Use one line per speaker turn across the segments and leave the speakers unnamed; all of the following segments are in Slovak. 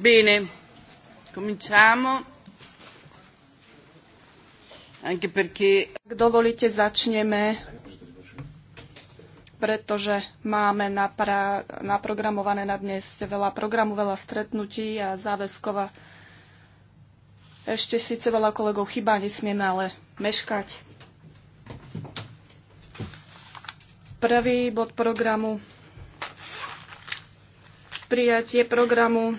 Bene, cominciamo. Anche perché... Ak dovolíte, začneme, pretože máme napra- naprogramované na dnes veľa programu, veľa stretnutí a záväzkova. Ešte síce veľa kolegov chýba, nesmieme ale meškať. Prvý bod programu. Prijatie programu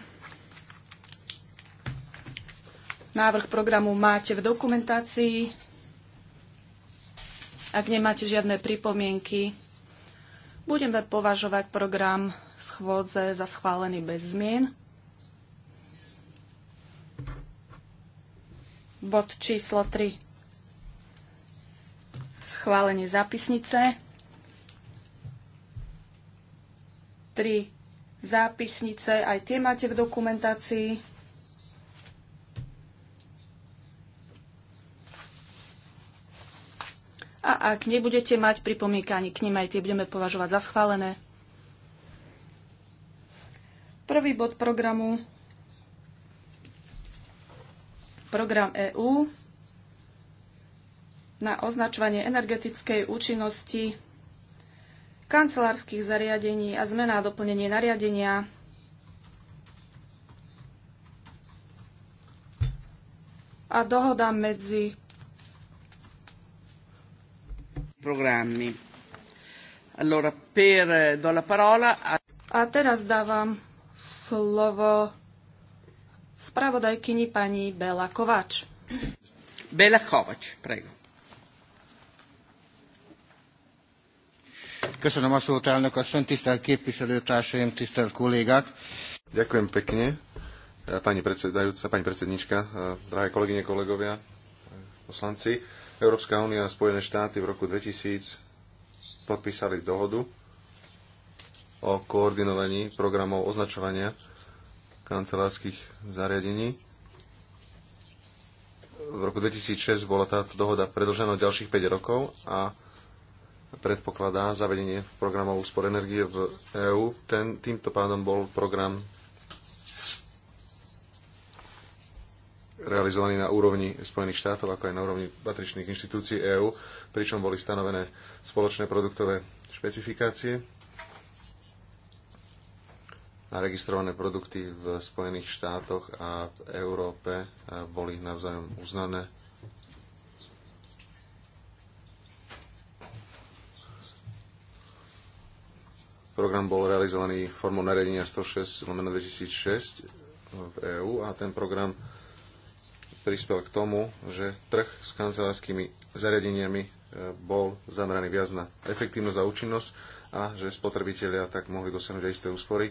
Návrh programu máte v dokumentácii. Ak nemáte žiadne pripomienky, budeme považovať program schôdze za schválený bez zmien. Bod číslo 3. Schválenie zápisnice. 3. Zápisnice, aj tie máte v dokumentácii. A ak nebudete mať pripomínka ani k nim, aj tie budeme považovať za schválené. Prvý bod programu. Program EÚ na označovanie energetickej účinnosti kancelárskych zariadení a zmena a doplnenie nariadenia a dohoda medzi programmi.
Allora, per, eh, do la parola a...
a teraz dávam slovo spravodajkyni pani Bela Kovač. Bela Kovač, prego.
Köszönöm a szót, elnök asszony, tisztelt képviselőtársaim, tisztelt kollégák. Ďakujem pekne, eh, pani predsedajúca, pani predsednička, eh, drahé kolegyne, kolegovia, poslanci. Európska únia a Spojené štáty v roku 2000 podpísali dohodu o koordinovaní programov označovania kancelárskych zariadení. V roku 2006 bola táto dohoda predlžená ďalších 5 rokov a predpokladá zavedenie programov úspor energie v EÚ. Ten, týmto pádom bol program realizovaný na úrovni Spojených štátov, ako aj na úrovni patričných inštitúcií EÚ, pričom boli stanovené spoločné produktové špecifikácie a registrované produkty v Spojených štátoch a v Európe e, boli navzájom uznané. Program bol realizovaný formou nariadenia 106 2006 v EÚ a ten program prispel k tomu, že trh s kancelárskymi zariadeniami e, bol zameraný viac na efektívnosť a účinnosť a že spotrebitelia tak mohli dosiahnuť aj isté úspory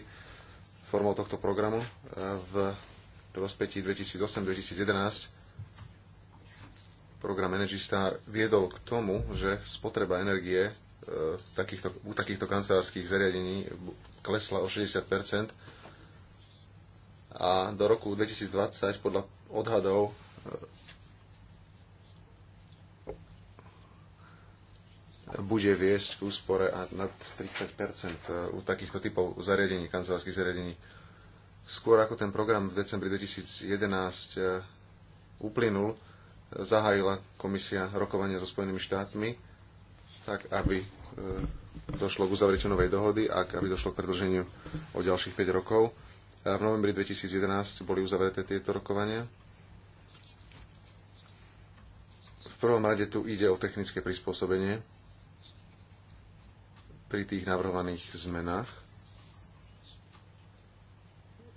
formou tohto programu e, v rozpetí 2008-2011 program Energy Star viedol k tomu, že spotreba energie e, takýchto, u takýchto kancelárskych zariadení klesla o 60 a do roku 2020 podľa odhadov e, bude viesť k úspore a nad 30 e, u takýchto typov zariadení, kancelárskych zariadení. Skôr ako ten program v decembri 2011 e, uplynul, zahájila komisia rokovania so Spojenými štátmi, tak aby došlo k uzavretiu novej dohody a aby došlo k predlženiu o ďalších 5 rokov. V novembri 2011 boli uzavreté tieto rokovania prvom rade tu ide o technické prispôsobenie pri tých navrhovaných zmenách.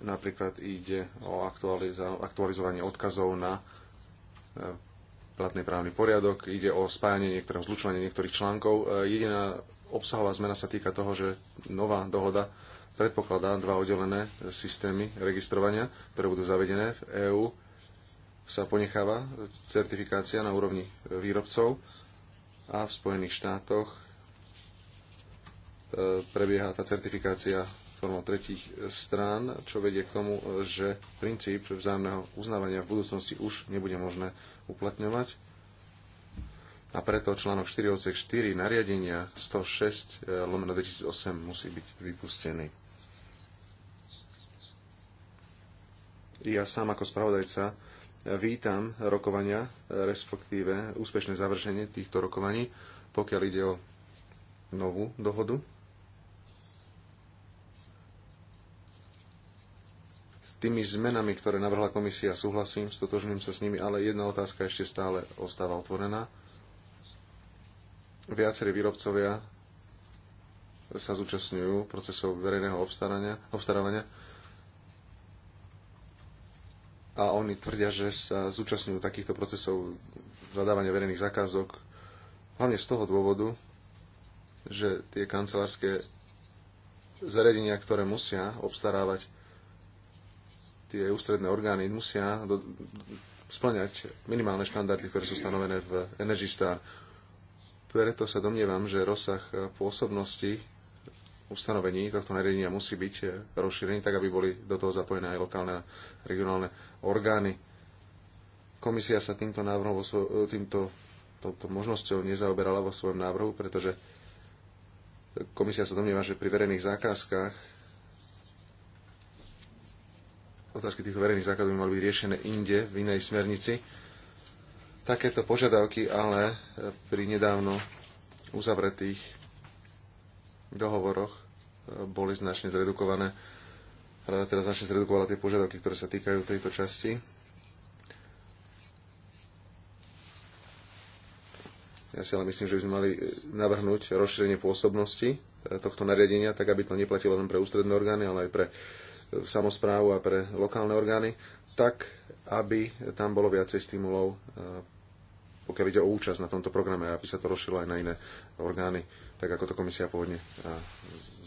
Napríklad ide o aktualizovanie odkazov na e, platný právny poriadok, ide o spájanie niektorého zlučovanie niektorých článkov. E, jediná obsahová zmena sa týka toho, že nová dohoda predpokladá dva oddelené systémy registrovania, ktoré budú zavedené v EÚ sa ponecháva certifikácia na úrovni e, výrobcov a v Spojených štátoch e, prebieha tá certifikácia formou tretích e, strán, čo vedie k tomu, že princíp vzájomného uznávania v budúcnosti už nebude možné uplatňovať. A preto článok 4 odsek 4 nariadenia 106 lomeno 2008 musí byť vypustený. Ja sám ako spravodajca vítam rokovania, respektíve úspešné završenie týchto rokovaní, pokiaľ ide o novú dohodu. S tými zmenami, ktoré navrhla komisia, súhlasím, stotožňujem sa s nimi, ale jedna otázka ešte stále ostáva otvorená. Viacerí výrobcovia sa zúčastňujú procesov verejného obstarávania, obstarávania a oni tvrdia, že sa zúčastňujú takýchto procesov zadávania verejných zakázok hlavne z toho dôvodu, že tie kancelárske zariadenia, ktoré musia obstarávať tie ústredné orgány, musia do, splňať minimálne štandardy, ktoré sú stanovené v Energy Star. Preto sa domnievam, že rozsah pôsobnosti ustanovení tohto nariadenia musí byť eh, rozšírený, tak aby boli do toho zapojené aj lokálne a regionálne orgány. Komisia sa týmto, návrhom, eh, týmto touto možnosťou nezaoberala vo svojom návrhu, pretože komisia sa domnieva, že pri verejných zákazkách otázky týchto verejných zákazov by mali byť riešené inde, v inej smernici. Takéto požiadavky ale eh, pri nedávno uzavretých dohovoroch e, boli značne zredukované. Rada teda značne zredukovala tie požiadavky, ktoré sa týkajú tejto časti. Ja si ale myslím, že by sme mali e, navrhnúť rozšírenie pôsobnosti e, tohto nariadenia, tak aby to neplatilo len pre ústredné orgány, ale aj pre samozprávu a pre lokálne orgány, tak aby tam bolo viacej stimulov pokiaľ ide o účasť na tomto programe, aby sa to rozšilo aj na iné orgány, tak ako to komisia pôvodne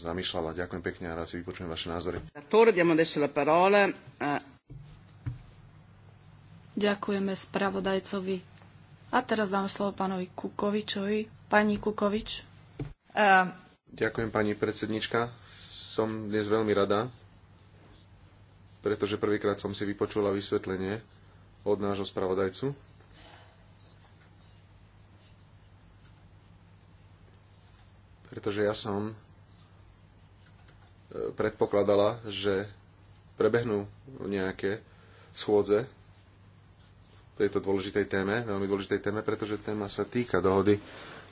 zamýšľala. Ďakujem pekne a rád si vypočujem vaše názory.
Ďakujeme spravodajcovi. A teraz dám slovo pánovi Kukovičovi. Pani Kukovič.
Ďakujem, pani predsednička. Som dnes veľmi rada, pretože prvýkrát som si vypočula vysvetlenie od nášho spravodajcu pretože ja som e, predpokladala, že prebehnú nejaké schôdze tejto dôležitej téme, veľmi dôležitej téme, pretože téma sa týka dohody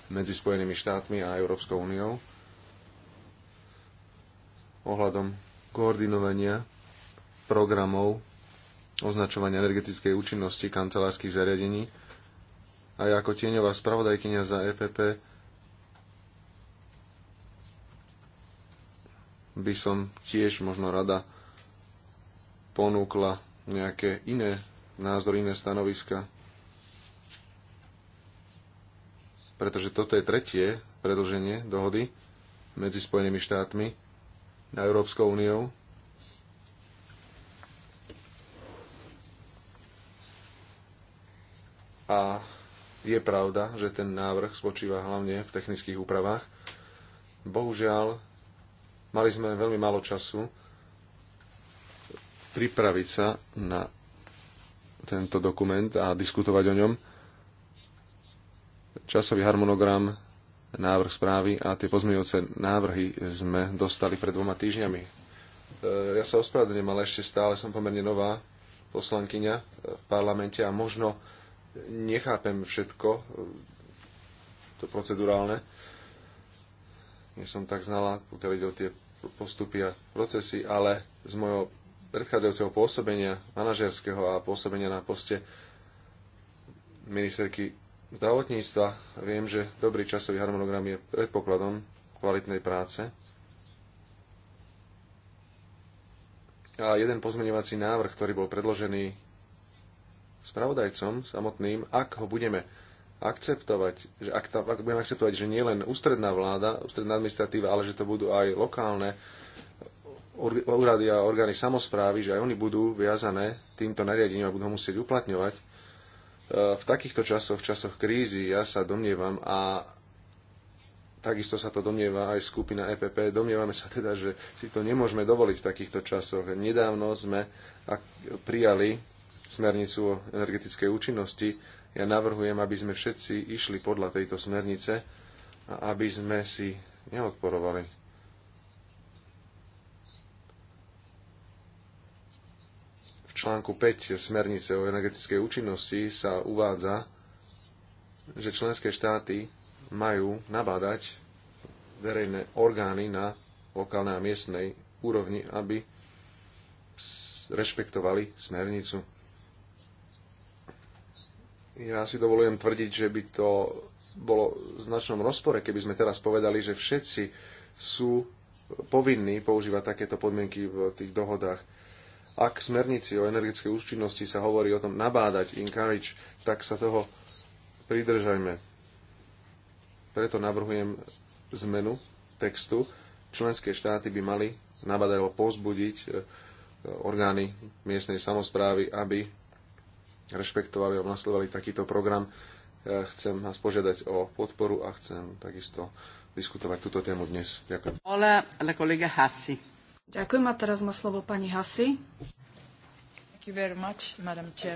medzi Spojenými štátmi a Európskou úniou ohľadom koordinovania programov označovania energetickej účinnosti kancelárskych zariadení. A ja ako tieňová spravodajkynia za EPP by som tiež možno rada ponúkla nejaké iné názory, iné stanoviska. Pretože toto je tretie predlženie dohody medzi Spojenými štátmi a Európskou úniou. A je pravda, že ten návrh spočíva hlavne v technických úpravách. Bohužiaľ, Mali sme veľmi málo času pripraviť sa na tento dokument a diskutovať o ňom. Časový harmonogram, návrh správy a tie pozmeňujúce návrhy sme dostali pred dvoma týždňami. E, ja sa ospravedlňujem, ale ešte stále som pomerne nová poslankyňa v parlamente a možno nechápem všetko e, to procedurálne nie som tak znala, pokiaľ ide o tie postupy a procesy, ale z mojho predchádzajúceho pôsobenia manažerského a pôsobenia na poste ministerky zdravotníctva viem, že dobrý časový harmonogram je predpokladom kvalitnej práce. A jeden pozmeňovací návrh, ktorý bol predložený spravodajcom samotným, ak ho budeme akceptovať, že ak, tam, ak budeme akceptovať, že nie len ústredná vláda, ústredná administratíva, ale že to budú aj lokálne úrady a orgány samozprávy, že aj oni budú viazané týmto nariadením a budú ho musieť uplatňovať. E, v takýchto časoch, v časoch krízy, ja sa domnievam a takisto sa to domnieva aj skupina EPP. Domnievame sa teda, že si to nemôžeme dovoliť v takýchto časoch. Nedávno sme prijali smernicu o energetickej účinnosti ja navrhujem, aby sme všetci išli podľa tejto smernice a aby sme si neodporovali. V článku 5 smernice o energetickej účinnosti sa uvádza, že členské štáty majú nabádať verejné orgány na lokálnej a miestnej úrovni, aby rešpektovali smernicu. Ja si dovolujem tvrdiť, že by to bolo v značnom rozpore, keby sme teraz povedali, že všetci sú povinní používať takéto podmienky v tých dohodách. Ak v smernici o energetickej účinnosti sa hovorí o tom nabádať, encourage, tak sa toho pridržajme. Preto navrhujem zmenu textu. Členské štáty by mali nabádať alebo pozbudiť e, orgány miestnej samozprávy, aby rešpektovali a nasledovali takýto program. E, chcem vás požiadať o podporu a chcem takisto diskutovať túto tému dnes. Ďakujem.
Hola, la kolega Hassi. Ďakujem a teraz má slovo pani Hasi. Much, e,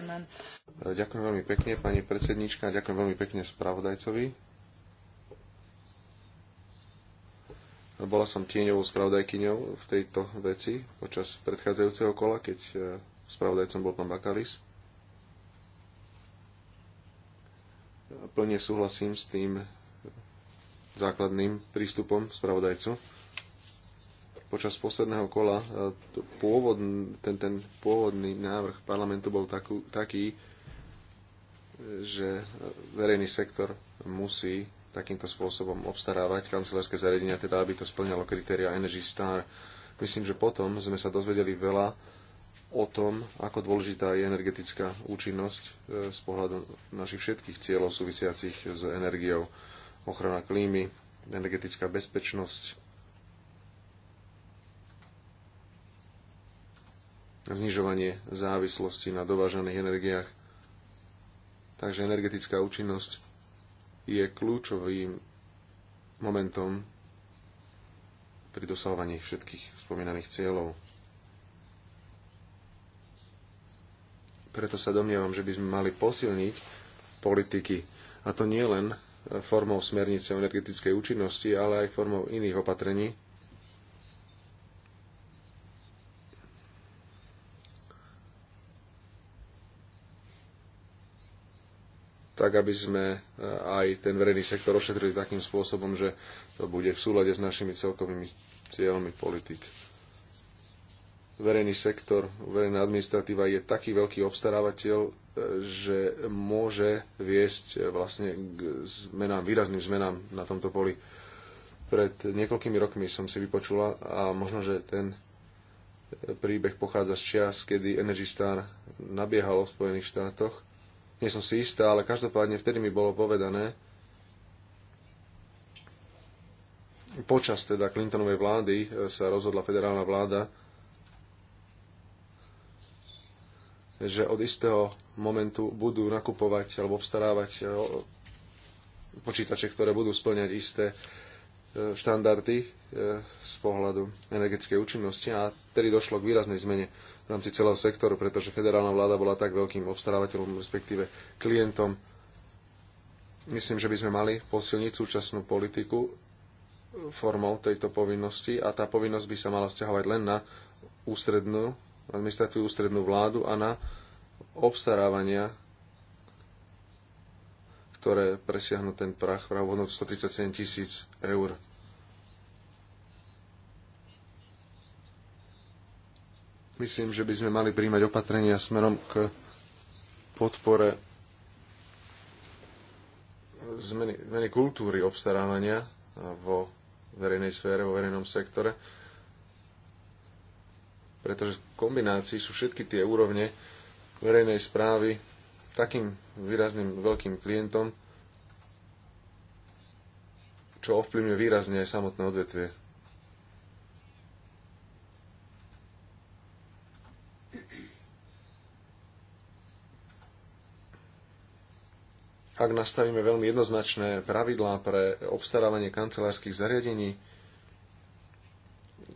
ďakujem veľmi pekne, pani predsednička. ďakujem veľmi pekne spravodajcovi. Bola som tieňovou spravodajkyňou v tejto veci počas predchádzajúceho kola, keď e, spravodajcom bol pán Bakalis. Plne súhlasím s tým základným prístupom spravodajcu. Počas posledného kola e, pôvodný, ten, ten pôvodný návrh parlamentu bol takú, taký, e, že verejný sektor musí takýmto spôsobom obstarávať kancelárske zariadenia, teda aby to splňalo kritéria Energy Star. Myslím, že potom sme sa dozvedeli veľa o tom, ako dôležitá je energetická účinnosť e, z pohľadu našich všetkých cieľov súvisiacich s energiou, ochrana klímy, energetická bezpečnosť, znižovanie závislosti na dovážaných energiách. Takže energetická účinnosť je kľúčovým momentom pri dosahovaní všetkých spomínaných cieľov. Preto sa domnievam, že by sme mali posilniť politiky. A to nie len e, formou smernice o energetickej účinnosti, ale aj formou iných opatrení. tak aby sme e, aj ten verejný sektor ošetrili takým spôsobom, že to bude v súlade s našimi celkovými cieľmi politik verejný sektor, verejná administratíva je taký veľký obstarávateľ, e, že môže viesť e, vlastne k zmenám, výrazným zmenám na tomto poli. Pred niekoľkými rokmi som si vypočula a možno, že ten e, príbeh pochádza z čias, kedy Energy Star nabiehalo v Spojených štátoch. Nie som si istá, ale každopádne vtedy mi bolo povedané, počas teda Clintonovej vlády sa rozhodla federálna vláda že od istého momentu budú nakupovať alebo obstarávať eh, počítače, ktoré budú splňať isté eh, štandardy eh, z pohľadu energetickej účinnosti a tedy došlo k výraznej zmene v rámci celého sektoru, pretože federálna vláda bola tak veľkým obstarávateľom, respektíve klientom. Myslím, že by sme mali posilniť súčasnú politiku formou tejto povinnosti a tá povinnosť by sa mala vzťahovať len na ústrednú administratívu, ústrednú vládu a na obstarávania, ktoré presiahnu ten prach v hodnotu 137 tisíc eur. Myslím, že by sme mali príjmať opatrenia smerom k podpore zmeny, zmeny kultúry obstarávania vo verejnej sfére, vo verejnom sektore pretože v kombinácii sú všetky tie úrovne verejnej správy takým výrazným veľkým klientom, čo ovplyvňuje výrazne aj samotné odvetvie. Ak nastavíme veľmi jednoznačné pravidlá pre obstarávanie kancelárskych zariadení,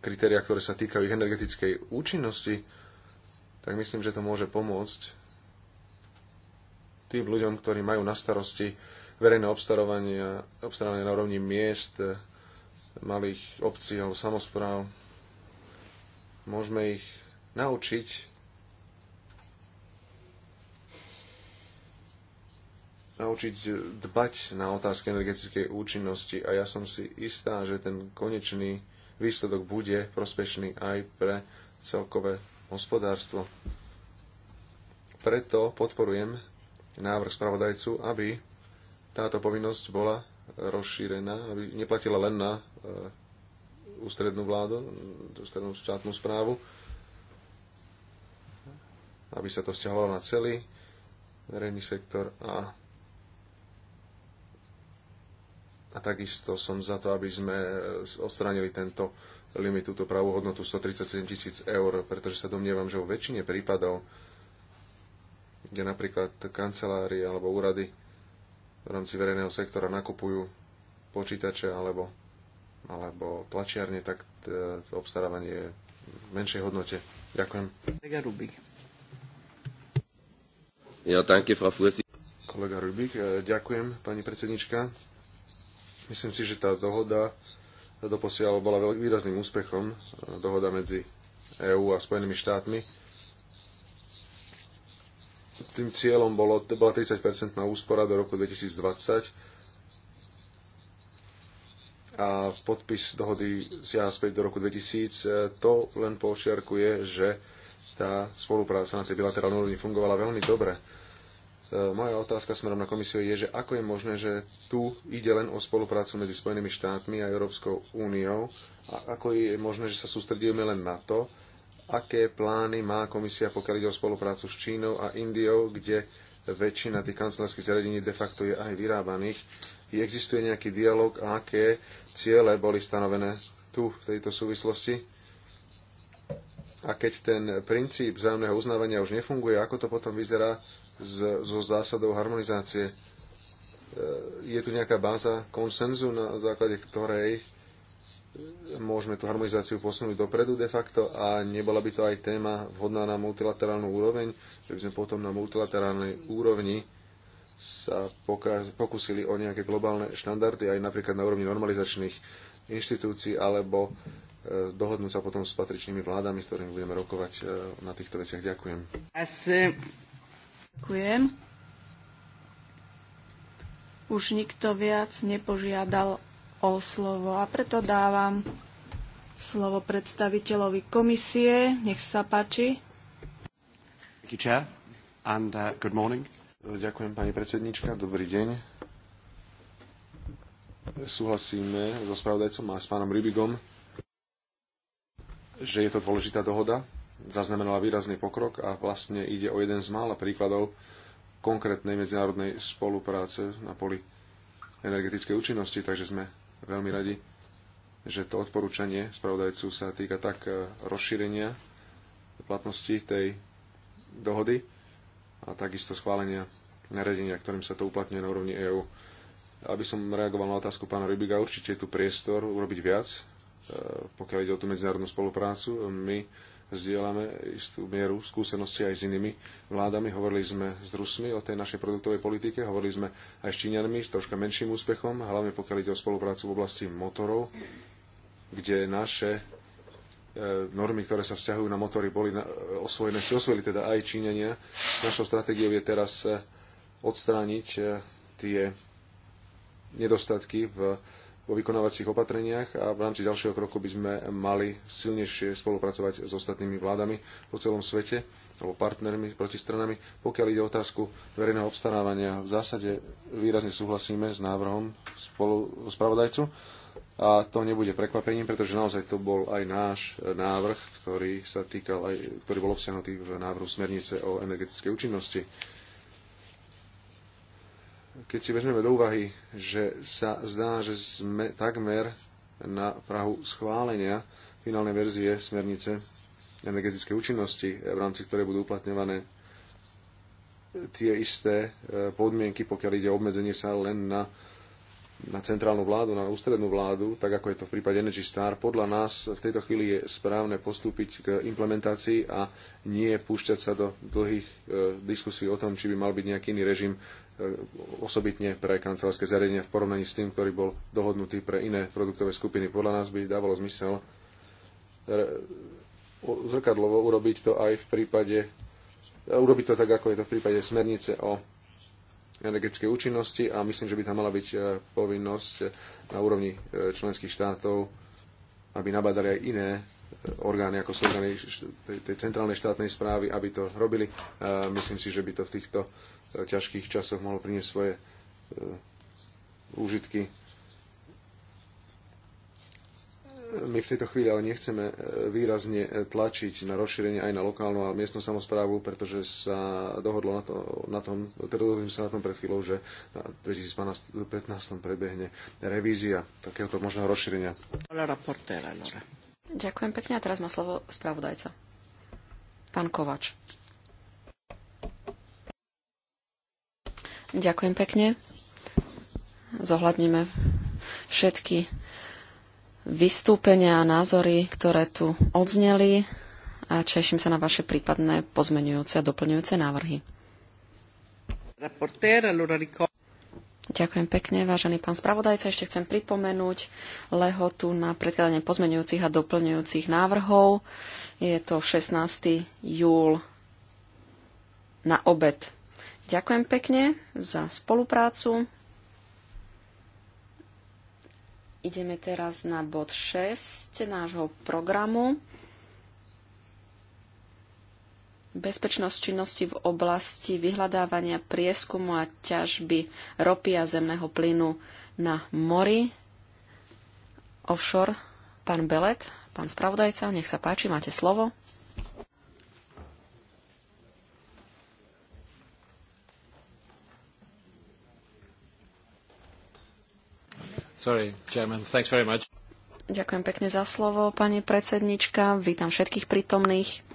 kritériá, ktoré sa týkajú ich energetickej účinnosti, tak myslím, že to môže pomôcť tým ľuďom, ktorí majú na starosti verejné obstarovanie, obstarovanie na úrovni miest, malých obcí alebo samozpráv. Môžeme ich naučiť naučiť dbať na otázky energetickej účinnosti a ja som si istá, že ten konečný výsledok bude prospešný aj pre celkové hospodárstvo. Preto podporujem návrh spravodajcu, aby táto povinnosť bola rozšírená, aby neplatila len na e, ústrednú vládu, ústrednú štátnu správu, aby sa to vzťahovalo na celý verejný sektor a A takisto som za to, aby sme e, odstránili tento limit, túto pravú hodnotu 137 tisíc eur, pretože sa domnievam, že vo väčšine prípadov, kde napríklad kancelárie alebo úrady v rámci verejného sektora nakupujú počítače alebo, alebo tlačiarne, tak e, obstarávanie je v menšej hodnote. Ďakujem. Kolega Rubik. Ja, danke, Frau Kolega Rubik, e, ďakujem, pani predsednička. Myslím si, že tá dohoda doposiaľ bola výrazným úspechom, eh, dohoda medzi EÚ a Spojenými štátmi. Tým cieľom bolo, bola 30-percentná úspora do roku 2020 a podpis dohody siaha späť do roku 2000. Eh, to len počiarkuje, že tá spolupráca na tej bilaterálnej úrovni fungovala veľmi dobre E, moja otázka smerom na komisiu je, že ako je možné, že tu ide len o spoluprácu medzi Spojenými štátmi a Európskou úniou a ako je možné, že sa sústredíme len na to, aké plány má komisia, pokiaľ ide o spoluprácu s Čínou a Indiou, kde väčšina tých kancelárskych zariadení de facto je aj vyrábaných. Existuje nejaký dialog a aké ciele boli stanovené tu v tejto súvislosti? A keď ten princíp vzájomného uznávania už nefunguje, ako to potom vyzerá z, zo zásadou harmonizácie. E, je tu nejaká báza konsenzu, na základe ktorej môžeme tú harmonizáciu posunúť dopredu de facto a nebola by to aj téma vhodná na multilaterálnu úroveň, že by sme potom na multilaterálnej úrovni sa pokusili o nejaké globálne štandardy aj napríklad na úrovni normalizačných inštitúcií alebo e, dohodnúť sa potom s patričnými vládami, s ktorými budeme rokovať e, na týchto veciach. Ďakujem.
Asi. Ďakujem. Už nikto viac nepožiadal o slovo a preto dávam slovo predstaviteľovi komisie. Nech sa páči.
Uh, Ďakujem, pani predsednička. Dobrý deň. Súhlasíme so spravodajcom a s pánom Rybigom, že je to dôležitá dohoda zaznamenala výrazný pokrok a vlastne ide o jeden z mála príkladov konkrétnej medzinárodnej spolupráce na poli energetickej účinnosti, takže sme veľmi radi, že to odporúčanie spravodajcu sa týka tak e, rozšírenia platnosti tej dohody a takisto schválenia nariadenia, ktorým sa to uplatňuje na úrovni EÚ. Aby som reagoval na otázku pána Rybiga, určite je tu priestor urobiť viac, e, pokiaľ ide o tú medzinárodnú spoluprácu. My zdieľame istú mieru skúsenosti aj s inými vládami. Hovorili sme s Rusmi o tej našej produktovej politike, hovorili sme aj s Číňanmi s troška menším úspechom, hlavne pokiaľ ide o spoluprácu v oblasti motorov, kde naše e, normy, ktoré sa vzťahujú na motory, boli osvojené, si osvojili teda aj Číňania. Našou stratégiou je teraz e, odstrániť e, tie nedostatky v vo vykonávacích opatreniach a v rámci ďalšieho kroku by sme mali silnejšie spolupracovať s ostatnými vládami po celom svete alebo partnermi, protistranami. Pokiaľ ide o otázku verejného obstarávania, v zásade výrazne súhlasíme s návrhom spolu spravodajcu a to nebude prekvapením, pretože naozaj to bol aj náš návrh, ktorý, sa týkal aj, ktorý bol obsiahnutý v návrhu smernice o energetickej účinnosti keď si vezmeme do úvahy, že sa zdá, že sme takmer na Prahu schválenia finálnej verzie smernice energetické účinnosti, eh, v rámci ktoré budú uplatňované tie isté eh, podmienky, pokiaľ ide o obmedzenie sa len na, na centrálnu vládu, na ústrednú vládu, tak ako je to v prípade Energy Star. Podľa nás v tejto chvíli je správne postúpiť k implementácii a nie púšťať sa do dlhých eh, diskusí o tom, či by mal byť nejaký iný režim E, osobitne pre kancelárske zariadenia v porovnaní s tým, ktorý bol dohodnutý pre iné produktové skupiny. Podľa nás by dávalo zmysel zrkadlovo urobiť to aj v prípade, e, urobiť to tak, ako je to v prípade smernice o energetickej účinnosti a myslím, že by tam mala byť e, povinnosť na úrovni členských štátov, aby nabádali aj iné orgány, ako sú orgány tej, tej centrálnej štátnej správy, aby to robili. Myslím si, že by to v týchto e, ťažkých časoch mohlo priniesť svoje e, úžitky. My v tejto chvíli ale nechceme e, výrazne tlačiť na rozšírenie aj na lokálnu a miestnu samozprávu, pretože sa dohodlo na, to, na tom, teda dohodli sa na tom pred chvíľou, že v 2015 prebehne revízia takéhoto možného rozšírenia.
Ďakujem pekne a teraz má slovo spravodajca. Pán Kovač. Ďakujem pekne. Zohľadníme všetky vystúpenia a názory, ktoré tu odzneli a teším sa na vaše prípadné pozmenujúce a doplňujúce návrhy. Ďakujem pekne, vážený pán spravodajca. Ešte chcem pripomenúť lehotu na predkladanie pozmenujúcich a doplňujúcich návrhov. Je to 16. júl na obed. Ďakujem pekne za spoluprácu. Ideme teraz na bod 6 nášho programu bezpečnosť činnosti v oblasti vyhľadávania prieskumu a ťažby ropy a zemného plynu na mori. Offshore, pán Belet, pán spravodajca, nech sa páči, máte slovo.
Sorry, chairman, thanks very much.
Ďakujem pekne za slovo, pani predsednička. Vítam všetkých prítomných.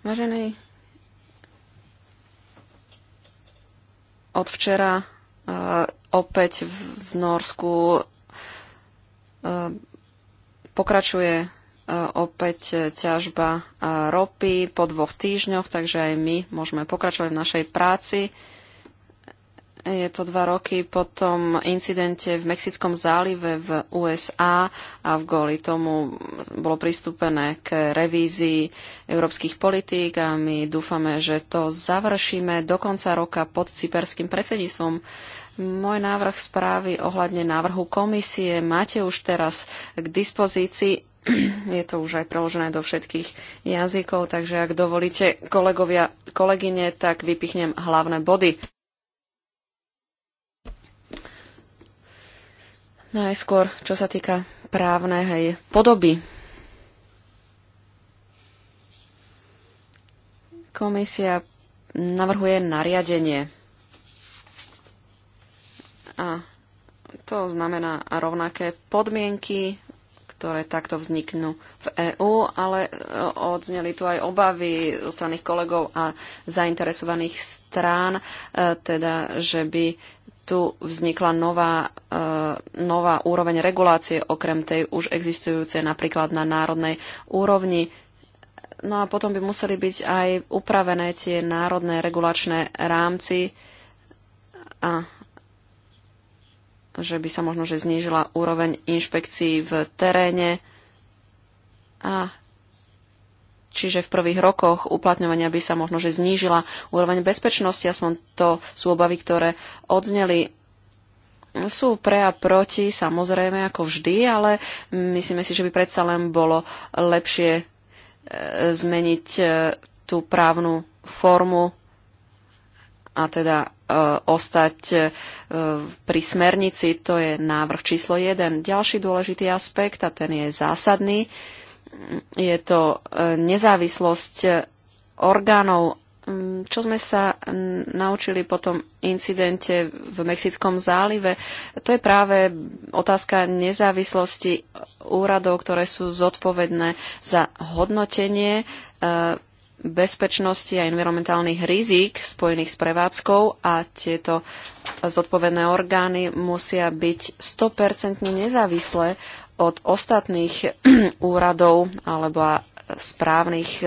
Vážený, od včera e, opäť v Norsku e, pokračuje e, opäť ťažba ropy po dvoch týždňoch, takže aj my môžeme pokračovať v našej práci. Je to dva roky po tom incidente v Mexickom zálive v USA a v goli tomu bolo pristúpené k revízii európskych politík a my dúfame, že to završíme do konca roka pod cyperským predsedníctvom. Môj návrh správy ohľadne návrhu komisie máte už teraz k dispozícii. Je to už aj preložené do všetkých jazykov, takže ak dovolíte, kolegovia, kolegyne, tak vypichnem hlavné body. Najskôr, čo sa týka právnej hej, podoby. Komisia navrhuje nariadenie. A to znamená rovnaké podmienky, ktoré takto vzniknú v EÚ, ale e, odzneli tu aj obavy zo strany kolegov a zainteresovaných strán, e, teda, že by tu vznikla nová, e, nová úroveň regulácie, okrem tej už existujúcej napríklad na národnej úrovni. No a potom by museli byť aj upravené tie národné regulačné rámci a že by sa možno že znížila úroveň inšpekcií v teréne a Čiže v prvých rokoch uplatňovania by sa možno, že znížila úroveň bezpečnosti, aspoň to sú obavy, ktoré odzneli sú pre a proti, samozrejme, ako vždy, ale myslíme si, že by predsa len bolo lepšie e, zmeniť e, tú právnu formu a teda e, ostať e, pri smernici, to je návrh číslo 1. Ďalší dôležitý aspekt, a ten je zásadný, e, je to e, nezávislosť e, orgánov. Mm, čo sme sa naučili po tom incidente v Mexickom zálive, to je práve otázka nezávislosti úradov, ktoré sú zodpovedné za hodnotenie e, bezpečnosti a environmentálnych rizík spojených s prevádzkou a tieto zodpovedné orgány musia byť 100% nezávislé od ostatných úradov alebo správnych e,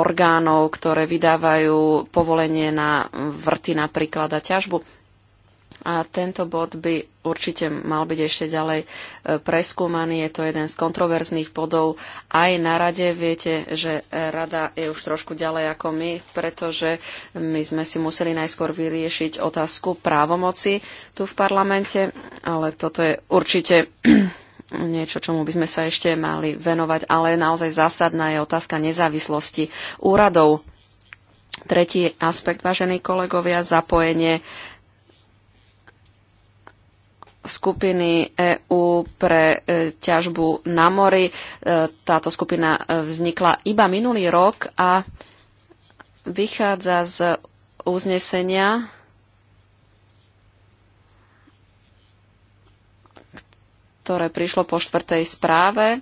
orgánov, ktoré vydávajú povolenie na vrty napríklad a ťažbu. A tento bod by určite mal byť ešte ďalej e, preskúmaný. Je to jeden z kontroverzných bodov. Aj na rade viete, že rada je už trošku ďalej ako my, pretože my sme si museli najskôr vyriešiť otázku právomoci tu v parlamente, ale toto je určite niečo, čomu by sme sa ešte mali venovať, ale naozaj zásadná je otázka nezávislosti úradov. Tretí aspekt, vážení kolegovia, zapojenie skupiny EÚ pre e, ťažbu na mori. E, táto skupina e, vznikla iba minulý rok a vychádza z uznesenia ktoré prišlo po štvrtej správe.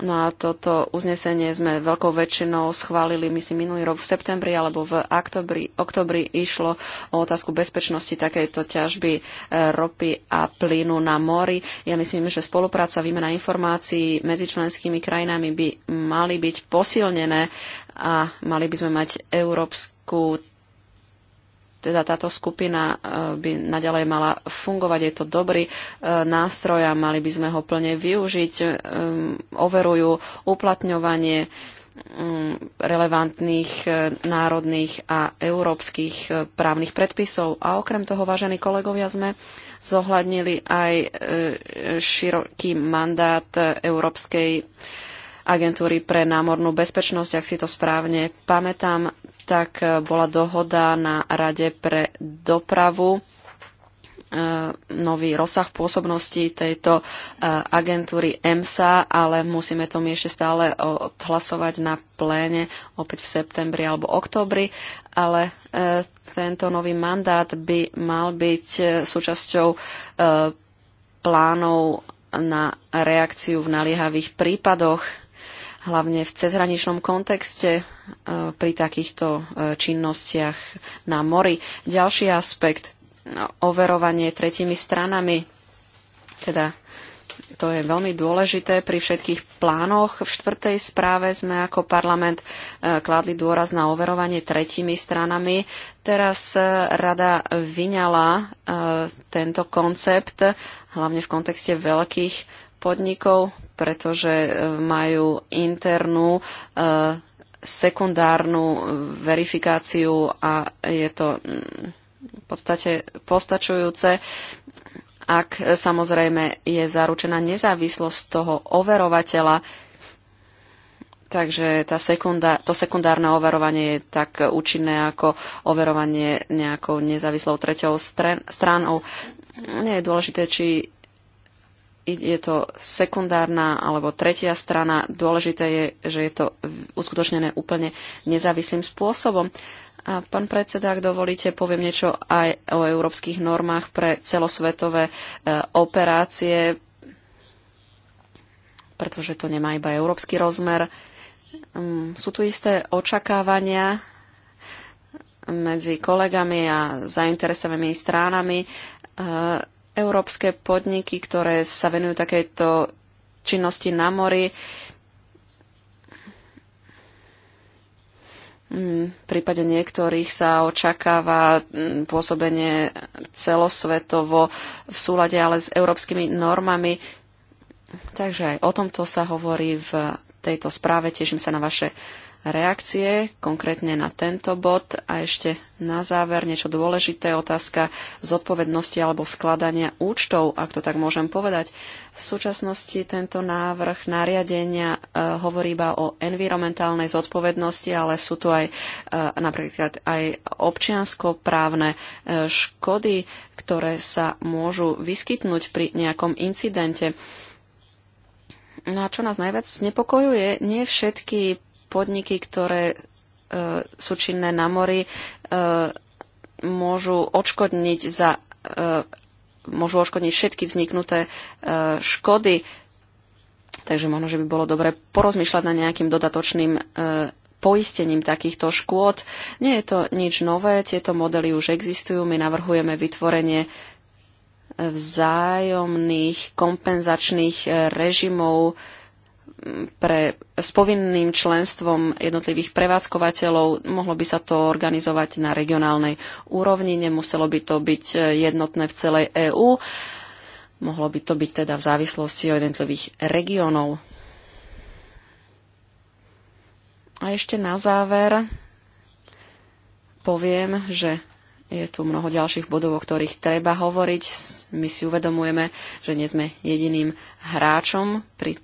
No a toto uznesenie sme veľkou väčšinou schválili, myslím, minulý rok v septembri alebo v oktobri, oktobri išlo o otázku bezpečnosti takejto ťažby e, ropy a plynu na mori. Ja myslím, že spolupráca, výmena informácií medzi členskými krajinami by mali byť posilnené a mali by sme mať európsku teda táto skupina e, by naďalej mala fungovať. Je to dobrý e, nástroj a mali by sme ho plne využiť. E, overujú uplatňovanie relevantných národných a európskych právnych predpisov. A okrem toho, vážení kolegovia, sme zohľadnili aj široký mandát Európskej agentúry pre námornú bezpečnosť, ak si to správne pamätám tak e, bola dohoda na Rade pre dopravu e, nový rozsah pôsobnosti tejto e, agentúry EMSA, ale musíme to ešte stále odhlasovať na pléne opäť v septembri alebo oktobri, ale tento nový mandát by mal byť súčasťou plánov na reakciu v naliehavých prípadoch hlavne v cezhraničnom kontexte e, pri takýchto e, činnostiach na mori. Ďalší aspekt, no, overovanie tretími stranami, teda to je veľmi dôležité pri všetkých plánoch. V štvrtej správe sme ako parlament e, kladli dôraz na overovanie tretími stranami. Teraz rada vyňala tento koncept, hlavne v kontexte veľkých podnikov, pretože e, majú internú e, sekundárnu verifikáciu a je to mm, v podstate postačujúce, ak samozrejme je zaručená nezávislosť toho overovateľa, Takže tá sekundá, to sekundárne overovanie je tak účinné ako overovanie nejakou nezávislou treťou stranou. Nie je dôležité, či je to sekundárna alebo tretia strana. Dôležité je, že je to uskutočnené úplne nezávislým spôsobom. A pán predseda, ak dovolíte, poviem niečo aj o európskych normách pre celosvetové e, operácie, pretože to nemá iba európsky rozmer. Mm, sú tu isté očakávania medzi kolegami a zainteresovanými stránami. E, Európske podniky, ktoré sa venujú takejto činnosti na mori, mm, V prípade niektorých sa očakáva mm, pôsobenie celosvetovo v súlade ale s európskymi normami. Takže aj o tomto sa hovorí v tejto správe. Teším sa na vaše reakcie konkrétne na tento bod. A ešte na záver niečo dôležité, otázka zodpovednosti alebo skladania účtov, ak to tak môžem povedať. V súčasnosti tento návrh nariadenia e, hovorí iba o environmentálnej zodpovednosti, ale sú tu aj e, napríklad aj občianskoprávne e, škody, ktoré sa môžu vyskytnúť pri nejakom incidente. No a čo nás najviac znepokojuje, nie všetky podniky, ktoré e, sú činné na mori, e, môžu odškodniť za e, môžu odškodniť všetky vzniknuté e, škody. Takže možno, že by bolo dobre porozmýšľať na nejakým dodatočným e, poistením takýchto škôd. Nie je to nič nové, tieto modely už existujú. My navrhujeme vytvorenie e, vzájomných kompenzačných e, režimov pre, s povinným členstvom jednotlivých prevádzkovateľov. Mohlo by sa to organizovať na regionálnej úrovni, nemuselo by to byť e, jednotné v celej EÚ. Mohlo by to byť teda v závislosti od jednotlivých regiónov. A ešte na záver poviem, že je tu mnoho ďalších bodov, o ktorých treba hovoriť. My si uvedomujeme, že nie sme jediným hráčom pri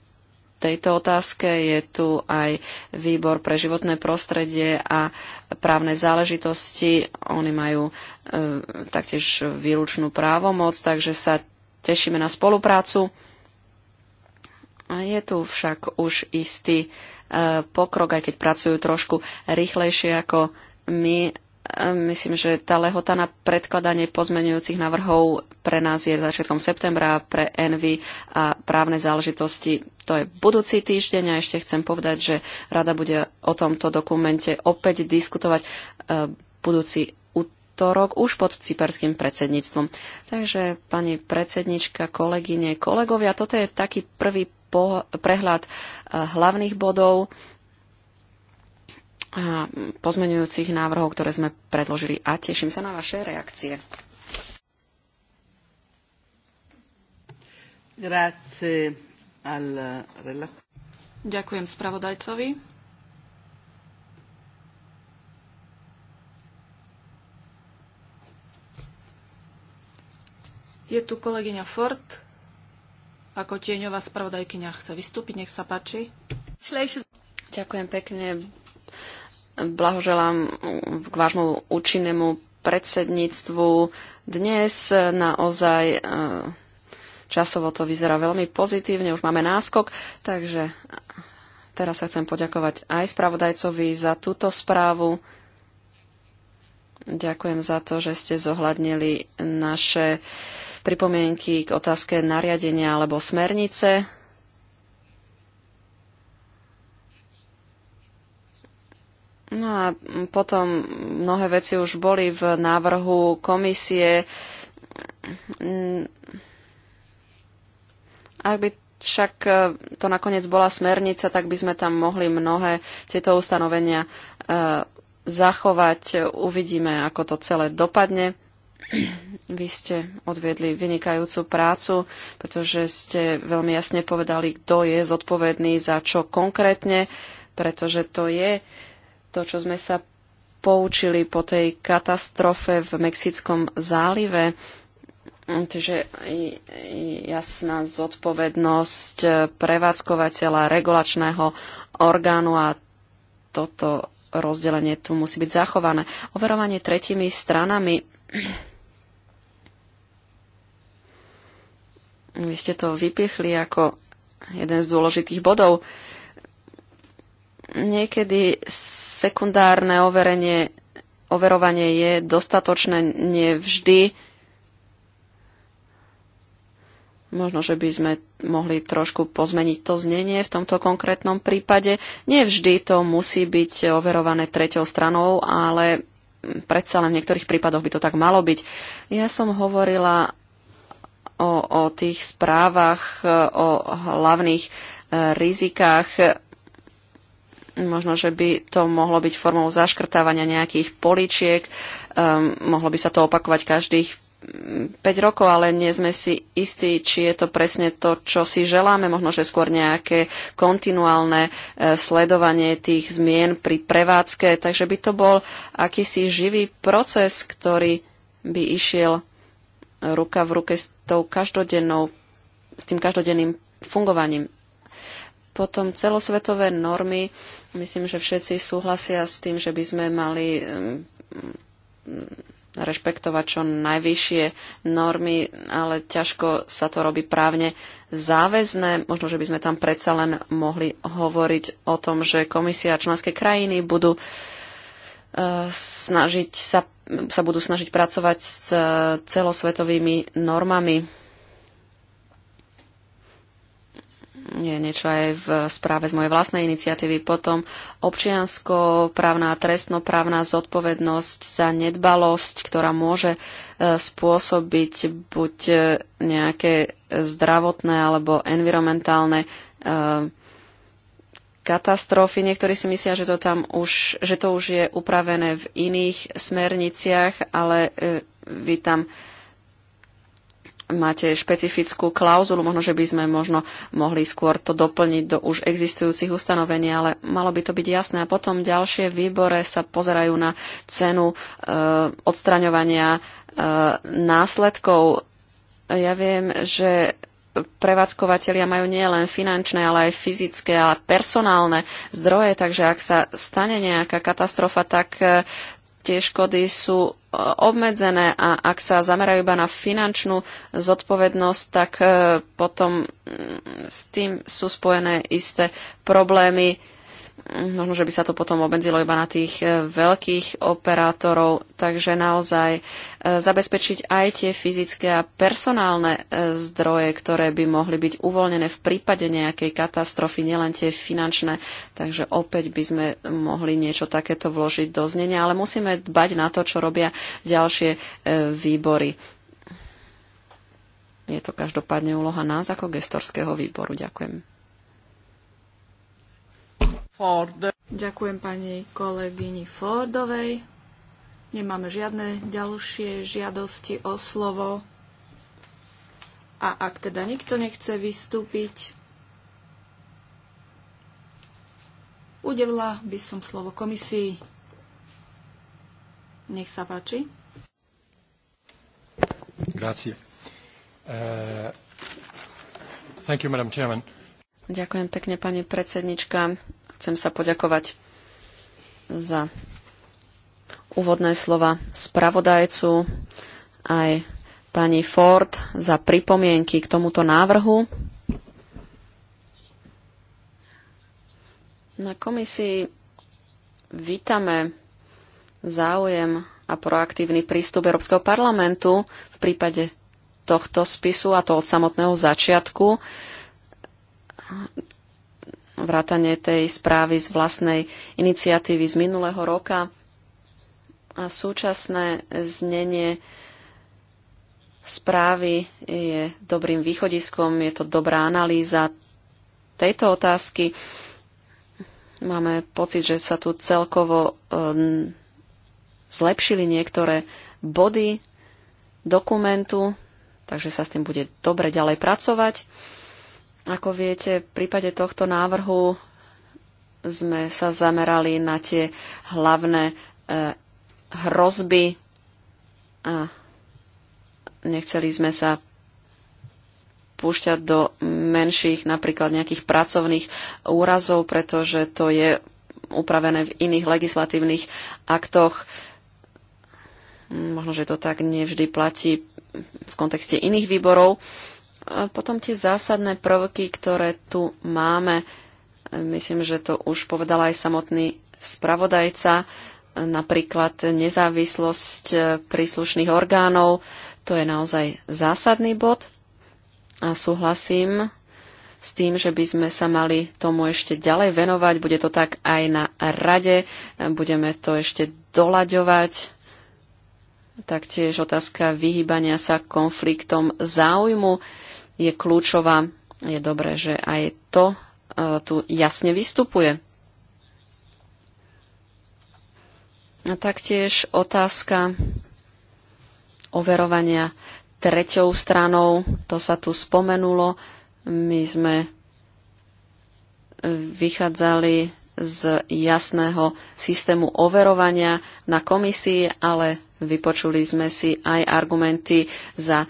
tejto otázke. Je tu aj výbor pre životné prostredie a právne záležitosti. Oni majú e, taktiež výlučnú právomoc, takže sa tešíme na spoluprácu. A je tu však už istý e, pokrok, aj keď pracujú trošku rýchlejšie ako my Myslím, že tá lehota na predkladanie pozmenujúcich návrhov pre nás je začiatkom septembra, pre Envy a právne záležitosti to je budúci týždeň a ešte chcem povedať, že rada bude o tomto dokumente opäť diskutovať e, budúci útorok už pod cyperským predsedníctvom. Takže pani predsednička, kolegyne, kolegovia, toto je taký prvý prehľad e, hlavných bodov pozmenujúcich návrhov, ktoré sme predložili a teším sa na vaše reakcie.
Ďakujem spravodajcovi. Je tu kolegyňa Ford. Ako tieňová spravodajkyňa chce vystúpiť, nech sa páči.
Ďakujem pekne. Blahoželám k vášmu účinnému predsedníctvu. Dnes naozaj e, časovo to vyzerá veľmi pozitívne, už máme náskok, takže teraz sa chcem poďakovať aj spravodajcovi za túto správu. Ďakujem za to, že ste zohľadnili naše pripomienky k otázke nariadenia alebo smernice. No a potom mnohé veci už boli v návrhu komisie. Ak by však e, to nakoniec bola smernica, tak by sme tam mohli mnohé tieto ustanovenia e, zachovať. Uvidíme, ako to celé dopadne. Vy ste odviedli vynikajúcu prácu, pretože ste veľmi jasne povedali, kto je zodpovedný za čo konkrétne, pretože to je uh, to, čo sme sa poučili po tej katastrofe v Mexickom zálive. Čiže mm, jasná zodpovednosť e, prevádzkovateľa, regulačného orgánu a toto rozdelenie tu musí byť zachované. Overovanie tretimi stranami. Vy ste to vypichli ako jeden z dôležitých bodov. Uh, Niekedy sekundárne overenie, overovanie je dostatočné, nie vždy. Možno, že by sme mohli trošku pozmeniť to znenie v tomto konkrétnom prípade. Nie vždy to musí byť overované treťou stranou, ale predsa len v niektorých prípadoch by to tak malo byť. Ja som hovorila o, o tých správach, o hlavných e, rizikách. Možno, že by to mohlo byť formou zaškrtávania nejakých poličiek. Um, ehm, mohlo by sa to opakovať každých 5 mm, rokov, ale nie sme si istí, či je to presne to, čo si želáme. Možno, že skôr nejaké kontinuálne e, sledovanie tých zmien pri prevádzke. Takže by to bol akýsi živý proces, ktorý by išiel ruka v ruke s, tou každodennou, s tým každodenným fungovaním. Potom celosvetové normy Myslím, že všetci súhlasia s tým, že by sme mali mm, rešpektovať čo najvyššie normy, ale ťažko sa to robí právne záväzné. Možno, že by sme tam predsa len mohli hovoriť o tom, že komisia a členské krajiny budú e, snažiť sa, sa budú snažiť pracovať s e, celosvetovými normami je niečo aj v správe z mojej vlastnej iniciatívy. Potom občiansko-právna a trestnoprávna zodpovednosť za nedbalosť, ktorá môže e, spôsobiť buď e, nejaké zdravotné alebo environmentálne e, katastrofy. Niektorí si myslia, že to, tam už, že to už je upravené v iných smerniciach, ale vy tam máte špecifickú klauzulu, možno, že by sme možno mohli skôr to doplniť do už existujúcich ustanovení, ale malo by to byť jasné. A potom ďalšie výbore sa pozerajú na cenu e, odstraňovania e, následkov. Ja viem, že prevádzkovateľia majú nielen finančné, ale aj fyzické a personálne zdroje, takže ak sa stane nejaká katastrofa, tak e, tie škody sú e, obmedzené a ak sa zamerajú iba na finančnú zodpovednosť, tak e, potom mm, s tým sú spojené isté problémy možno, že by sa to potom obmedzilo iba na tých e, veľkých operátorov, takže naozaj e, zabezpečiť aj tie fyzické a personálne e, zdroje, ktoré by mohli byť uvoľnené v prípade nejakej katastrofy, nielen tie finančné, takže opäť by sme mohli niečo takéto vložiť do znenia, ale musíme dbať na to, čo robia ďalšie výbory. Je to každopádne úloha nás ako gestorského výboru. Ďakujem.
Ford. Ďakujem pani kolegyni Fordovej. Nemáme žiadne ďalšie žiadosti o slovo. A ak teda nikto nechce vystúpiť, udelila by som slovo komisii.
Nech sa páči. Grazie. Uh, thank you, Madam Chairman. Ďakujem pekne, pani predsednička. Chcem sa poďakovať za úvodné slova spravodajcu aj pani Ford za pripomienky k tomuto návrhu. Na komisii vítame záujem a proaktívny prístup Európskeho parlamentu v prípade tohto spisu, a to od samotného začiatku vrátanie tej správy z vlastnej iniciatívy z minulého roka a súčasné znenie správy je dobrým východiskom, je to dobrá analýza tejto otázky. Máme pocit, že sa tu celkovo um, zlepšili niektoré body dokumentu, takže sa s tým bude dobre ďalej pracovať. Ako viete, v prípade tohto návrhu sme sa zamerali na tie hlavné eh, hrozby a nechceli sme sa púšťať do menších, napríklad nejakých pracovných úrazov, pretože to je upravené v iných legislatívnych aktoch. Možno, že to tak nevždy platí v kontexte iných výborov. E, potom tie zásadné prvky, ktoré tu máme. Myslím, že to už povedal aj samotný spravodajca. Napríklad nezávislosť e, príslušných orgánov. To je naozaj zásadný bod. A súhlasím s tým, že by sme sa mali tomu ešte ďalej venovať. Bude to tak aj na rade. Budeme to ešte dolaďovať. Taktiež otázka vyhýbania sa konfliktom záujmu je kľúčová. Je dobré, že aj to e, tu jasne vystupuje. A taktiež otázka overovania treťou stranou, to sa tu spomenulo. My sme vychádzali z jasného systému overovania na komisii, ale Vypočuli sme si aj argumenty za e,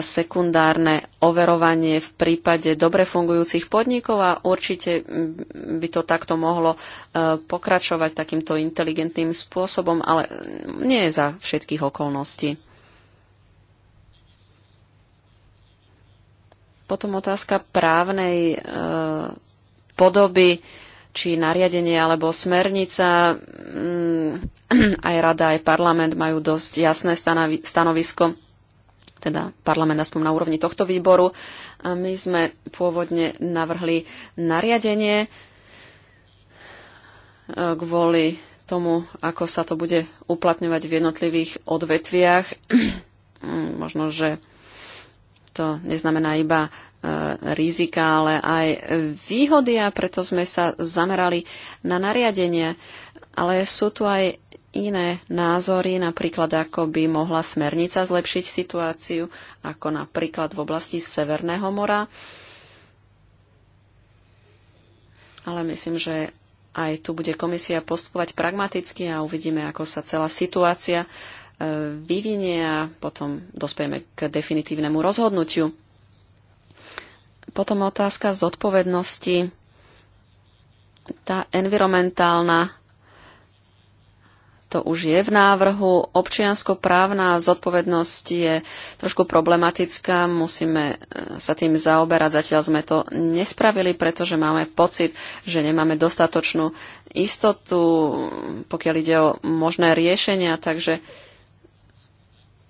sekundárne overovanie v prípade dobre fungujúcich podnikov a určite mm, by to takto mohlo e, pokračovať takýmto inteligentným spôsobom, ale nie je za všetkých okolností. Potom otázka právnej e, podoby či nariadenie alebo smernica. Mm, aj rada, aj parlament majú dosť jasné stanovisko teda parlament aspoň na úrovni tohto výboru. A my sme pôvodne navrhli nariadenie e, kvôli tomu, ako sa to bude uplatňovať v jednotlivých odvetviach. Možno, že to neznamená iba E, rizika, ale aj výhody a preto sme sa zamerali na nariadenie. Ale sú tu aj iné názory, napríklad ako by mohla smernica zlepšiť situáciu, ako napríklad v oblasti Severného mora. Ale myslím, že aj tu bude komisia postupovať pragmaticky a uvidíme, ako sa celá situácia e, vyvinie a potom dospejeme k definitívnemu rozhodnutiu. Potom otázka zodpovednosti. Tá environmentálna, to už je v návrhu. Občianskoprávna zodpovednosť je trošku problematická. Musíme e, sa tým zaoberať. Zatiaľ sme to nespravili, pretože máme pocit, že nemáme dostatočnú istotu, pokiaľ ide o možné riešenia. Takže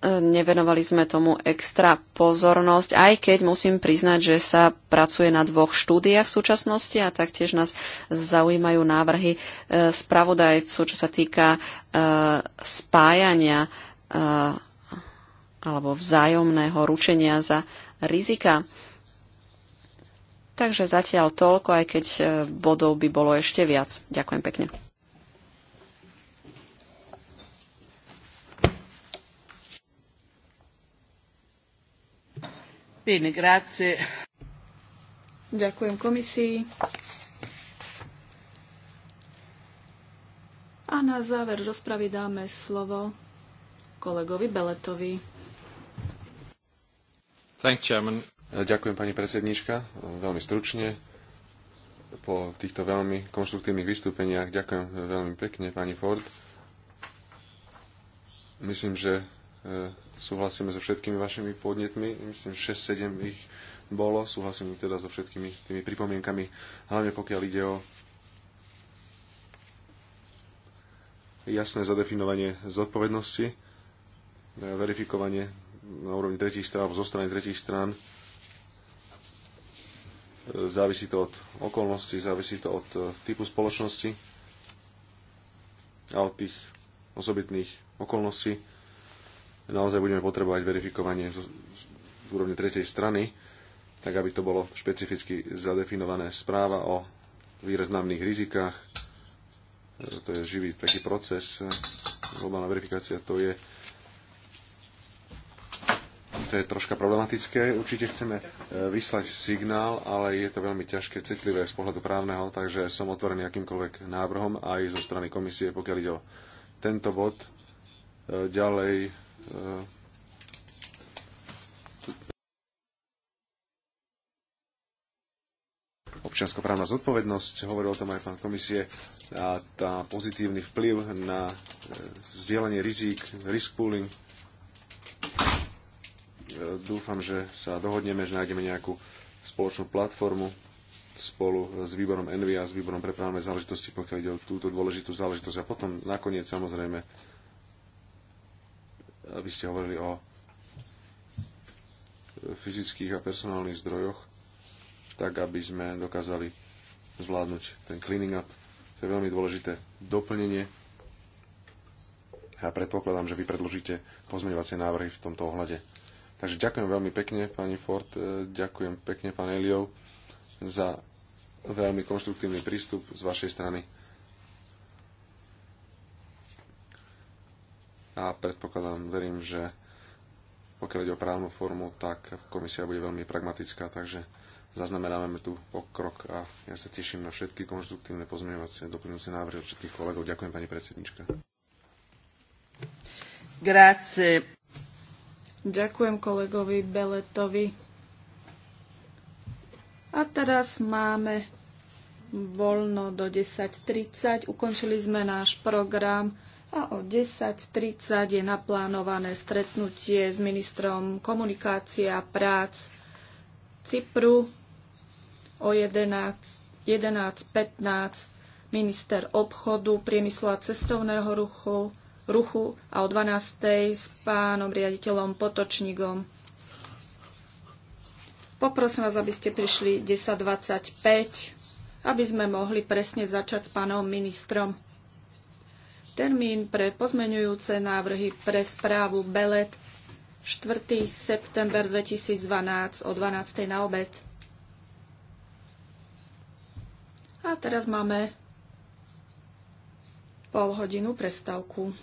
Nevenovali sme tomu extra pozornosť, aj keď musím priznať, že sa pracuje na dvoch štúdiách v súčasnosti a taktiež nás zaujímajú návrhy e, spravodajcu, čo sa týka e, spájania e, alebo vzájomného ručenia za rizika. Takže zatiaľ toľko, aj keď bodov by bolo ešte viac. Ďakujem pekne.
Bene, grazie. Ďakujem komisii. A na záver rozpravy dáme slovo kolegovi Beletovi.
Thanks, Chairman. Ďakujem, pani predsedníčka. Veľmi stručne. Po týchto veľmi konštruktívnych vystúpeniach ďakujem veľmi pekne, pani Ford. Myslím, že E, súhlasíme so všetkými vašimi podnetmi, myslím 6-7 ich bolo, súhlasím teda so všetkými tými pripomienkami, hlavne pokiaľ ide o jasné zadefinovanie zodpovednosti, e, verifikovanie na úrovni tretích strán, zo strany tretích strán. E, závisí to od okolností, závisí to od typu spoločnosti a od tých osobitných okolností naozaj budeme potrebovať verifikovanie z, z úrovne tretej strany, tak aby to bolo špecificky zadefinované správa o výraznámnych rizikách. E, to je živý taký proces. E, globálna verifikácia to je to je troška problematické. Určite chceme e, vyslať signál, ale je to veľmi ťažké, citlivé z pohľadu právneho, takže som otvorený akýmkoľvek návrhom aj zo strany komisie, pokiaľ ide o tento bod. Ďalej občianskoprávna zodpovednosť, hovoril o tom aj pán komisie, a tá pozitívny vplyv na e, zdieľanie rizík, risk pooling. E, dúfam, že sa dohodneme, že nájdeme nejakú spoločnú platformu spolu s výborom Envia, s výborom pre právne záležitosti, pokiaľ ide o túto dôležitú záležitosť. A potom nakoniec samozrejme vy ste hovorili o fyzických a personálnych zdrojoch, tak aby sme dokázali zvládnuť ten cleaning up. To je veľmi dôležité doplnenie. Ja predpokladám, že vy predložíte pozmeňovacie návrhy v tomto ohľade. Takže ďakujem veľmi pekne, pani Ford, e, ďakujem pekne, pán Eliov, za veľmi konštruktívny prístup z vašej strany. a predpokladám, verím, že pokiaľ ide o právnu formu, tak komisia bude veľmi pragmatická, takže zaznamenávame tu pokrok a ja sa teším na všetky konštruktívne pozmeňovacie doplňujúce návrhy od všetkých kolegov. Ďakujem, pani predsednička.
Grazie. Ďakujem kolegovi Beletovi. A teraz máme voľno do 10.30. Ukončili sme náš program a o 10.30 je naplánované stretnutie s ministrom komunikácie a prác Cypru o 11.15 11, minister obchodu, priemyslu a cestovného ruchu, ruchu a o 12.00 s pánom riaditeľom Potočníkom. Poprosím vás, aby ste prišli 10.25, aby sme mohli presne začať s pánom ministrom. Termín pre pozmeňujúce návrhy pre správu Belet 4. september 2012 o 12. na obed. A teraz máme pol hodinu prestavku.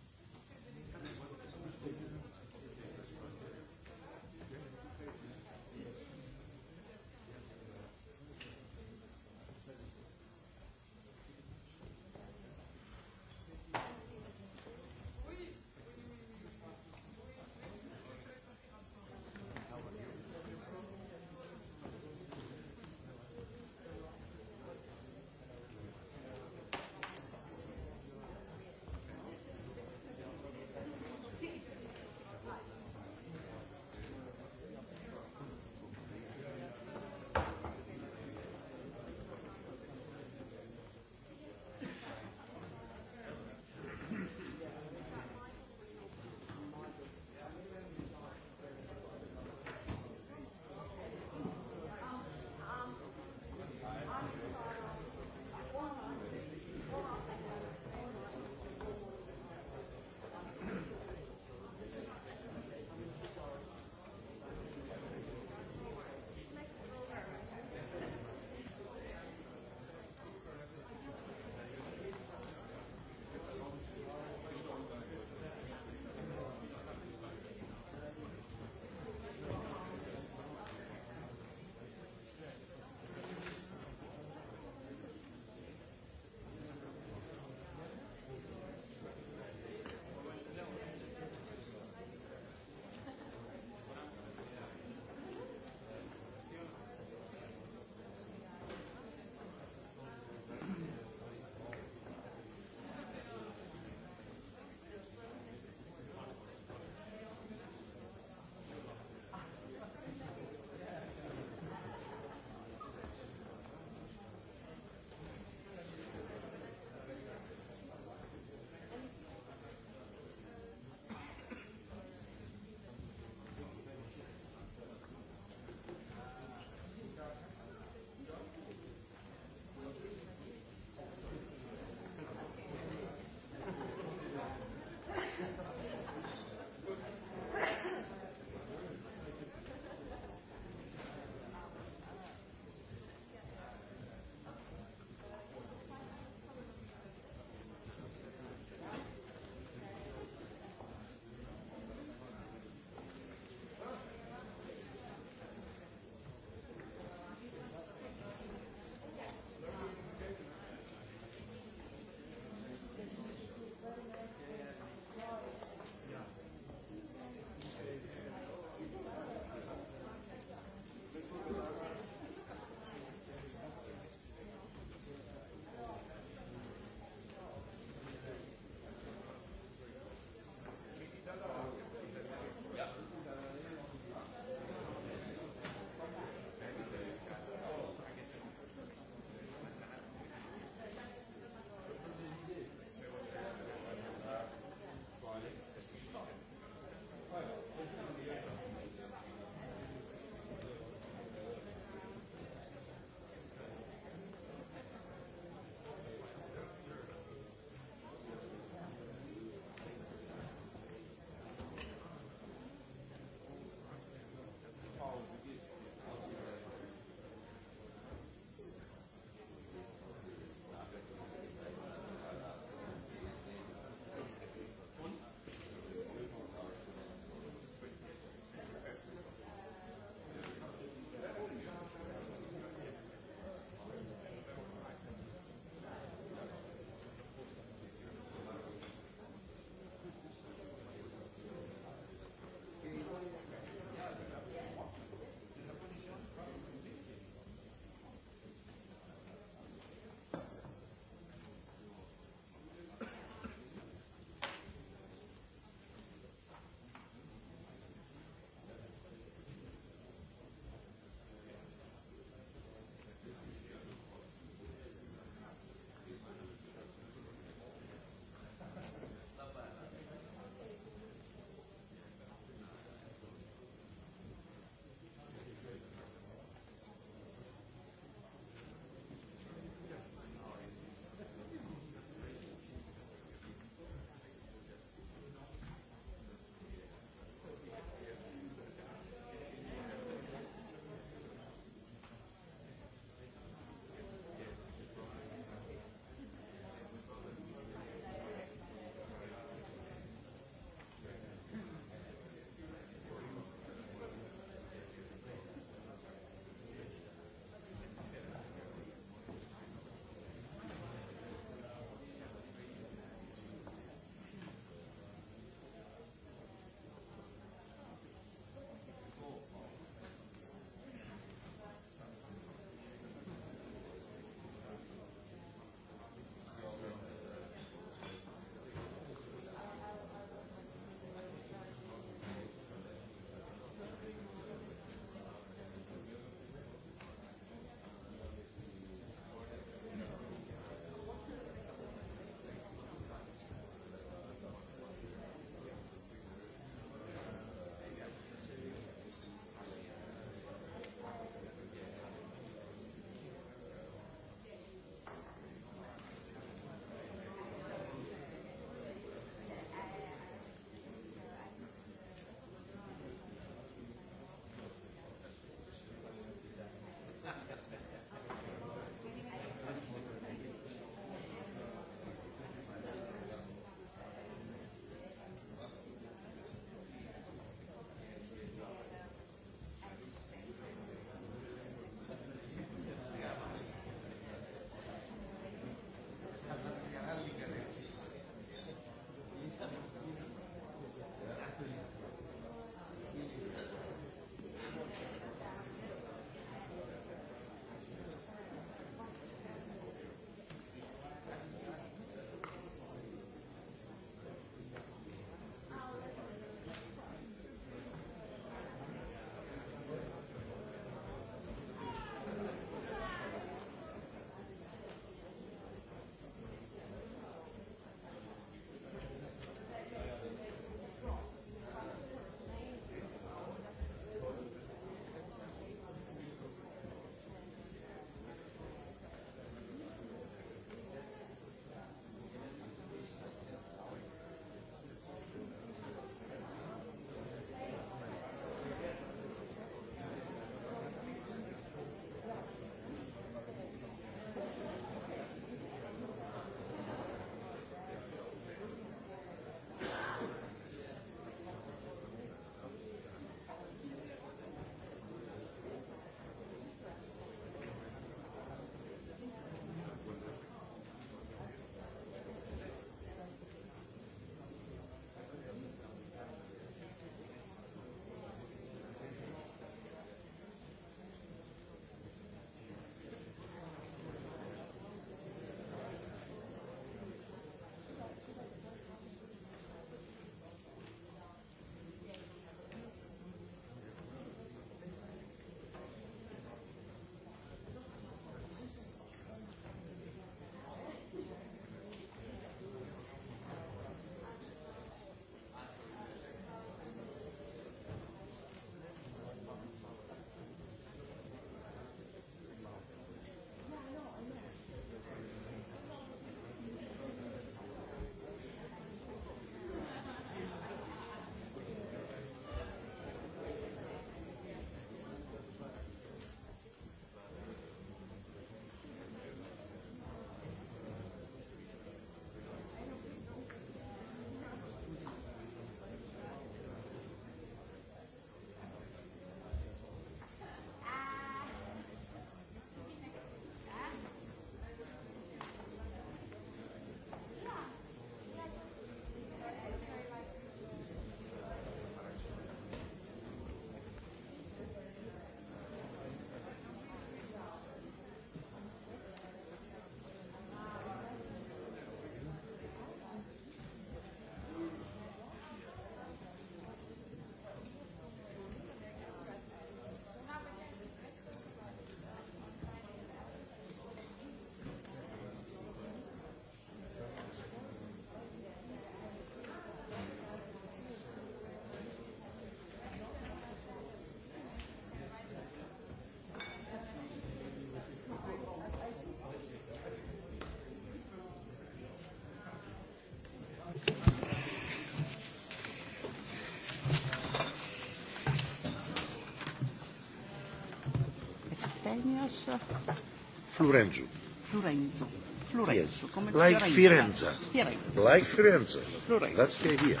Florenzo. Florenzo. Florenzo. Like Firenze. Firenze. Like Firenze. Florenzo. That's the idea.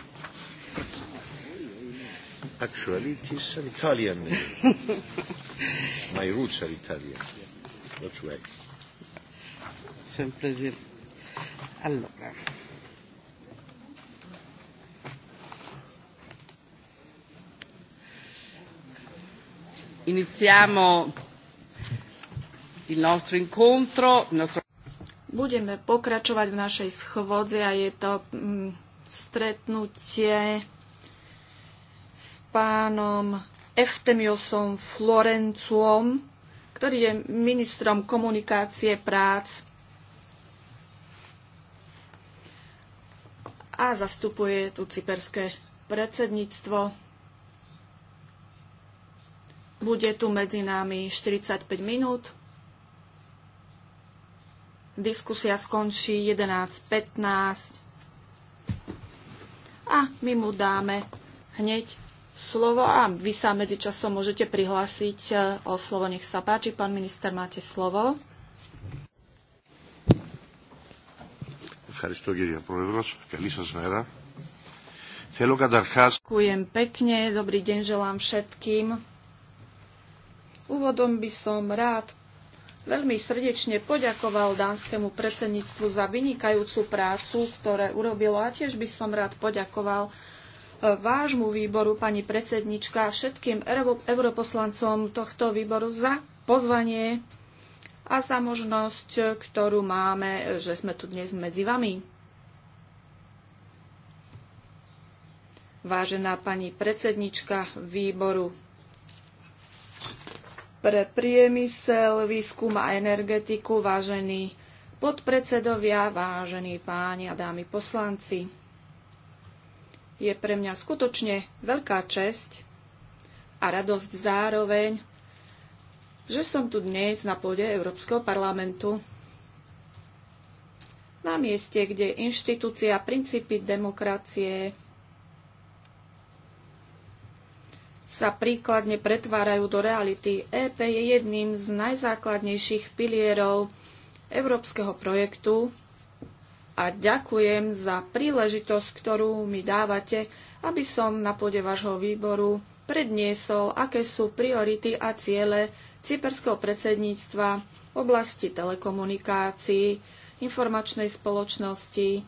Actually, it is an Italian name. My roots are Italian. That's right.
It's a pleasure. Allora. Iniziamo Budeme pokračovať v našej schôdzi a je to mm, stretnutie s pánom Eftemiosom Florencuom, ktorý je ministrom komunikácie prác a zastupuje tu cyperské predsedníctvo. Bude tu medzi nami 45 minút. Diskusia skončí 11.15 a my mu dáme hneď slovo a vy sa medzičasom môžete prihlásiť e, o slovo. Nech sa páči, pán minister, máte slovo.
Ďakujem
pekne, dobrý deň želám všetkým. Úvodom by som rád veľmi srdečne poďakoval dánskemu predsedníctvu za vynikajúcu prácu, ktoré urobilo a tiež by som rád poďakoval e, vášmu výboru, pani predsednička, a všetkým europoslancom tohto výboru za pozvanie a za možnosť, e, ktorú máme, e, že sme tu dnes medzi vami. Vážená pani predsednička výboru pre priemysel, výskum a energetiku, vážení podpredsedovia, vážení páni a dámy poslanci. Je pre mňa skutočne veľká česť a radosť zároveň, že som tu dnes na pôde Európskeho parlamentu na mieste, kde inštitúcia princípy demokracie sa príkladne pretvárajú do reality. EP je jedným z najzákladnejších pilierov európskeho projektu a ďakujem za príležitosť, ktorú mi dávate, aby som na pôde vášho výboru predniesol, aké sú priority a ciele cyperského predsedníctva v oblasti telekomunikácií, informačnej spoločnosti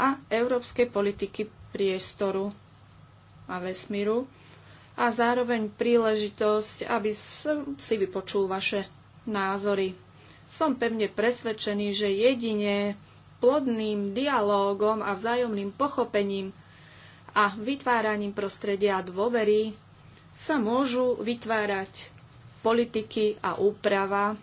a európskej politiky priestoru a vesmíru a zároveň príležitosť, aby som si vypočul vaše názory. Som pevne presvedčený, že jedine plodným dialógom a vzájomným pochopením a vytváraním prostredia dôvery sa môžu vytvárať politiky a úprava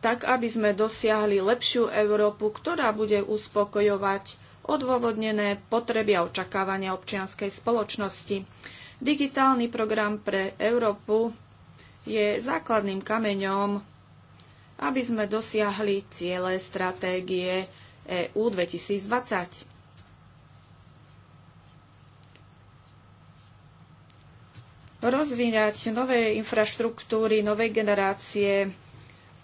tak, aby sme dosiahli lepšiu Európu, ktorá bude uspokojovať odôvodnené potreby a očakávania občianskej spoločnosti. Digitálny program pre Európu je základným kameňom, aby sme dosiahli ciele stratégie EU 2020. rozvíjať nové infraštruktúry, nové generácie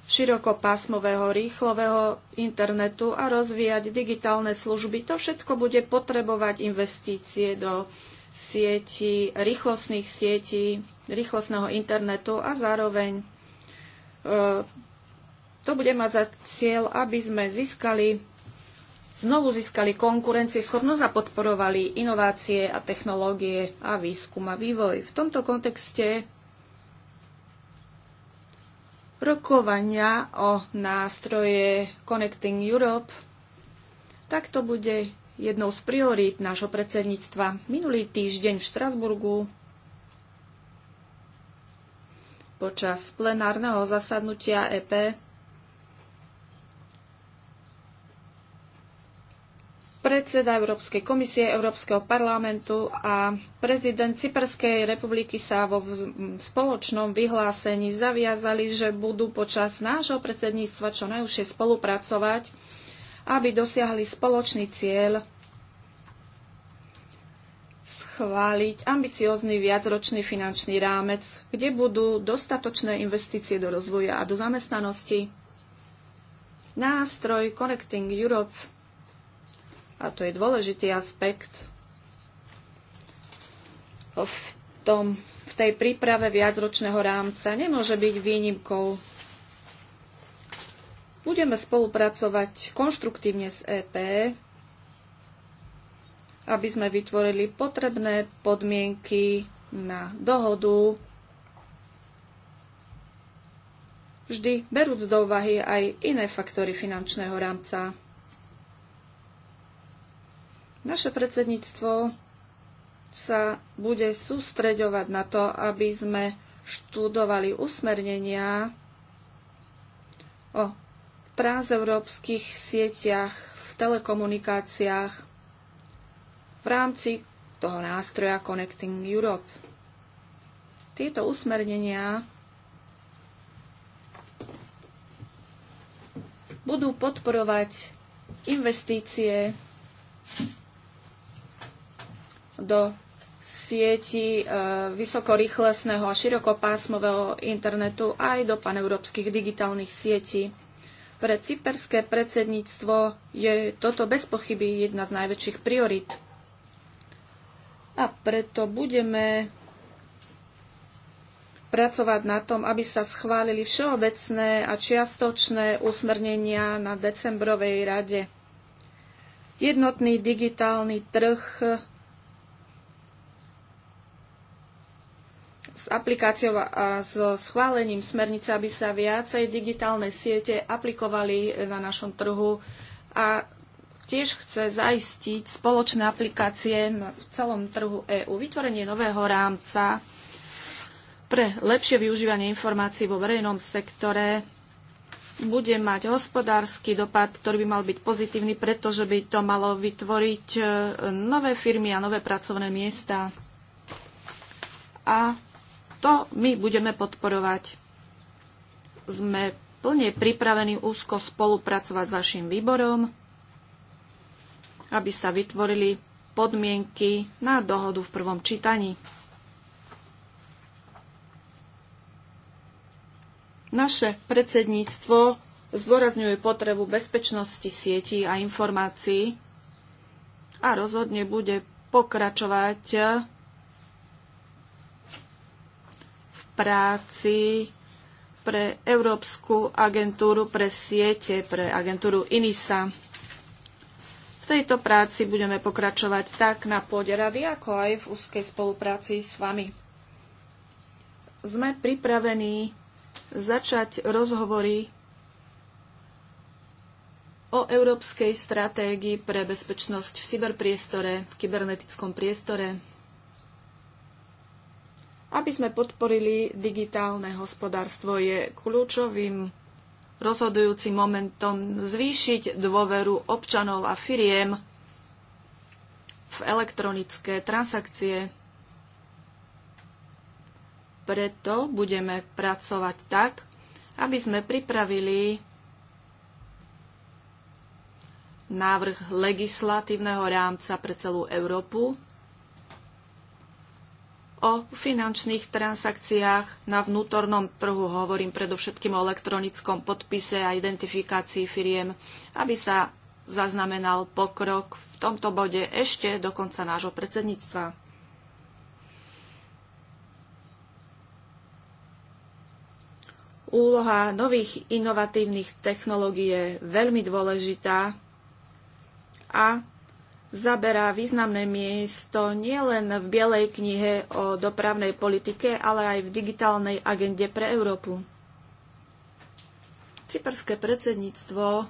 širokopásmového, rýchlového internetu a rozvíjať digitálne služby. To všetko bude potrebovať investície do sieti, rýchlostných sietí, rýchlostného internetu a zároveň e, to bude mať za cieľ, aby sme získali, znovu získali konkurencieschopnosť a podporovali inovácie a technológie a výskum a vývoj. V tomto kontexte rokovania o nástroje Connecting Europe, tak to bude jednou z priorít nášho predsedníctva. Minulý týždeň v Štrasburgu počas plenárneho zasadnutia EP predseda Európskej komisie, Európskeho parlamentu a prezident Cyperskej republiky sa vo spoločnom vyhlásení zaviazali, že budú počas nášho predsedníctva čo najúžšie spolupracovať, aby dosiahli spoločný cieľ schváliť ambiciózny viacročný finančný rámec, kde budú dostatočné investície do rozvoja a do zamestnanosti. Nástroj Connecting Europe a to je dôležitý aspekt, v, tom, v tej príprave viacročného rámca nemôže byť výnimkou. Budeme spolupracovať konštruktívne s EP, aby sme vytvorili potrebné podmienky na dohodu, vždy berúc do úvahy aj iné faktory finančného rámca. Naše predsedníctvo sa bude sústreďovať na to, aby sme študovali usmernenia o transeurópskych sieťach v telekomunikáciách v rámci toho nástroja Connecting Europe. Tieto usmernenia budú podporovať investície do sieti e, vysokorýchlesného a širokopásmového internetu aj do paneurópskych digitálnych sietí. Pre cyperské predsedníctvo je toto bez pochyby jedna z najväčších priorit. A preto budeme pracovať na tom, aby sa schválili všeobecné a čiastočné usmernenia na decembrovej rade. Jednotný digitálny trh s aplikáciou a so schválením smernice, aby sa viacej digitálne siete aplikovali na našom trhu a tiež chce zaistiť spoločné aplikácie v celom trhu EÚ. Vytvorenie nového rámca pre lepšie využívanie informácií vo verejnom sektore bude mať hospodársky dopad, ktorý by mal byť pozitívny, pretože by to malo vytvoriť e, nové firmy a nové pracovné miesta. A to my budeme podporovať. Sme plne pripravení úzko spolupracovať s vašim výborom, aby sa vytvorili podmienky na dohodu v prvom čítaní. Naše predsedníctvo zdôrazňuje potrebu bezpečnosti sietí a informácií a rozhodne bude pokračovať práci pre Európsku agentúru pre siete, pre agentúru INISA. V tejto práci budeme pokračovať tak na pôde rady, ako aj v úzkej spolupráci s vami. Sme pripravení začať rozhovory o európskej stratégii pre bezpečnosť v cyberpriestore, v kybernetickom priestore. Aby sme podporili digitálne hospodárstvo je kľúčovým rozhodujúcim momentom zvýšiť dôveru občanov a firiem v elektronické transakcie. Preto budeme pracovať tak, aby sme pripravili návrh legislatívneho rámca pre celú Európu o finančných transakciách na vnútornom trhu. Hovorím predovšetkým o elektronickom podpise a identifikácii firiem, aby sa zaznamenal pokrok v tomto bode ešte do konca nášho predsedníctva. Úloha nových inovatívnych technológií je veľmi dôležitá a zaberá významné miesto nielen v Bielej knihe o dopravnej politike, ale aj v digitálnej agende pre Európu. Cyperské predsedníctvo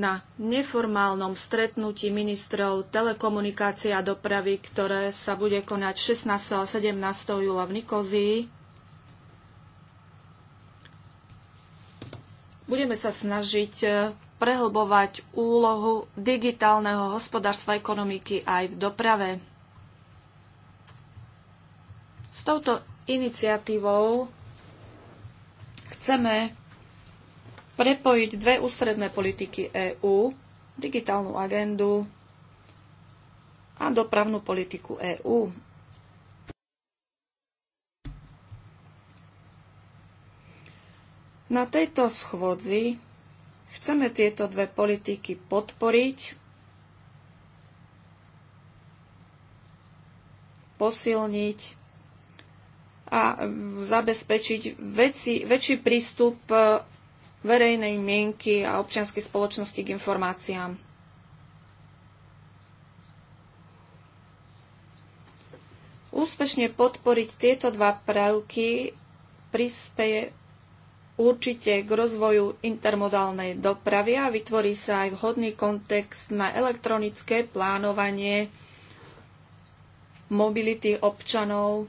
na neformálnom stretnutí ministrov telekomunikácie a dopravy, ktoré sa bude konať 16. a 17. júla v Nikozii, budeme sa snažiť eh, prehlbovať úlohu digitálneho hospodárstva ekonomiky aj v doprave. S touto iniciatívou chceme prepojiť dve ústredné politiky EÚ, digitálnu agendu a dopravnú politiku EÚ. Na tejto schôdzi Chceme tieto dve politiky podporiť, posilniť a zabezpečiť väčší, väčší prístup e, verejnej mienky a občianskej spoločnosti k informáciám. Úspešne podporiť tieto dva prvky prispeje určite k rozvoju intermodálnej dopravy a vytvorí sa aj vhodný kontext na elektronické plánovanie mobility občanov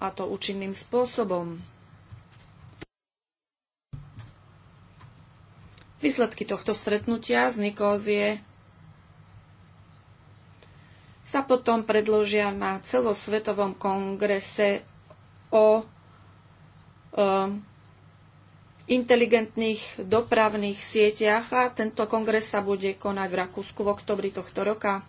a to účinným spôsobom. Výsledky tohto stretnutia z Nikózie sa potom predložia na celosvetovom kongrese o e, inteligentných dopravných sieťach a tento kongres sa bude konať v Rakúsku v oktobri tohto roka.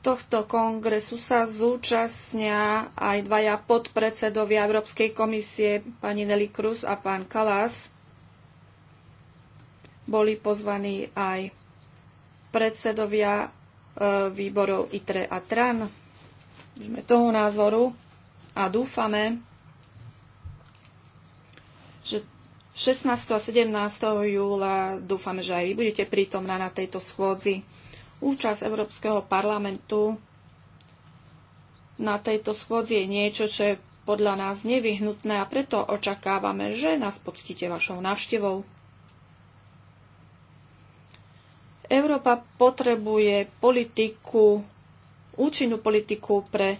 Tohto kongresu sa zúčastnia aj dvaja podpredsedovia Európskej komisie, pani Nelly Cruz a pán Kalas. Boli pozvaní aj predsedovia e, výborov ITRE a TRAN. Sme toho názoru a dúfame, že 16. a 17. júla dúfame, že aj vy budete prítomná na tejto schôdzi. Účasť Európskeho parlamentu na tejto schôdzi je niečo, čo je podľa nás nevyhnutné a preto očakávame, že nás poctíte vašou návštevou. Európa potrebuje politiku, účinnú politiku pre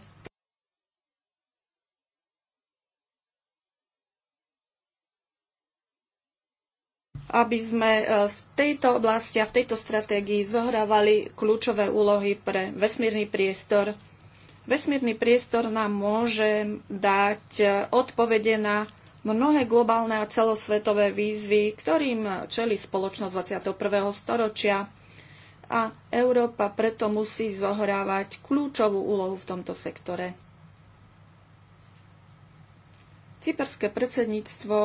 aby sme e, v tejto oblasti a v tejto stratégii zohrávali kľúčové úlohy pre vesmírny priestor. Vesmírny priestor nám môže dať e, odpovede na mnohé globálne a celosvetové výzvy, ktorým čeli spoločnosť 21. storočia a Európa preto musí zohrávať kľúčovú úlohu v tomto sektore. Cyperské predsedníctvo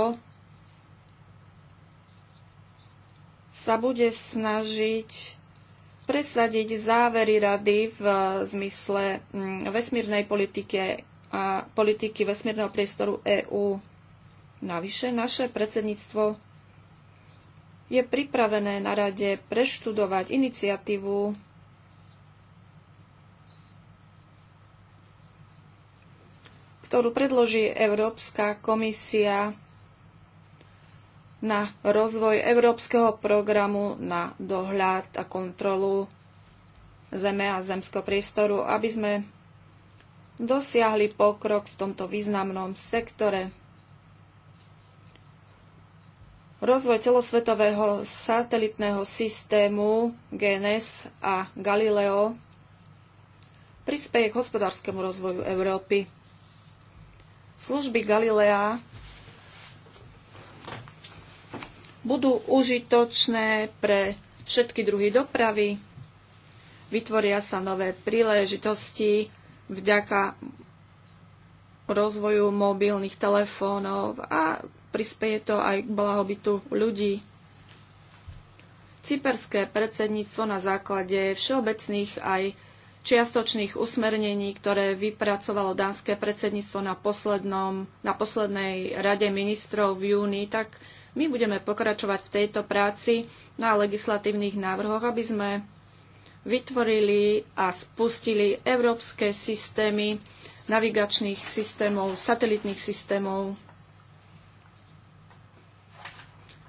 sa bude snažiť presadiť závery rady v zmysle mm, vesmírnej politiky a politiky vesmírneho priestoru EÚ. Navyše naše predsedníctvo je pripravené na rade preštudovať iniciatívu ktorú predloží Európska komisia na rozvoj Európskeho programu na dohľad a kontrolu zeme a zemského priestoru, aby sme dosiahli pokrok v tomto významnom sektore. Rozvoj celosvetového satelitného systému GNS a Galileo prispieje k hospodárskému rozvoju Európy. Služby Galilea budú užitočné pre všetky druhy dopravy. Vytvoria sa nové príležitosti vďaka rozvoju mobilných telefónov a prispieje to aj k blahobytu ľudí. Cyperské predsedníctvo na základe všeobecných aj čiastočných usmernení, ktoré vypracovalo dánske predsedníctvo na, poslednom, na poslednej rade ministrov v júni, tak my budeme pokračovať v tejto práci na legislatívnych návrhoch, aby sme vytvorili a spustili európske systémy navigačných systémov, satelitných systémov.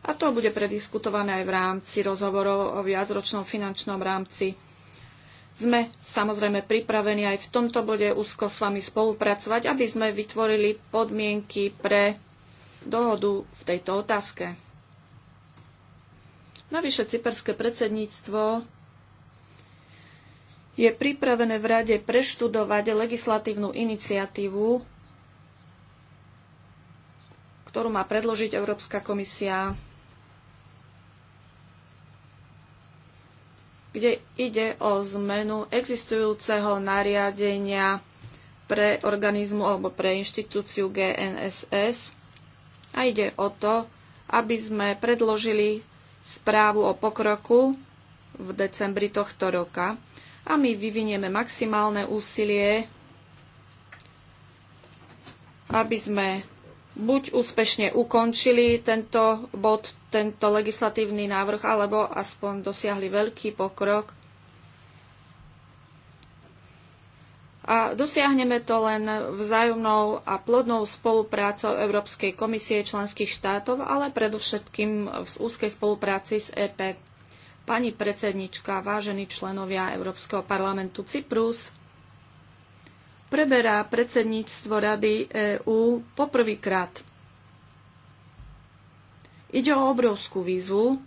A to bude prediskutované aj v rámci rozhovorov o viacročnom finančnom rámci. Sme samozrejme pripravení aj v tomto bode úzko s vami spolupracovať, aby sme vytvorili podmienky pre dohodu v tejto otázke. Navyše cyperské predsedníctvo je pripravené v rade preštudovať legislatívnu iniciatívu, ktorú má predložiť Európska komisia kde ide o zmenu existujúceho nariadenia pre organizmu alebo pre inštitúciu GNSS a ide o to, aby sme predložili správu o pokroku v decembri tohto roka a my vyvinieme maximálne úsilie, aby sme buď úspešne ukončili tento bod, tento legislatívny návrh, alebo aspoň dosiahli veľký pokrok A dosiahneme to len vzájomnou a plodnou spoluprácou Európskej komisie členských štátov, ale predovšetkým v úzkej spolupráci s EP. Pani predsednička, vážení členovia Európskeho parlamentu Cyprus, preberá predsedníctvo Rady EÚ poprvýkrát. Ide o obrovskú výzvu,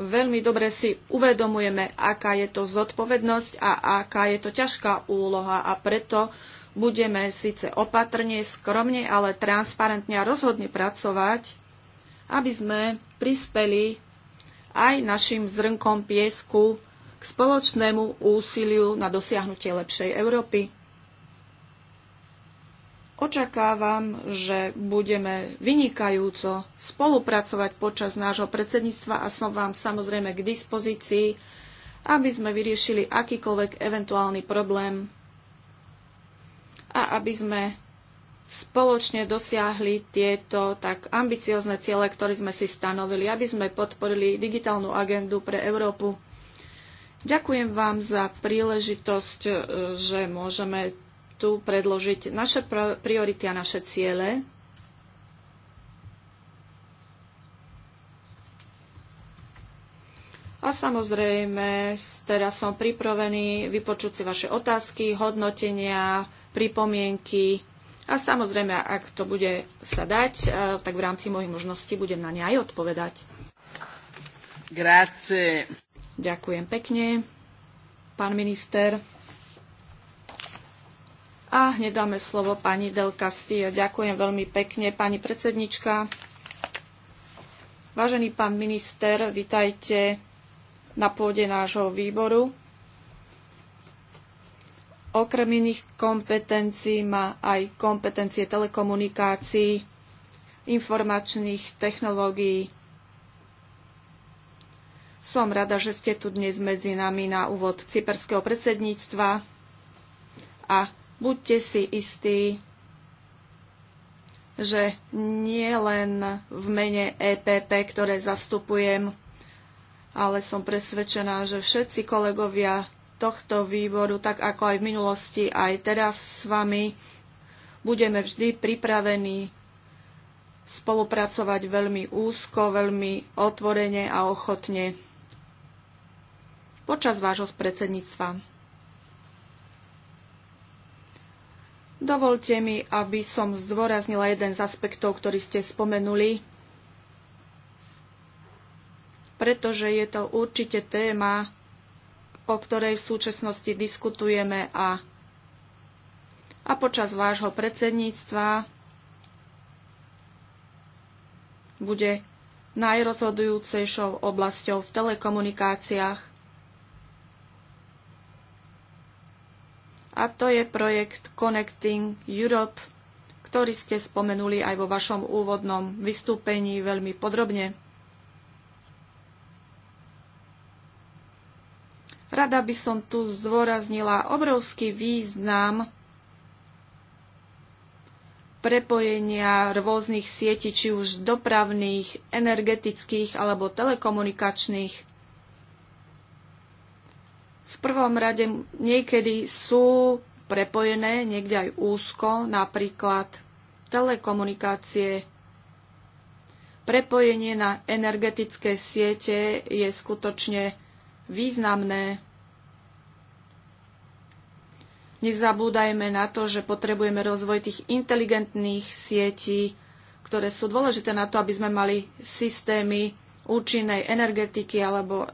veľmi dobre si uvedomujeme, aká je to zodpovednosť a aká je to ťažká úloha a preto budeme síce opatrne, skromne, ale transparentne a rozhodne pracovať, aby sme prispeli aj našim zrnkom piesku k spoločnému úsiliu na dosiahnutie lepšej Európy. Očakávam, že budeme vynikajúco spolupracovať počas nášho predsedníctva a som vám samozrejme k dispozícii, aby sme vyriešili akýkoľvek eventuálny problém a aby sme spoločne dosiahli tieto tak ambiciozne ciele, ktoré sme si stanovili, aby sme podporili digitálnu agendu pre Európu. Ďakujem vám za príležitosť, e, že môžeme tu predložiť naše priority a naše ciele. A samozrejme, teraz som pripravený vypočuť si vaše otázky, hodnotenia, pripomienky. A samozrejme, ak to bude sa dať, eh, tak v rámci mojich možností budem na ne aj odpovedať. Grazie. Ďakujem pekne, pán minister. A hneď dáme slovo pani Del Castillo. Ďakujem veľmi pekne, pani predsednička. Vážený pán minister, vitajte na pôde nášho výboru. Okrem iných kompetencií má aj kompetencie telekomunikácií, informačných technológií. Som rada, že ste tu dnes medzi nami na úvod cyperského predsedníctva a Buďte si istí, že nie len v mene EPP, ktoré zastupujem, ale som presvedčená, že všetci kolegovia tohto výboru, tak ako aj v minulosti, aj teraz s vami, budeme vždy pripravení spolupracovať veľmi úzko, veľmi otvorene a ochotne počas vášho predsedníctva. Dovolte mi, aby som zdôraznila jeden z aspektov, ktorý ste spomenuli, pretože je to určite téma, o ktorej v súčasnosti diskutujeme a, a počas vášho predsedníctva bude najrozhodujúcejšou oblasťou v telekomunikáciách. a to je projekt Connecting Europe, ktorý ste spomenuli aj vo vašom úvodnom vystúpení veľmi podrobne. Rada by som tu zdôraznila obrovský význam prepojenia rôznych sietí, či už dopravných, energetických alebo telekomunikačných prvom rade niekedy sú prepojené, niekde aj úzko, napríklad telekomunikácie. Prepojenie na energetické siete je skutočne významné. Nezabúdajme na to, že potrebujeme rozvoj tých inteligentných sietí, ktoré sú dôležité na to, aby sme mali systémy účinnej energetiky alebo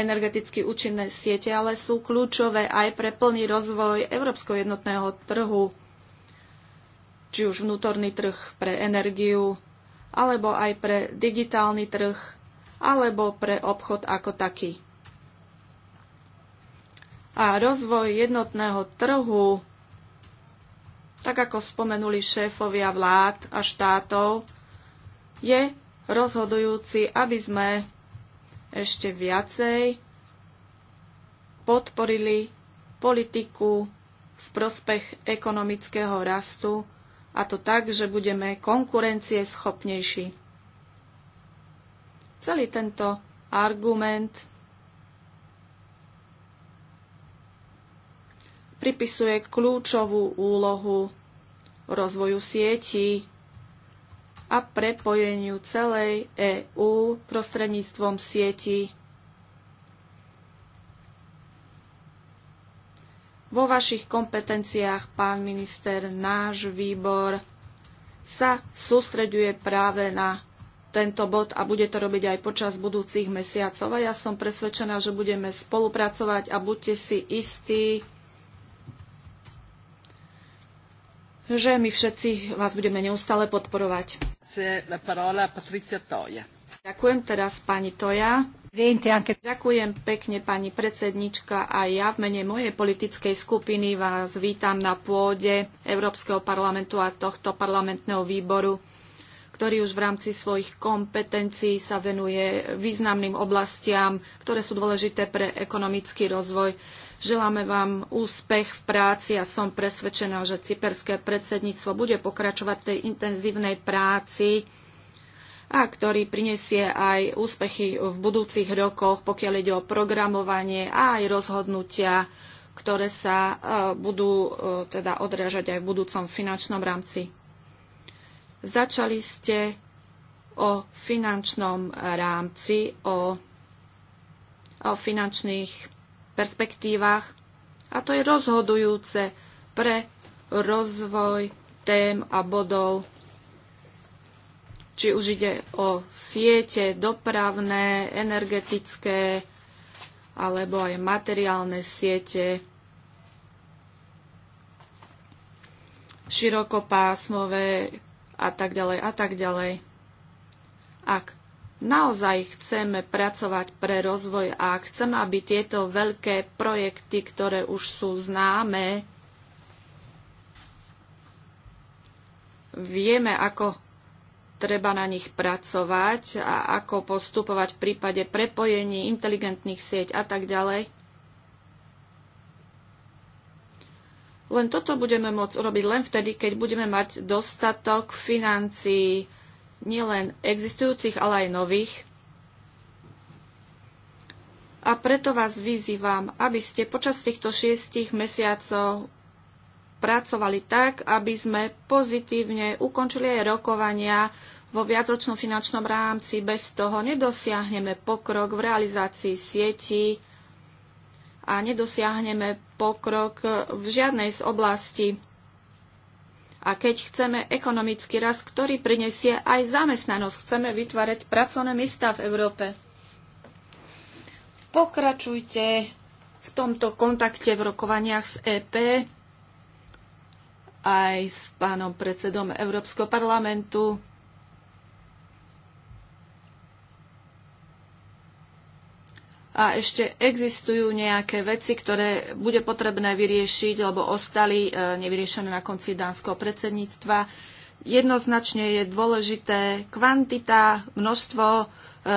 energeticky účinné siete, ale sú kľúčové aj pre plný rozvoj Európskoho jednotného trhu, či už vnútorný trh pre energiu, alebo aj pre digitálny trh, alebo pre obchod ako taký. A rozvoj jednotného trhu, tak ako spomenuli šéfovia vlád a štátov, je rozhodujúci, aby sme ešte viacej podporili politiku v prospech ekonomického rastu a to tak, že budeme konkurencie schopnejší. Celý tento argument pripisuje kľúčovú úlohu rozvoju sietí a prepojeniu celej EÚ prostredníctvom sieti. Vo vašich kompetenciách, pán minister, náš výbor sa sústreďuje práve na tento bod a bude to robiť aj počas budúcich mesiacov. A ja som presvedčená, že budeme spolupracovať a buďte si istí, že my všetci vás budeme neustále podporovať. Grazie, la parola Patrizia Ďakujem teraz pani Toja. Ďakujem pekne pani predsednička a ja v mene mojej politickej skupiny vás vítam na pôde Európskeho parlamentu a tohto parlamentného výboru, ktorý už v rámci svojich kompetencií sa venuje významným oblastiam, ktoré sú dôležité pre ekonomický rozvoj Želáme vám úspech v práci a som presvedčená, že cyperské predsedníctvo bude pokračovať v tej intenzívnej práci a ktorý prinesie aj úspechy v budúcich rokoch, pokiaľ ide o programovanie a aj rozhodnutia, ktoré sa e, budú e, teda odrážať aj v budúcom finančnom rámci. Začali ste o finančnom rámci, o, o finančných perspektívach a to je rozhodujúce pre rozvoj tém a bodov, či už ide o siete dopravné, energetické alebo aj materiálne siete, širokopásmové a tak ďalej a tak ďalej. Ak naozaj chceme pracovať pre rozvoj a chceme, aby tieto veľké projekty, ktoré už sú známe, vieme, ako treba na nich pracovať a ako postupovať v prípade prepojení inteligentných sieť a tak ďalej. Len toto budeme môcť urobiť len vtedy, keď budeme mať dostatok financií, nielen existujúcich, ale aj nových. A preto vás vyzývam, aby ste počas týchto šiestich mesiacov pracovali tak, aby sme pozitívne ukončili aj rokovania vo viacročnom finančnom rámci. Bez toho nedosiahneme pokrok v realizácii sieti a nedosiahneme pokrok v žiadnej z oblastí a keď chceme ekonomický rast, ktorý prinesie aj zamestnanosť, chceme vytvárať pracovné miesta v Európe. Pokračujte v tomto kontakte v rokovaniach s EP aj s pánom predsedom Európskeho parlamentu a ešte existujú nejaké veci, ktoré bude potrebné vyriešiť, lebo ostali e, nevyriešené na konci dánskeho predsedníctva. Jednoznačne je dôležité kvantita, množstvo e,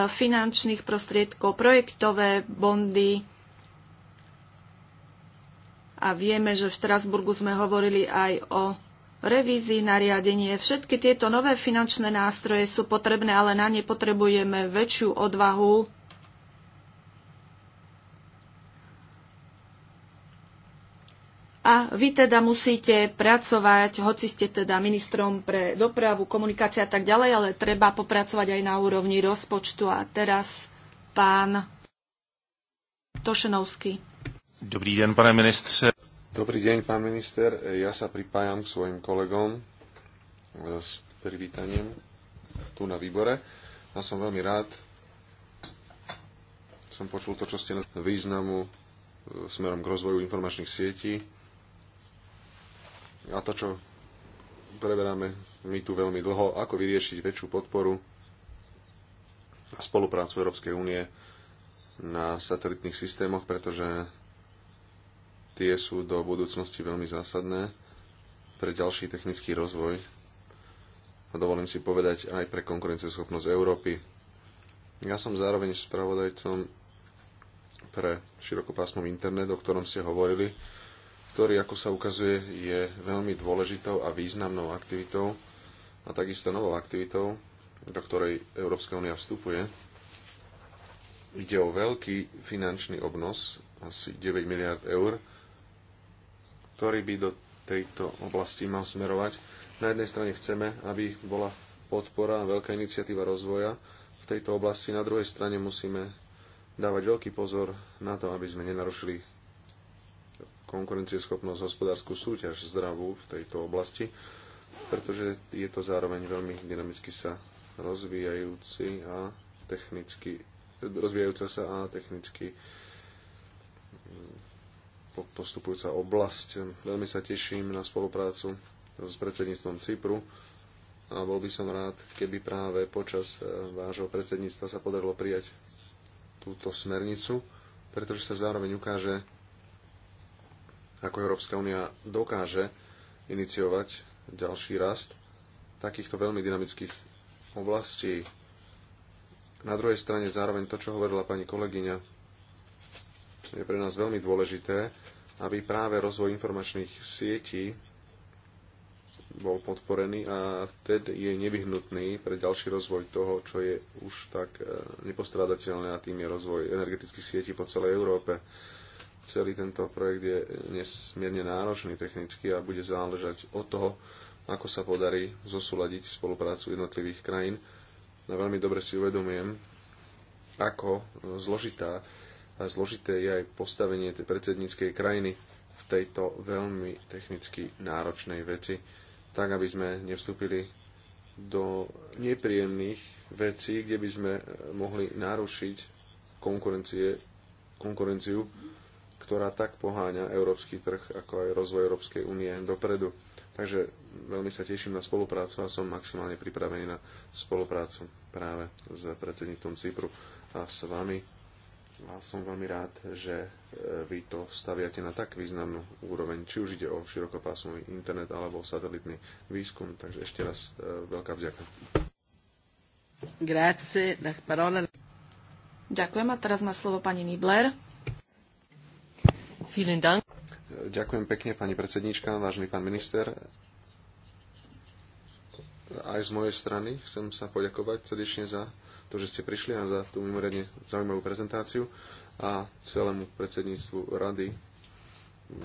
finančných prostriedkov, projektové bondy. A vieme, že v Štrasburgu sme hovorili aj o revízii nariadenie. Všetky tieto nové finančné nástroje sú potrebné, ale na ne potrebujeme väčšiu odvahu A vy teda musíte pracovať, hoci ste teda ministrom pre dopravu, komunikácia a tak ďalej, ale treba popracovať aj na úrovni rozpočtu. A teraz pán Tošenovský. Dobrý deň, pane ministře.
Dobrý deň, pán minister. Ja sa pripájam k svojim kolegom e, s privítaním tu na výbore. A som veľmi rád, som počul to, čo ste na významu e, smerom k rozvoju informačných sietí a to, čo preberáme my tu veľmi dlho, ako vyriešiť väčšiu podporu a spoluprácu Európskej únie na satelitných systémoch, pretože tie sú do budúcnosti veľmi zásadné pre ďalší technický rozvoj a dovolím si povedať aj pre konkurencieschopnosť Európy. Ja som zároveň spravodajcom pre širokopásmový internet, o ktorom ste hovorili ktorý, ako sa ukazuje, je veľmi dôležitou a významnou aktivitou a takisto novou aktivitou, do ktorej Európska únia vstupuje. Ide o veľký finančný obnos, asi 9 miliard eur, ktorý by do tejto oblasti mal smerovať. Na jednej strane chceme, aby bola podpora, a veľká iniciatíva rozvoja v tejto oblasti, na druhej strane musíme dávať veľký pozor na to, aby sme nenarušili konkurencieschopnosť, hospodárskú súťaž zdravú v tejto oblasti, pretože je to zároveň veľmi dynamicky sa rozvíjajúci a technicky, rozvíjajúca sa a technicky mm, postupujúca oblasť. Veľmi sa teším na spoluprácu s predsedníctvom Cypru a bol by som rád, keby práve počas e, vášho predsedníctva sa podarilo prijať túto smernicu, pretože sa zároveň ukáže, ako Európska únia dokáže iniciovať ďalší rast takýchto veľmi dynamických oblastí. Na druhej strane zároveň to, čo hovorila pani kolegyňa, je pre nás veľmi dôležité, aby práve rozvoj informačných sietí bol podporený a vtedy je nevyhnutný pre ďalší rozvoj toho, čo je už tak eh, nepostradateľné a tým je rozvoj energetických sietí po celej Európe. Celý tento projekt je nesmierne náročný technicky a bude záležať od toho, ako sa podarí zosúľadiť spoluprácu jednotlivých krajín. A veľmi dobre si uvedomujem, ako zložitá a zložité je aj postavenie tej predsedníckej krajiny v tejto veľmi technicky náročnej veci, tak aby sme nevstúpili do nepríjemných vecí, kde by sme mohli narušiť konkurencie, konkurenciu ktorá tak poháňa európsky trh, ako aj rozvoj Európskej únie dopredu. Takže veľmi sa teším na spoluprácu a som maximálne pripravený na spoluprácu práve s predsedníctvom Cypru a s vami. A som veľmi rád, že e, vy to staviate na tak významnú úroveň, či už ide o širokopásmový internet alebo o satelitný výskum. Takže ešte raz e, veľká vďaka.
Grazie, Ďakujem a teraz má slovo pani Nibler.
Ďakujem
pekne, pani predsedníčka, vážny pán minister. Aj z mojej strany chcem sa poďakovať srdečne za to, že ste prišli a za tú mimoriadne zaujímavú prezentáciu a celému predsedníctvu rady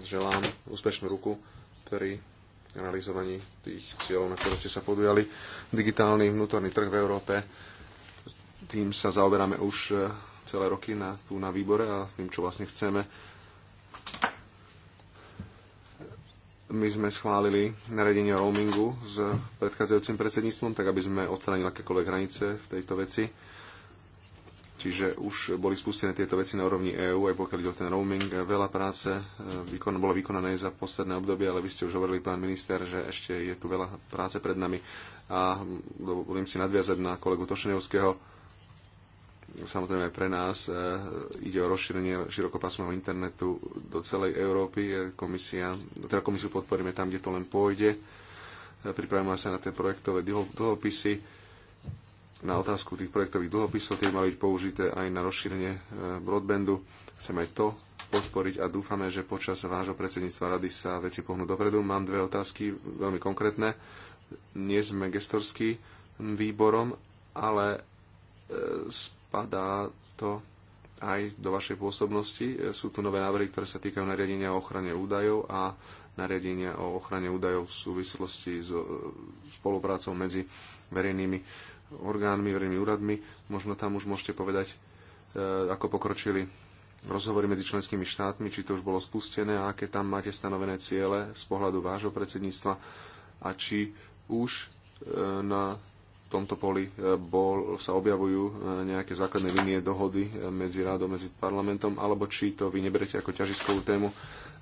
želám úspešnú ruku pri realizovaní tých cieľov, na ktoré ste sa podujali. Digitálny vnútorný trh v Európe, tým sa zaoberáme už eh, celé roky na, tu na výbore a tým, čo vlastne chceme my sme schválili naredenie roamingu s predchádzajúcim predsedníctvom, tak aby sme odstránili akékoľvek hranice v tejto veci. Čiže už boli spustené tieto veci na úrovni EÚ, aj pokiaľ ide o ten roaming. Veľa práce eh, výkon, bolo vykonané za posledné obdobie, ale vy ste už hovorili, pán minister, že ešte je tu veľa práce pred nami. A mm, dovolím si nadviazať na kolegu Tošenevského samozrejme pre nás e, ide o rozšírenie širokopásmového internetu do celej Európy. E, komisia, teda komisiu podporíme tam, kde to len pôjde. E, pripravíme sa na tie projektové dlhopisy. Na otázku tých projektových dlhopisov tie mali byť použité aj na rozšírenie broadbandu. Chceme aj to podporiť a dúfame, že počas vášho predsedníctva rady sa veci pohnú dopredu. Mám dve otázky, veľmi konkrétne. Nie sme gestorský výborom, ale spadá to aj do vašej pôsobnosti. E, sú tu nové návrhy, ktoré sa týkajú nariadenia o ochrane údajov a nariadenia o ochrane údajov v súvislosti s e, spoluprácou medzi verejnými orgánmi, verejnými úradmi. Možno tam už môžete povedať, e, ako pokročili rozhovory medzi členskými štátmi, či to už bolo spustené a aké tam máte stanovené ciele z pohľadu vášho predsedníctva a či už na tomto poli e, bol, sa objavujú e, nejaké základné linie dohody e, medzi rádom, medzi parlamentom, alebo či to vy neberete ako ťažiskovú tému.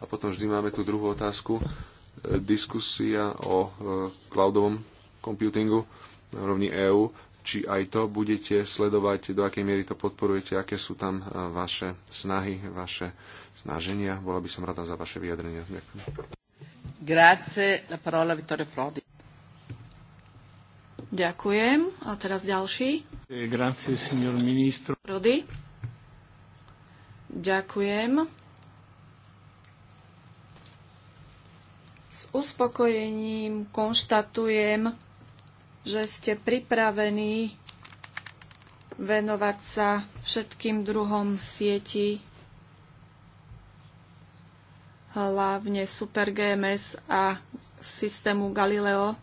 A potom vždy máme tú druhú otázku, diskusia o cloudovom computingu na rovni EÚ, či aj to budete sledovať, do akej miery to podporujete, aké sú tam vaše snahy, vaše snaženia. Bola by som rada za vaše vyjadrenia. Ďakujem.
Grazie, la parola Vittorio Prodi. Ďakujem. A teraz ďalší.
Grazie, signor ministro.
Rody. Ďakujem. S uspokojením konštatujem, že ste pripravení venovať sa všetkým druhom sieti, hlavne Super GMS a systému Galileo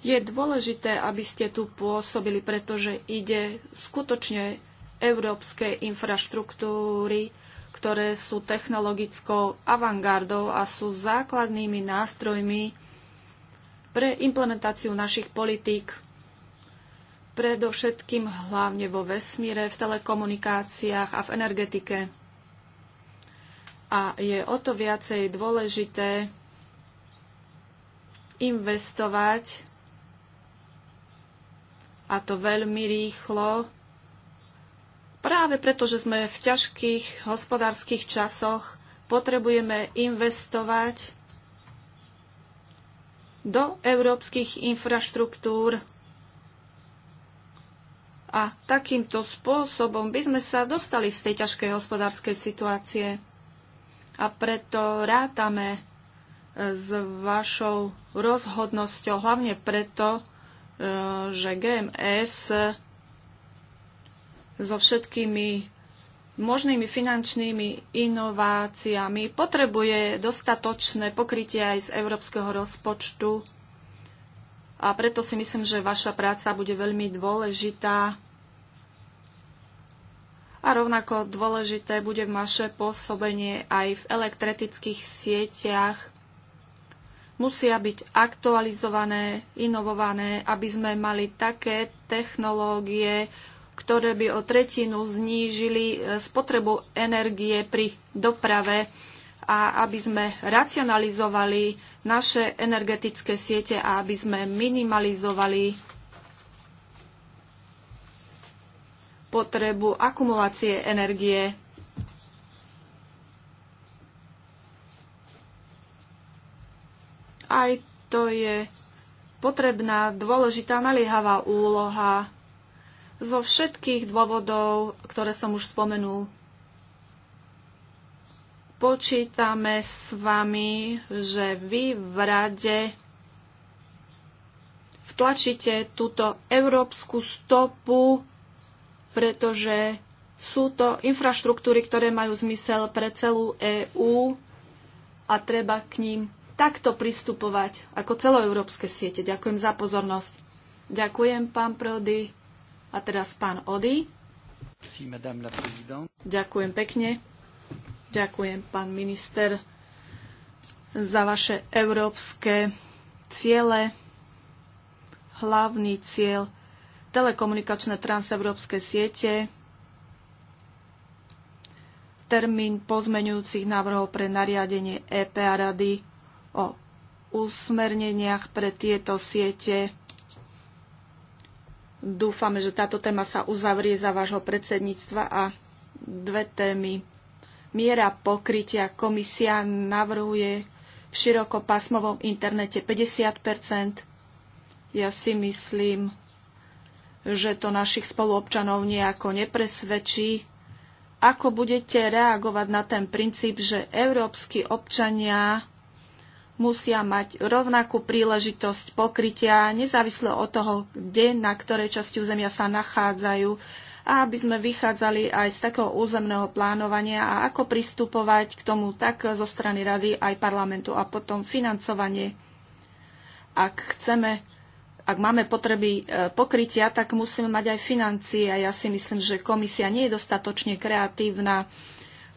Je dôležité, aby ste tu pôsobili, pretože ide skutočne európske infraštruktúry, ktoré sú technologickou avantgardou a sú základnými nástrojmi pre implementáciu našich politík, predovšetkým hlavne vo vesmíre, v telekomunikáciách a v energetike. A je o to viacej dôležité investovať a to veľmi rýchlo, práve preto, že sme v ťažkých hospodárskych časoch, potrebujeme investovať do európskych infraštruktúr. A takýmto spôsobom by sme sa dostali z tej ťažkej hospodárskej situácie. A preto rátame e, s vašou rozhodnosťou, hlavne preto, že GMS so všetkými možnými finančnými inováciami potrebuje dostatočné pokrytie aj z európskeho rozpočtu. A preto si myslím, že vaša práca bude veľmi dôležitá. A rovnako dôležité bude vaše pôsobenie aj v elektretických sieťach musia byť aktualizované, inovované, aby sme mali také technológie, ktoré by o tretinu znížili e, spotrebu energie pri doprave a aby sme racionalizovali naše energetické siete a aby sme minimalizovali potrebu akumulácie energie aj to je potrebná, dôležitá, naliehavá úloha zo všetkých dôvodov, ktoré som už spomenul. Počítame s vami, že vy v rade vtlačíte túto európsku stopu, pretože sú to infraštruktúry, ktoré majú zmysel pre celú EÚ a treba k ním takto pristupovať ako celoeurópske siete. Ďakujem za pozornosť. Ďakujem, pán Prody. A teraz pán Ody. Si, Ďakujem pekne. Ďakujem, pán minister, za vaše európske ciele. Hlavný cieľ telekomunikačné transeurópske siete, termín pozmenujúcich návrhov pre nariadenie EP a Rady o usmerneniach pre tieto siete. Dúfame, že táto téma sa uzavrie za vášho predsedníctva a dve témy. Miera pokrytia komisia navrhuje v širokopásmovom internete 50 Ja si myslím, že to našich spoluobčanov nejako nepresvedčí. Ako budete reagovať na ten princíp, že európsky občania musia mať rovnakú príležitosť pokrytia, nezávisle od toho, kde, na ktorej časti územia sa nachádzajú, a aby sme vychádzali aj z takého územného plánovania a ako pristupovať k tomu tak zo strany rady aj parlamentu a potom financovanie. Ak chceme ak máme potreby e, pokrytia, tak musíme mať aj financie. A ja si myslím, že komisia nie je dostatočne kreatívna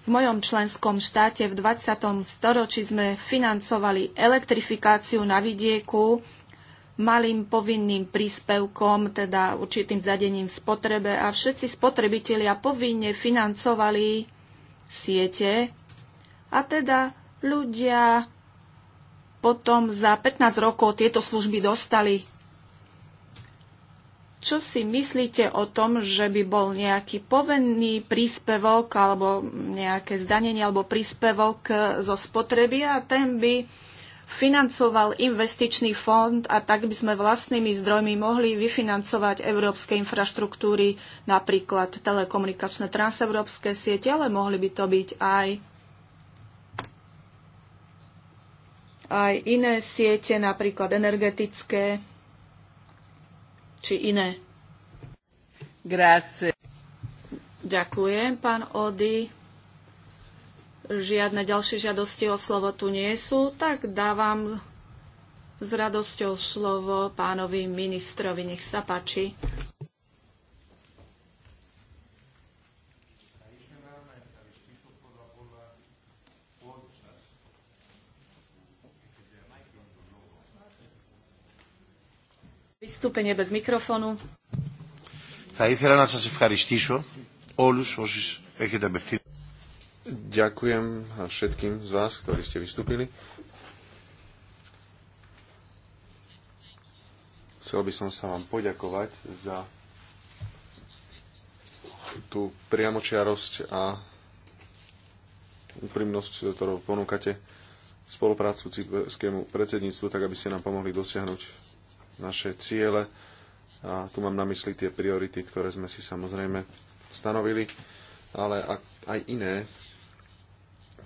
v mojom členskom štáte v 20. storočí sme financovali elektrifikáciu na vidieku malým povinným príspevkom, teda určitým zadením spotrebe a všetci spotrebitelia povinne financovali siete a teda ľudia potom za 15 rokov tieto služby dostali čo si myslíte o tom, že by bol nejaký povenný príspevok alebo nejaké zdanenie alebo príspevok zo spotreby a ten by financoval investičný fond a tak by sme vlastnými zdrojmi mohli vyfinancovať európske infraštruktúry, napríklad telekomunikačné transeurópske siete, ale mohli by to byť aj aj iné siete, napríklad energetické či iné. Grazie. Ďakujem, pán Ody. Žiadne ďalšie žiadosti o slovo tu nie sú, tak dávam s radosťou slovo pánovi ministrovi. Nech sa páči. Vystúpenie bez mikrofónu.
Θα ήθελα να σας ευχαριστήσω όλους όσους έχετε απευθύνει. Ďakujem všetkým z vás, ktorí ste vystúpili. Chcel by som sa vám poďakovať za tú priamočiarosť a úprimnosť, ktorú ponúkate spoluprácu cyperskému predsedníctvu, tak aby ste nám pomohli dosiahnuť naše ciele. A tu mám na mysli tie priority, ktoré sme si samozrejme stanovili, ale aj iné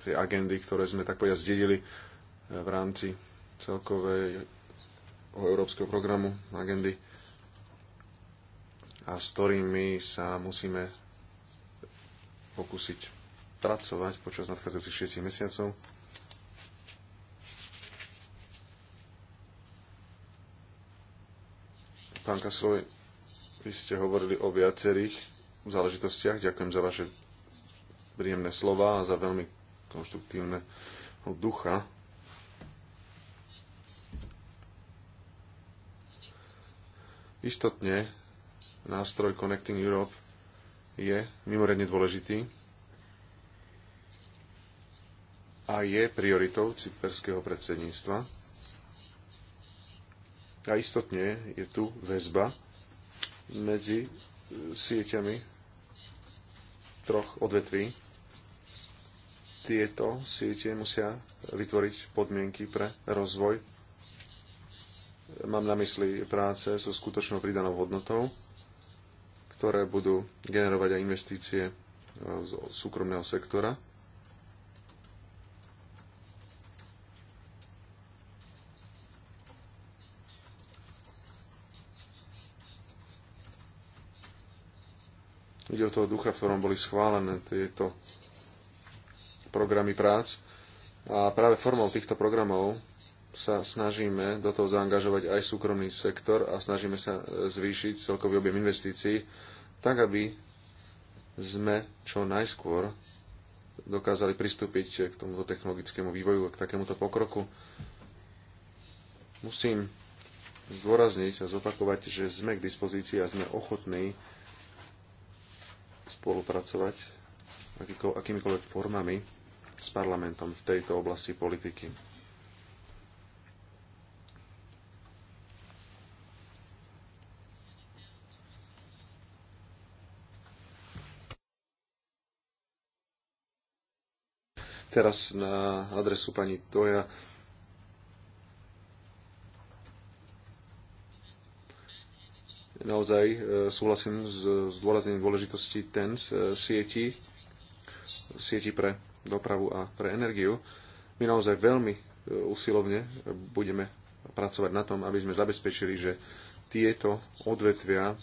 tie agendy, ktoré sme tak povedať zdedili e, v rámci celkovej európskeho programu agendy a s ktorými sa musíme pokúsiť pracovať počas nadchádzajúcich 6 mesiacov. Pán Kasloj, vy ste hovorili o viacerých záležitostiach. Ďakujem za vaše príjemné slova a za veľmi konštruktívne ducha. Istotne nástroj Connecting Europe je mimoriadne dôležitý a je prioritou cyperského predsedníctva. A istotne je tu väzba medzi e, sieťami troch odvetví. Tieto siete musia vytvoriť podmienky pre rozvoj. Mám na mysli práce so skutočnou pridanou hodnotou, ktoré budú generovať aj investície e, z súkromného sektora ide o toho ducha, v ktorom boli schválené tieto programy prác. A práve formou týchto programov sa snažíme do toho zaangažovať aj súkromný sektor a snažíme sa e, zvýšiť celkový objem investícií, tak aby sme čo najskôr dokázali pristúpiť k tomuto technologickému vývoju a k takémuto pokroku. Musím zdôrazniť a zopakovať, že sme k dispozícii a sme ochotní spolupracovať akýmikoľvek formami s parlamentom v tejto oblasti politiky. Teraz na adresu pani Toja naozaj e, súhlasím s, s dôraznením dôležitosti TENS e, sieti, sieti pre dopravu a pre energiu. My naozaj veľmi e, usilovne budeme pracovať na tom, aby sme zabezpečili, že tieto odvetvia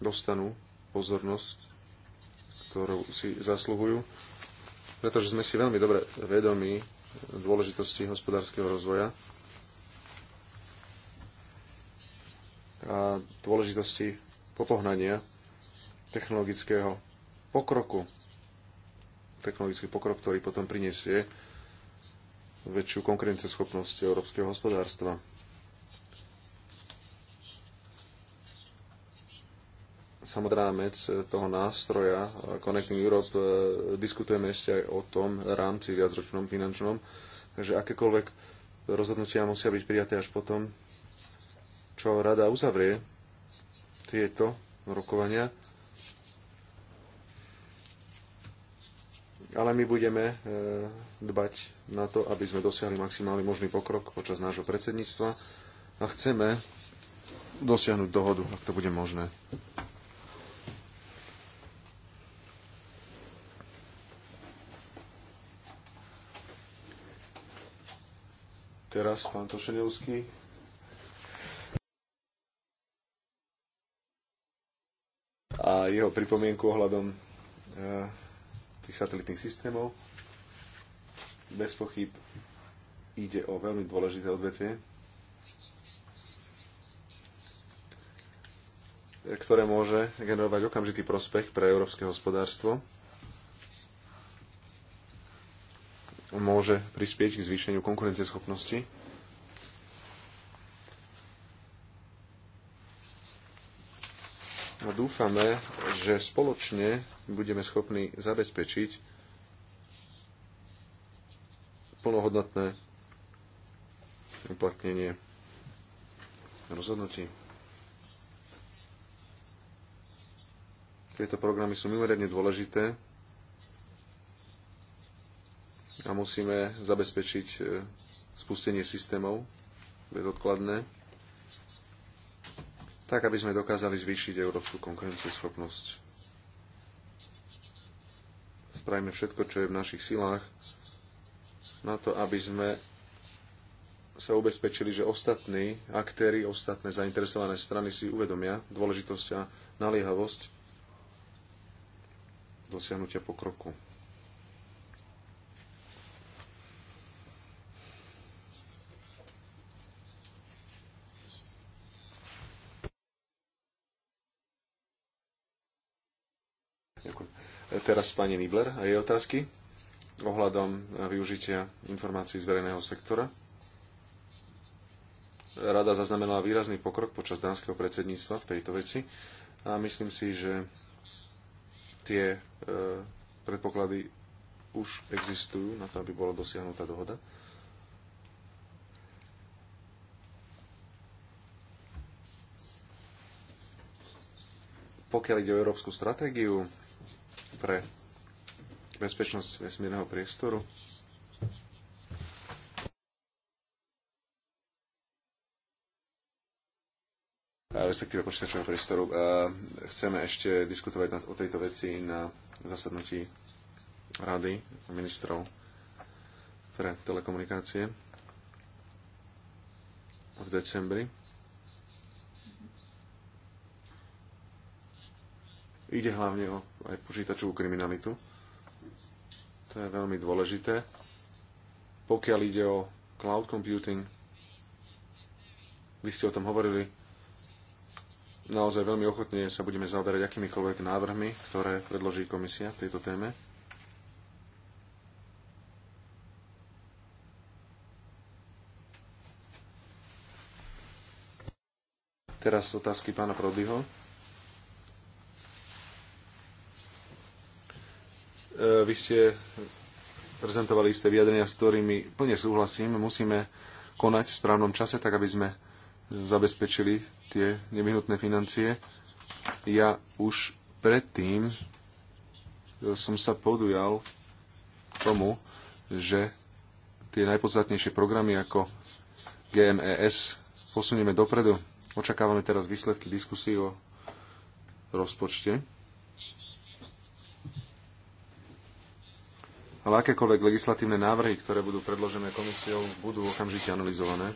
dostanú pozornosť, ktorú si zasluhujú, pretože sme si veľmi dobre vedomi dôležitosti hospodárskeho rozvoja a dôležitosti popohnania technologického pokroku. Technologický pokrok, ktorý potom prinesie väčšiu konkurenceschopnosť európskeho hospodárstva. Samodrámec toho nástroja Connecting Europe e, diskutujeme ešte aj o tom rámci viacročnom finančnom, takže akékoľvek rozhodnutia musia byť prijaté až potom, čo rada uzavrie tieto rokovania. Ale my budeme e, dbať na to, aby sme dosiahli maximálny možný pokrok počas nášho predsedníctva a chceme dosiahnuť dohodu, ak to bude možné. Teraz pán Tošenevský. jeho pripomienku ohľadom e, tých satelitných systémov. Bez pochyb ide o veľmi dôležité odvetvie, ktoré môže generovať okamžitý prospech pre európske hospodárstvo. Môže prispieť k zvýšeniu konkurencieschopnosti a dúfame, že spoločne budeme schopní zabezpečiť plnohodnotné uplatnenie rozhodnutí. Tieto programy sú mimoriadne dôležité a musíme zabezpečiť eh, spustenie systémov bezodkladné tak aby sme dokázali zvýšiť európsku konkurencieschopnosť. Spravíme všetko, čo je v našich silách, na to, aby sme sa ubezpečili, že ostatní aktéry, ostatné zainteresované strany si uvedomia dôležitosť a naliehavosť dosiahnutia pokroku. Teraz pani Nibler a jej otázky ohľadom využitia informácií z verejného sektora. Rada zaznamenala výrazný pokrok počas dánskeho predsedníctva v tejto veci a myslím si, že tie e, predpoklady už existujú na to, aby bola dosiahnutá dohoda. Pokiaľ ide o európsku stratégiu, pre bezpečnosť vesmírneho priestoru. respektíve počítačového priestoru. Chceme ešte diskutovať o tejto veci na zasadnutí Rady ministrov pre telekomunikácie v decembri. Ide hlavne o aj počítačovú kriminalitu. To je veľmi dôležité. Pokiaľ ide o cloud computing, vy ste o tom hovorili, naozaj veľmi ochotne sa budeme zaoberať akýmikoľvek návrhmi, ktoré predloží komisia v tejto téme. Teraz otázky pána Prodyho. E, vy ste prezentovali isté vyjadrenia, s ktorými plne súhlasím. Musíme konať v správnom čase, tak aby sme zabezpečili tie nevyhnutné financie. Ja už predtým som sa podujal k tomu, že tie najpodstatnejšie programy ako GMES posunieme dopredu. Očakávame teraz výsledky diskusí o rozpočte. ale akékoľvek legislatívne návrhy, ktoré budú predložené komisiou, budú okamžite analyzované.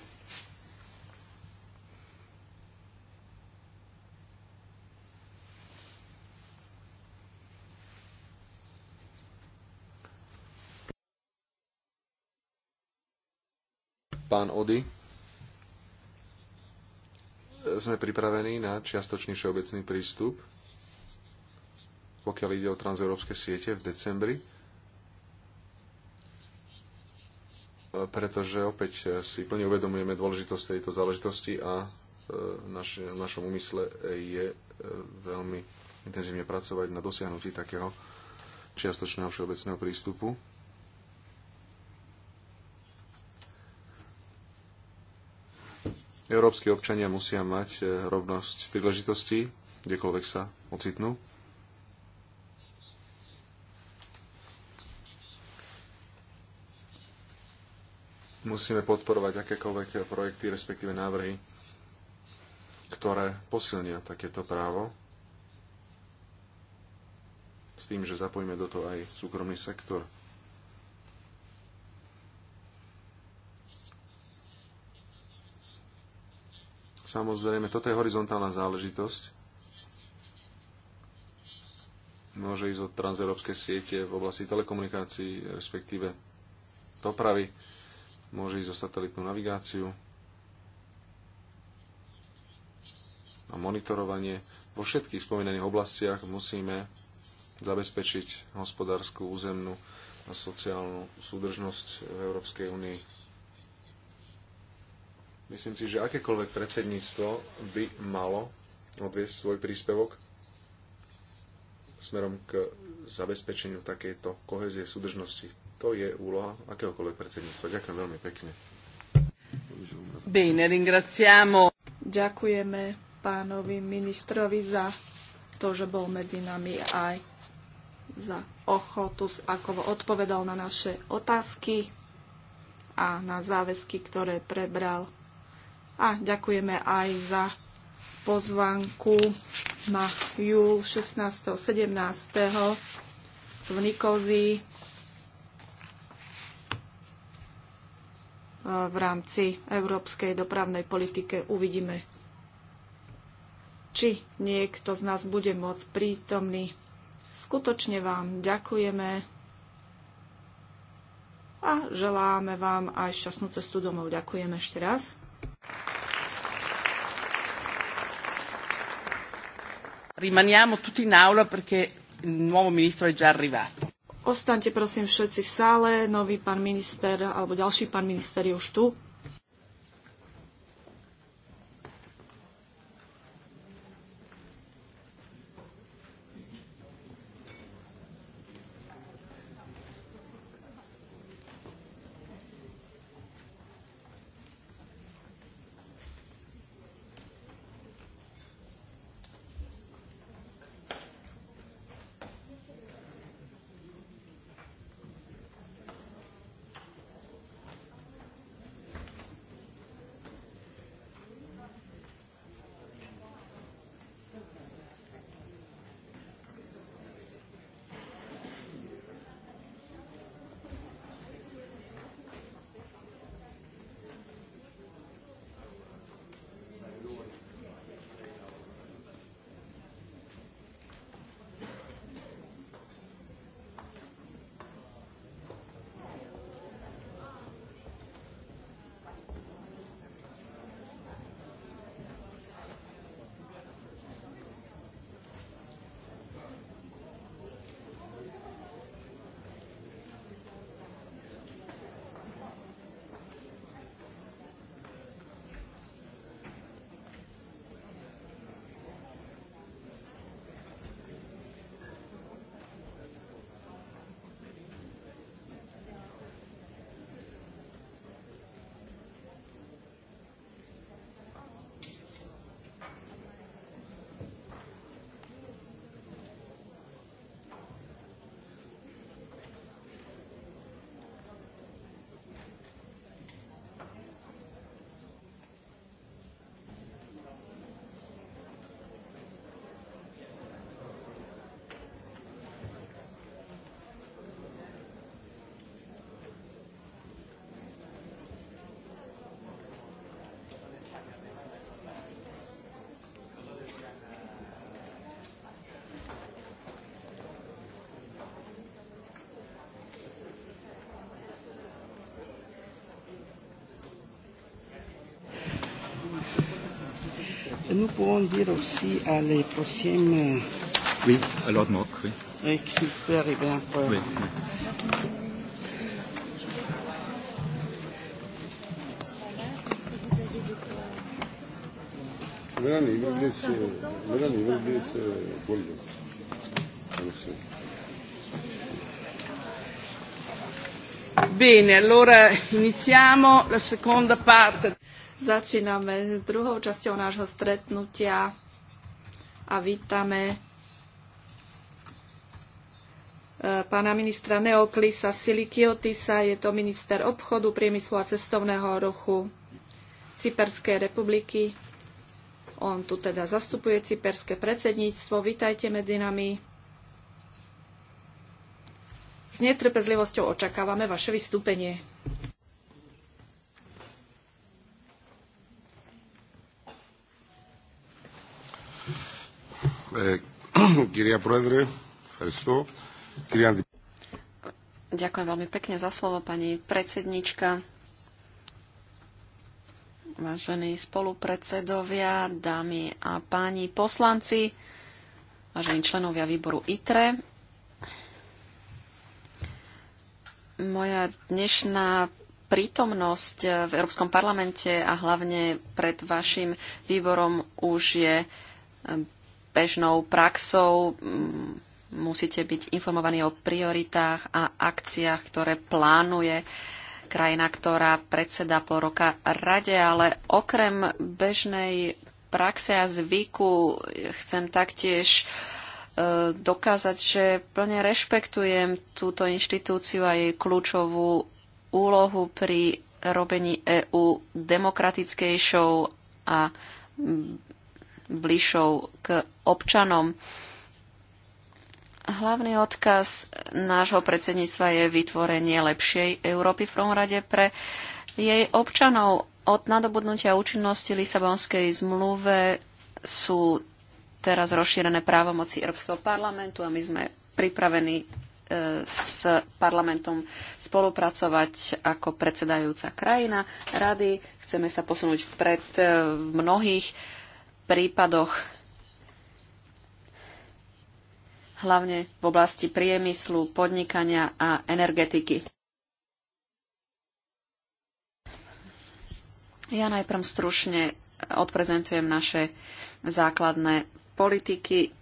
Pán Ody, sme pripravení na čiastočný všeobecný prístup, pokiaľ ide o transeurópske siete v decembri pretože opäť si plne uvedomujeme dôležitosť tejto záležitosti a e, naš, v našom úmysle je e, veľmi intenzívne pracovať na dosiahnutí takého čiastočného všeobecného prístupu. Európsky občania musia mať e, rovnosť príležitostí, kdekoľvek sa ocitnú. musíme podporovať akékoľvek projekty, respektíve návrhy, ktoré posilnia takéto právo s tým, že zapojíme do toho aj súkromný sektor. Samozrejme, toto je horizontálna záležitosť. Môže ísť od transeurópskej siete v oblasti telekomunikácií, respektíve dopravy môže ísť o satelitnú navigáciu a monitorovanie. Vo všetkých spomínaných oblastiach musíme zabezpečiť hospodárskú, územnú a sociálnu súdržnosť v Európskej únii. Myslím si, že akékoľvek predsedníctvo by malo odviesť svoj príspevok smerom k zabezpečeniu takejto kohezie súdržnosti to je úloha akéhokoľvek predsedníctva. Ďakujem veľmi pekne.
Bene, ringraziamo. Ďakujeme pánovi ministrovi za to, že bol medzi nami aj za ochotu, ako odpovedal na naše otázky a na záväzky, ktoré prebral. A ďakujeme aj za pozvanku na júl 16. 17. v Nikozii v rámci európskej dopravnej politike uvidíme, či niekto z nás bude môcť prítomný. Skutočne vám ďakujeme a želáme vám aj šťastnú cestu domov. Ďakujem ešte raz. Rimaniamo tutti in aula perché il nuovo ministro è già arrivato. Ostaňte prosím všetci v sále, nový pán minister alebo ďalší pán minister je už tu. nous pourrons dire aussi à les prochaines. Euh,
oui, à l'ordre Mock, oui.
Oui, s'il peut arriver un peu. Oui, oui. il laisser,
il laisser euh,
Bene, allora iniziamo la seconda parte. Začíname s druhou časťou nášho stretnutia a vítame e, pána ministra Neoklisa Silikiotisa, je to minister obchodu, priemyslu a cestovného ruchu Cyperskej republiky. On tu teda zastupuje cyperské predsedníctvo. Vítajte medzi nami. S netrpezlivosťou očakávame vaše vystúpenie.
Eh,
Ďakujem veľmi pekne za slovo, pani predsednička. Vážení spolupredsedovia, dámy a páni poslanci, vážení členovia výboru ITRE, moja dnešná prítomnosť v Európskom parlamente a hlavne pred vašim výborom už je bežnou praxou. Mm, musíte byť informovaní o prioritách a akciách, ktoré plánuje krajina, ktorá predseda po roka rade, ale okrem bežnej praxe a zvyku chcem taktiež e, dokázať, že plne rešpektujem túto inštitúciu a jej kľúčovú úlohu pri robení EÚ demokratickejšou a bližšou k občanom. Hlavný odkaz nášho predsedníctva je vytvorenie lepšej Európy v prvom rade pre jej občanov. Od nadobudnutia účinnosti Lisabonskej zmluve sú teraz rozšírené právomoci Európskeho parlamentu a my sme pripravení e, s parlamentom spolupracovať ako predsedajúca krajina rady. Chceme sa posunúť vpred e, v mnohých prípadoch, hlavne v oblasti priemyslu, podnikania a energetiky. Ja najprv stručne odprezentujem naše základné politiky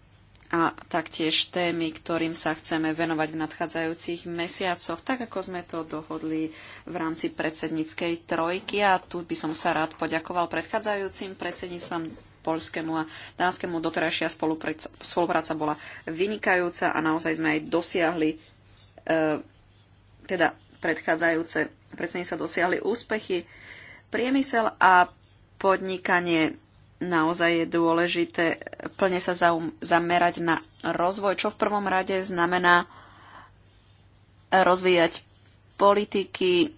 a taktiež témy, ktorým sa chceme venovať v nadchádzajúcich mesiacoch, tak ako sme to dohodli v rámci predsedníckej trojky. A tu by som sa rád poďakoval predchádzajúcim predsedníctvom polskému a dánskému. Doterajšia spolupráca, bola vynikajúca a naozaj sme aj dosiahli, e, teda predchádzajúce predsedníctva dosiahli úspechy. Priemysel a podnikanie naozaj je dôležité plne sa zaum- zamerať na rozvoj, čo v prvom rade znamená rozvíjať politiky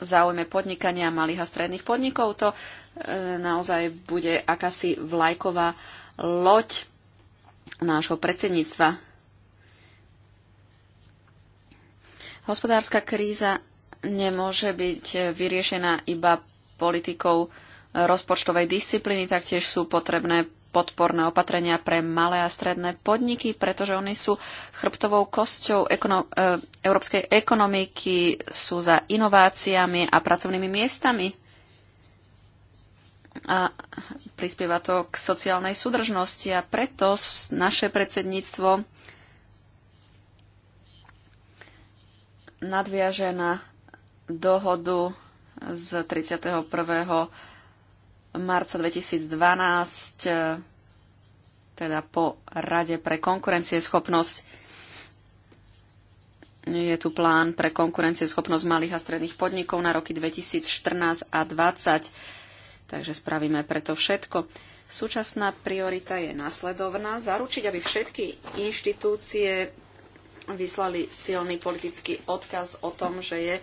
v záujme podnikania malých a stredných podnikov. To E, naozaj bude akási vlajková loď nášho predsedníctva. Hospodárska kríza nemôže byť vyriešená iba politikou rozpočtovej disciplíny, taktiež sú potrebné podporné opatrenia pre malé a stredné podniky, pretože oni sú chrbtovou kosťou ekono- e, európskej ekonomiky, sú za inováciami a pracovnými miestami a prispieva to k sociálnej súdržnosti a preto naše predsedníctvo nadviaže na dohodu z 31. marca 2012, e, teda po Rade pre konkurencieschopnosť. Je tu plán pre konkurencieschopnosť malých a stredných podnikov na roky 2014 a 2020 Takže spravíme preto všetko. Súčasná priorita je nasledovná. Zaručiť, aby všetky inštitúcie vyslali silný politický odkaz o tom, že je e,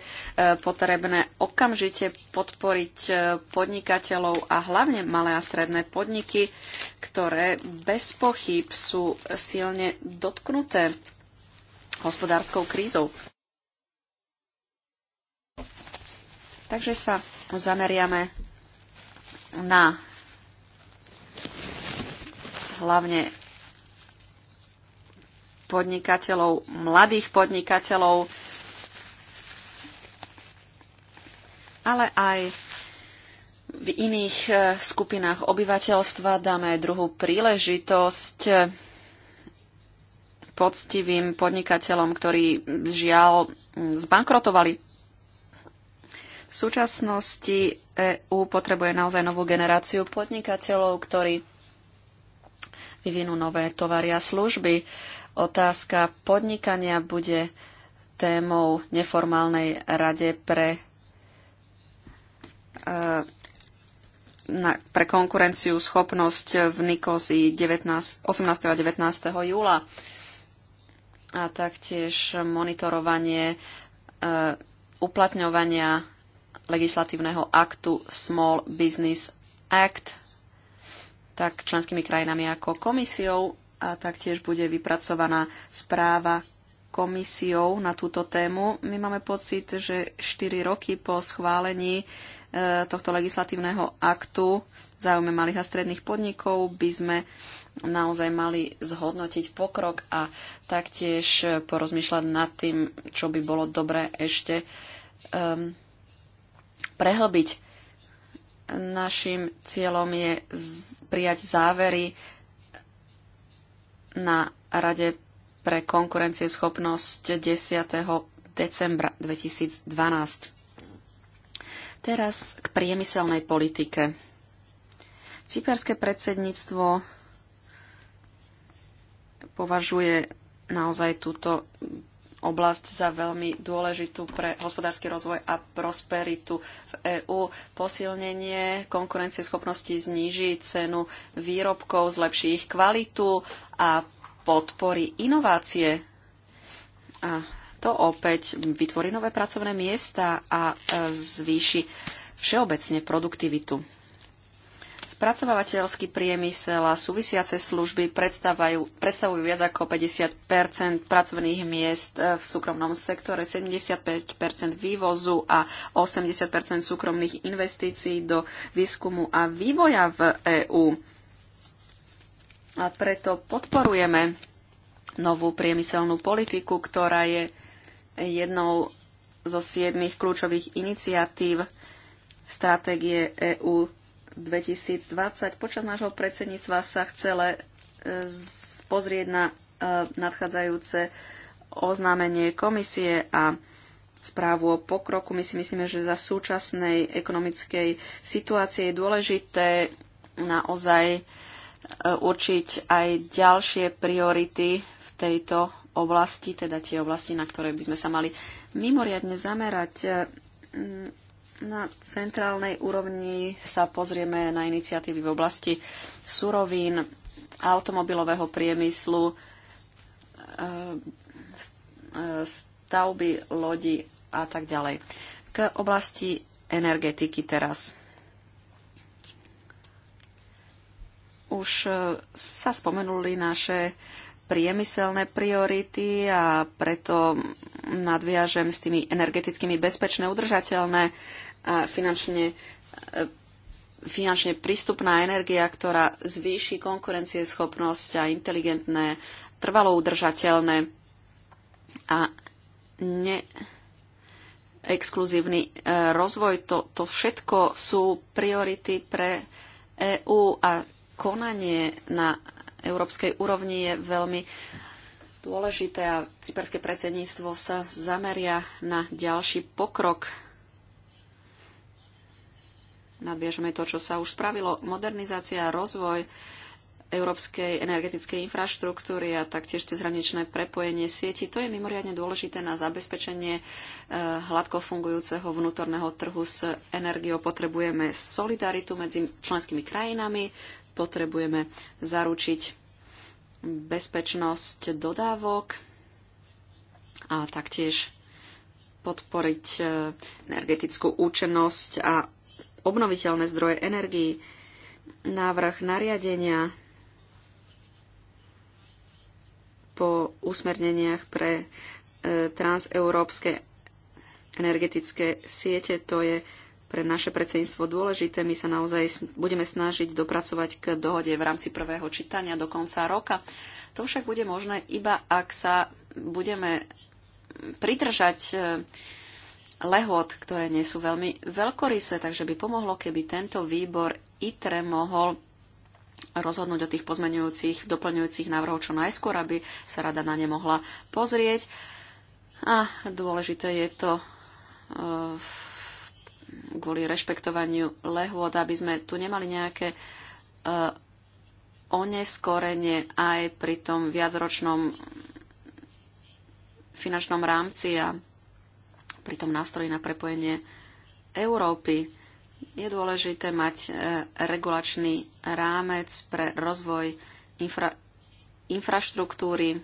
potrebné okamžite podporiť e, podnikateľov a hlavne malé a stredné podniky, ktoré bez pochyb sú silne dotknuté hospodárskou krízou. Takže sa zameriame na hlavne podnikateľov, mladých podnikateľov, ale aj v iných e, skupinách obyvateľstva dáme druhú príležitosť poctivým podnikateľom, ktorí žiaľ zbankrotovali. V súčasnosti EÚ potrebuje naozaj novú generáciu podnikateľov, ktorí vyvinú nové tovary a služby. Otázka podnikania bude témou neformálnej rade pre, e, na, pre konkurenciu schopnosť v Nikosi 18. a 19. júla a taktiež monitorovanie e, uplatňovania legislatívneho aktu Small Business Act, tak členskými krajinami ako komisiou a taktiež bude vypracovaná správa komisiou na túto tému. My máme pocit, že 4 roky po schválení e, tohto legislatívneho aktu v záujme malých a stredných podnikov by sme naozaj mali zhodnotiť pokrok a taktiež porozmýšľať nad tým, čo by bolo dobré ešte ehm, prehlbiť. Našim cieľom je prijať závery na Rade pre konkurencieschopnosť 10. decembra 2012. Teraz k priemyselnej politike. Cyperské predsedníctvo považuje naozaj túto oblasť za veľmi dôležitú pre hospodársky rozvoj a prosperitu v EÚ. Posilnenie konkurencieschopnosti zníži cenu výrobkov, zlepší ich kvalitu a podporí inovácie. A to opäť vytvorí nové pracovné miesta a e, zvýši všeobecne produktivitu spracovávateľský priemysel a súvisiace služby predstavujú, predstavujú viac ako 50 pracovných miest eh, v súkromnom sektore, 75 vývozu a 80 súkromných investícií do výskumu a vývoja v EÚ. A preto podporujeme novú priemyselnú politiku, ktorá je jednou zo siedmých kľúčových iniciatív stratégie EU. 2020. Počas nášho predsedníctva sa chcele e, pozrieť na e, nadchádzajúce oznámenie komisie a správu o pokroku. My si myslíme, že za súčasnej ekonomickej situácie je dôležité naozaj e, určiť aj ďalšie priority v tejto oblasti, teda tie oblasti, na ktoré by sme sa mali mimoriadne zamerať. Na centrálnej úrovni sa pozrieme na iniciatívy v oblasti surovín, automobilového priemyslu, e, stavby lodi a tak ďalej. K oblasti energetiky teraz. Už e, sa spomenuli naše priemyselné priority a preto nadviažem s tými energetickými bezpečné, udržateľné finančne, e, finančne prístupná energia, ktorá zvýši konkurencieschopnosť a inteligentné, trvalo udržateľné a ne exkluzívny e, rozvoj. To, to všetko sú priority pre EÚ a konanie na európskej úrovni je veľmi dôležité a cyperské predsedníctvo sa zameria na ďalší pokrok Nadviežme to, čo sa už spravilo. Modernizácia rozvoj európskej energetickej infraštruktúry a taktiež hraničné prepojenie sieti. To je mimoriadne dôležité na zabezpečenie eh, hladko fungujúceho vnútorného trhu s energiou. Potrebujeme solidaritu medzi členskými krajinami, potrebujeme zaručiť bezpečnosť dodávok a taktiež podporiť eh, energetickú účinnosť a obnoviteľné zdroje energií. Návrh nariadenia po usmerneniach pre e, transeurópske energetické siete. To je pre naše predsedníctvo dôležité. My sa naozaj budeme snažiť dopracovať k dohode v rámci prvého čítania do konca roka. To však bude možné iba, ak sa budeme pridržať e, lehot, ktoré nie sú veľmi veľkorysé, takže by pomohlo, keby tento výbor ITRE mohol rozhodnúť o tých pozmenujúcich, doplňujúcich návrhov čo najskôr, aby sa rada na ne mohla pozrieť. A dôležité je to e, kvôli rešpektovaniu lehôd, aby sme tu nemali nejaké e, oneskorenie aj pri tom viacročnom finančnom rámci a pri tom nástroji na prepojenie Európy. Je dôležité mať e, regulačný rámec pre rozvoj infra- infraštruktúry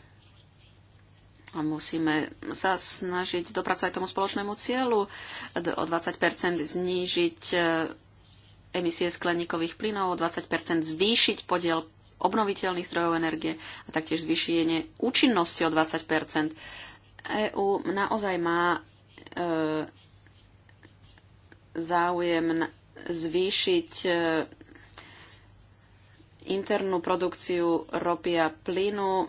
a musíme sa snažiť dopracovať tomu spoločnému cieľu o 20 znížiť e, emisie skleníkových plynov, o 20 zvýšiť podiel obnoviteľných zdrojov energie a taktiež zvýšenie účinnosti o 20 EÚ e naozaj má E, záujem zvýšiť e, internú produkciu ropy a plynu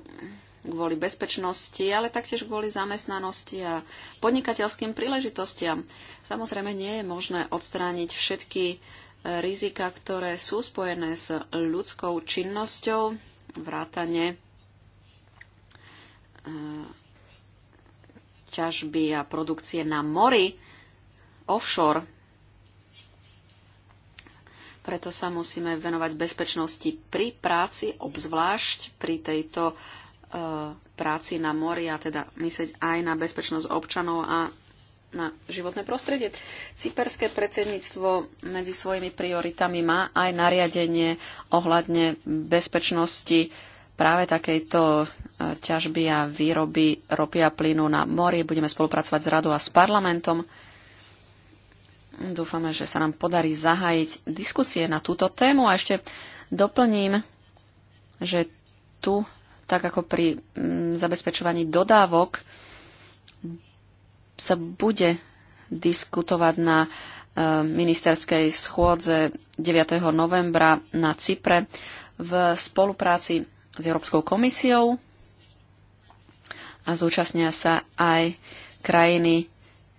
kvôli bezpečnosti, ale taktiež kvôli zamestnanosti a podnikateľským príležitostiam. Samozrejme nie je možné odstrániť všetky e, rizika, ktoré sú spojené s ľudskou činnosťou, vrátane ťažby a produkcie na mori, offshore. Preto sa musíme venovať bezpečnosti pri práci, obzvlášť pri tejto e, práci na mori a teda myslieť aj na bezpečnosť občanov a na životné prostredie. Cyperské predsedníctvo medzi svojimi prioritami má aj nariadenie ohľadne bezpečnosti práve takejto e, ťažby a výroby ropy a plynu na mori. Budeme spolupracovať s radou a s parlamentom. Dúfame, že sa nám podarí zahájiť diskusie na túto tému a ešte doplním, že tu, tak ako pri mm, zabezpečovaní dodávok, sa bude diskutovať na e, ministerskej schôdze 9. novembra na Cypre v spolupráci s Európskou komisiou a zúčastnia sa aj krajiny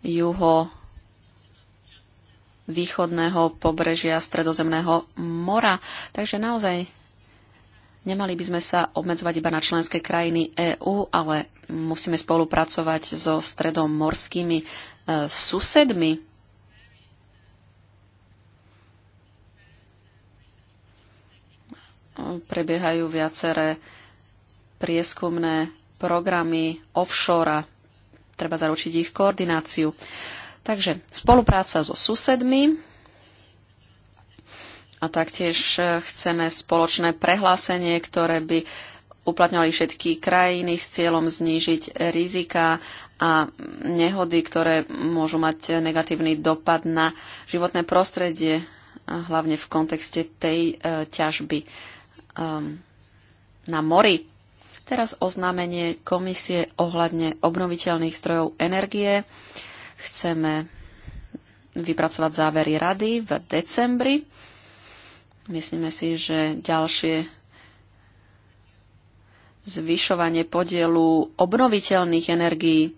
juho východného pobrežia Stredozemného mora. Takže naozaj nemali by sme sa obmedzovať iba na členské krajiny EÚ, ale musíme spolupracovať so stredomorskými e, susedmi. prebiehajú viaceré prieskumné programy offshore. Treba zaručiť ich koordináciu. Takže spolupráca so susedmi a taktiež eh, chceme spoločné prehlásenie, ktoré by uplatňovali všetky krajiny s cieľom znížiť rizika a nehody, ktoré môžu mať negatívny dopad na životné prostredie, hlavne v kontexte tej e, ťažby um, na mori. Teraz oznámenie komisie ohľadne obnoviteľných strojov energie. Chceme vypracovať závery rady v decembri. Myslíme si, že ďalšie zvyšovanie podielu obnoviteľných energií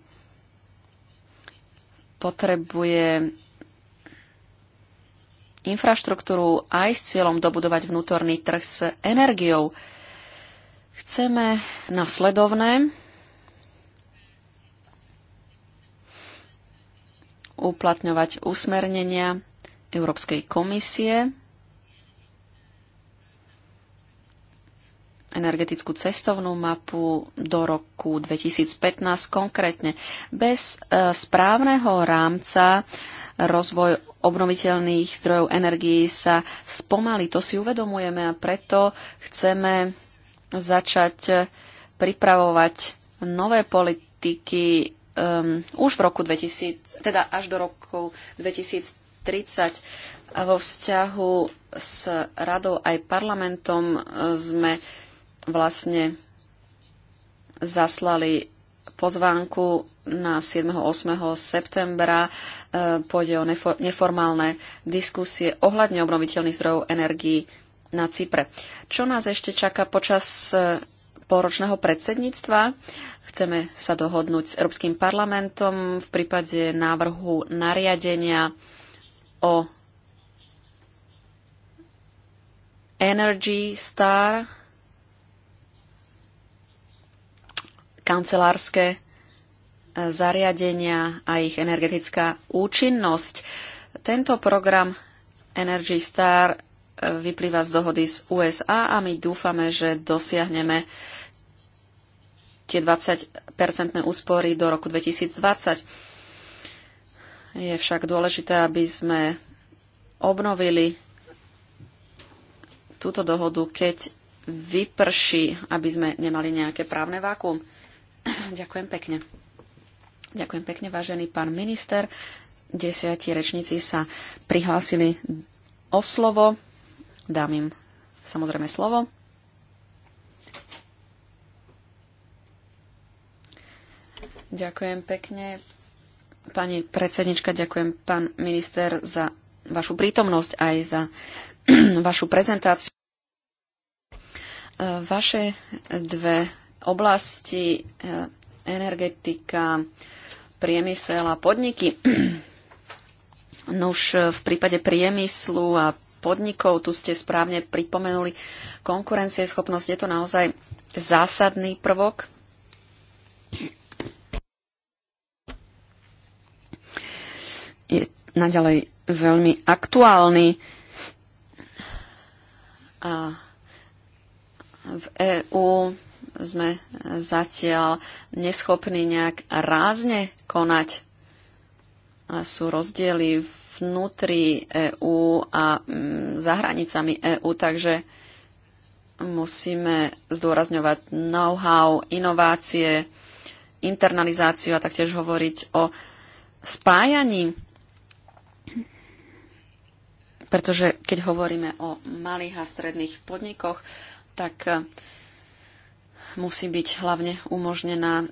potrebuje infraštruktúru aj s cieľom dobudovať vnútorný trh s energiou. Chceme nasledovné uplatňovať usmernenia Európskej komisie, energetickú cestovnú mapu do roku 2015 konkrétne. Bez e, správneho rámca rozvoj obnoviteľných zdrojov energií sa spomalí. To si uvedomujeme a preto chceme začať eh, pripravovať nové politiky um, už v roku 2000, teda až do roku 2030 a vo vzťahu s radou aj parlamentom eh, sme vlastne zaslali pozvánku na 7. 8. septembra. E, pôjde o neformálne diskusie ohľadne obnoviteľných zdrojov energií na Cypre. Čo nás ešte čaká počas e, poročného predsedníctva. Chceme sa dohodnúť s Európskym parlamentom v prípade návrhu nariadenia o Energy Star kancelárske e, zariadenia a ich energetická účinnosť. Tento program Energy Star e, vyplýva z dohody z USA a my dúfame, že dosiahneme tie 20-percentné úspory do roku 2020. Je však dôležité, aby sme obnovili túto dohodu, keď vyprší, aby sme nemali nejaké právne vákum. Ďakujem pekne. Ďakujem pekne, vážený pán minister. Desiatí rečníci sa prihlásili o slovo. Dám im samozrejme slovo. Ďakujem pekne. Pani predsednička, ďakujem pán minister za vašu prítomnosť aj za vašu prezentáciu. Vaše dve oblasti eh, energetika, priemysel a podniky. No už eh, v prípade priemyslu a podnikov, tu ste správne pripomenuli, konkurencieschopnosť je to naozaj zásadný prvok. Je naďalej veľmi aktuálny a v EÚ sme zatiaľ neschopní nejak rázne konať. A sú rozdiely vnútri EÚ a mm, za hranicami EÚ, takže musíme zdôrazňovať know-how, inovácie, internalizáciu a taktiež hovoriť o spájaní. Pretože keď hovoríme o malých a stredných podnikoch, tak musí byť hlavne umožnená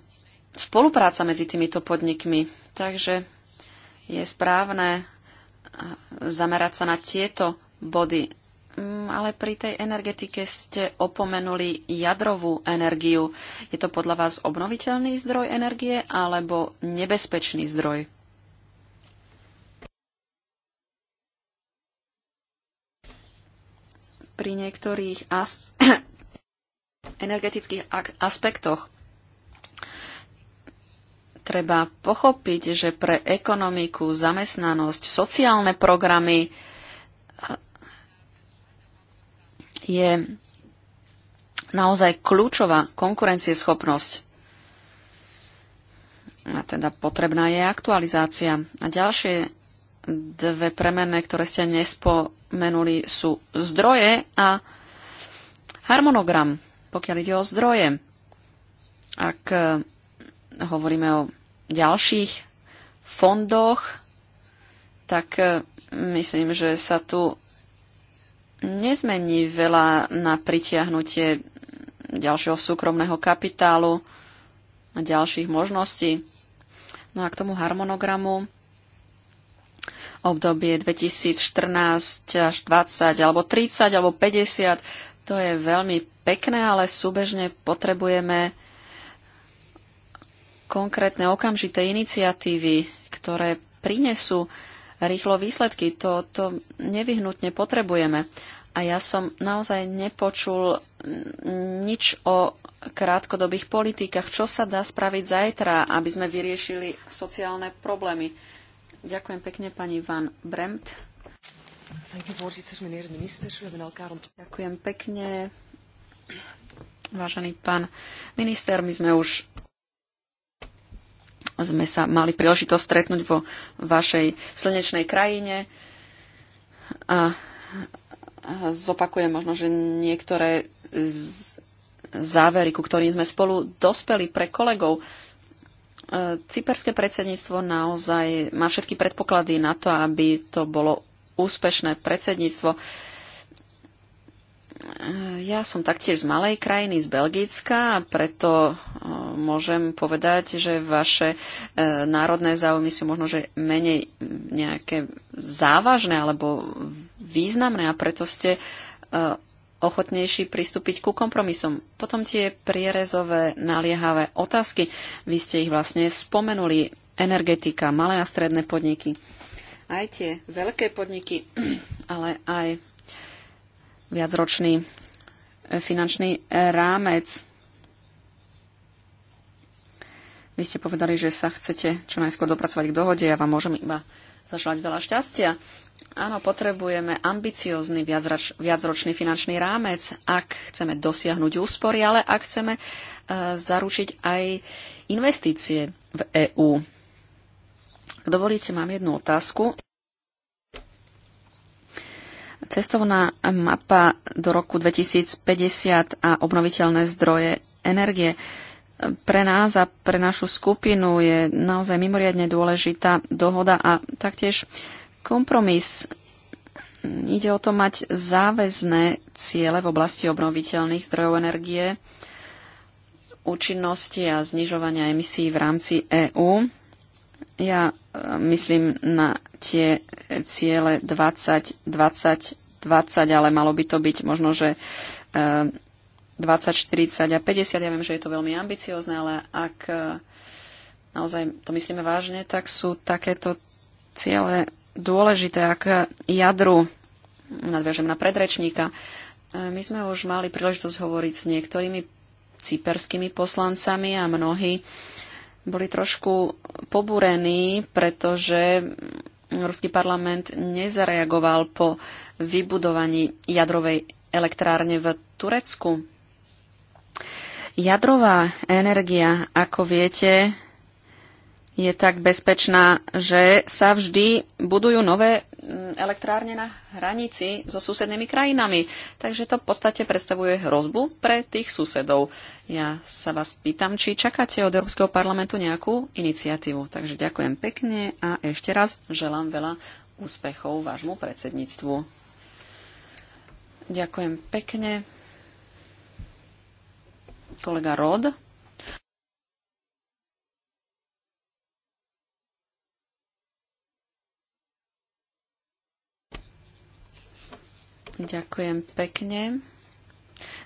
spolupráca medzi týmito podnikmi. Takže je správne e, zamerať sa na tieto body. Mm, ale pri tej energetike ste opomenuli jadrovú energiu. Je to podľa vás obnoviteľný zdroj energie alebo nebezpečný zdroj? pri niektorých energetických aspektoch treba pochopiť, že pre ekonomiku, zamestnanosť, sociálne programy je naozaj kľúčová konkurencieschopnosť. A teda potrebná je aktualizácia. A ďalšie dve premenné, ktoré ste nespomenuli, sú zdroje a harmonogram pokiaľ ide o zdroje. Ak e, hovoríme o ďalších fondoch, tak e, myslím, že sa tu nezmení veľa na pritiahnutie ďalšieho súkromného kapitálu a ďalších možností. No a k tomu harmonogramu obdobie 2014 až 20 alebo 30 alebo 50 to je veľmi pekné, ale súbežne potrebujeme konkrétne okamžité iniciatívy, ktoré prinesú rýchlo výsledky. To, to nevyhnutne potrebujeme. A ja som naozaj nepočul nič o krátkodobých politikách. Čo sa dá spraviť zajtra, aby sme vyriešili sociálne problémy? Ďakujem pekne pani Van Bremt. Ďakujem pekne. Vážený pán minister, my sme už sme sa mali príležitosť stretnúť vo vašej slnečnej krajine a zopakujem možno, že niektoré z závery, ku ktorým sme spolu dospeli pre kolegov. E, cyperské predsedníctvo naozaj má všetky predpoklady na to, aby to bolo úspešné predsedníctvo. Ja som taktiež z malej krajiny, z Belgicka, a preto môžem povedať, že vaše e, národné záujmy sú možno, že menej nejaké závažné alebo významné a preto ste e, ochotnejší pristúpiť ku kompromisom. Potom tie prierezové naliehavé otázky, vy ste ich vlastne spomenuli, energetika, malé a stredné podniky aj tie veľké podniky, ale aj viacročný finančný rámec. Vy ste povedali, že sa chcete čo najskôr dopracovať k dohode. Ja vám môžem iba zaželať veľa šťastia. Áno, potrebujeme ambiciózny viacročný finančný rámec, ak chceme dosiahnuť úspory, ale ak chceme eh, zaručiť aj investície v EÚ. Ak dovolíte, mám jednu otázku. Cestovná mapa do roku 2050 a obnoviteľné zdroje energie. Pre nás a pre našu skupinu je naozaj mimoriadne dôležitá dohoda a taktiež kompromis. Ide o to mať záväzné ciele v oblasti obnoviteľných zdrojov energie, účinnosti a znižovania emisí v rámci EÚ. Ja e, myslím na tie ciele 20, 20, 20, ale malo by to byť možno, že 20, e, 40 a 50. Ja viem, že je to veľmi ambiciozne, ale ak e, naozaj to myslíme vážne, tak sú takéto ciele dôležité, ak jadru, nadviažem na predrečníka, my sme už mali príležitosť hovoriť s niektorými cyperskými poslancami a mnohí boli trošku pobúrení, pretože Ruský parlament nezareagoval po vybudovaní jadrovej elektrárne v Turecku. Jadrová energia, ako viete, je tak bezpečná, že sa vždy budujú nové mm, elektrárne na hranici so susednými krajinami. Takže to v podstate predstavuje hrozbu pre tých susedov. Ja sa vás pýtam, či čakáte od Európskeho parlamentu nejakú iniciatívu. Takže ďakujem pekne a ešte raz želám veľa úspechov vášmu predsedníctvu. Ďakujem pekne. Kolega Rod. Ďakujem pekne.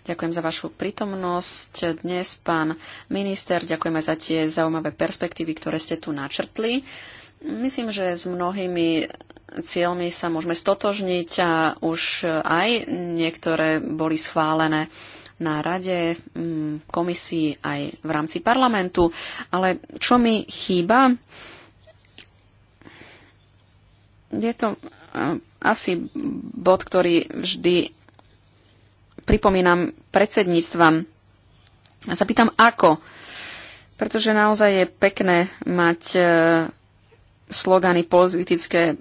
Ďakujem za vašu prítomnosť dnes, pán minister. Ďakujem aj za tie zaujímavé perspektívy, ktoré ste tu načrtli. Myslím, že s mnohými cieľmi sa môžeme stotožniť a už aj niektoré boli schválené na rade, mm, komisii aj v rámci parlamentu. Ale čo mi chýba, je to asi bod, ktorý vždy pripomínam predsedníctvam. A sa pýtam, ako? Pretože naozaj je pekné mať e, slogany politické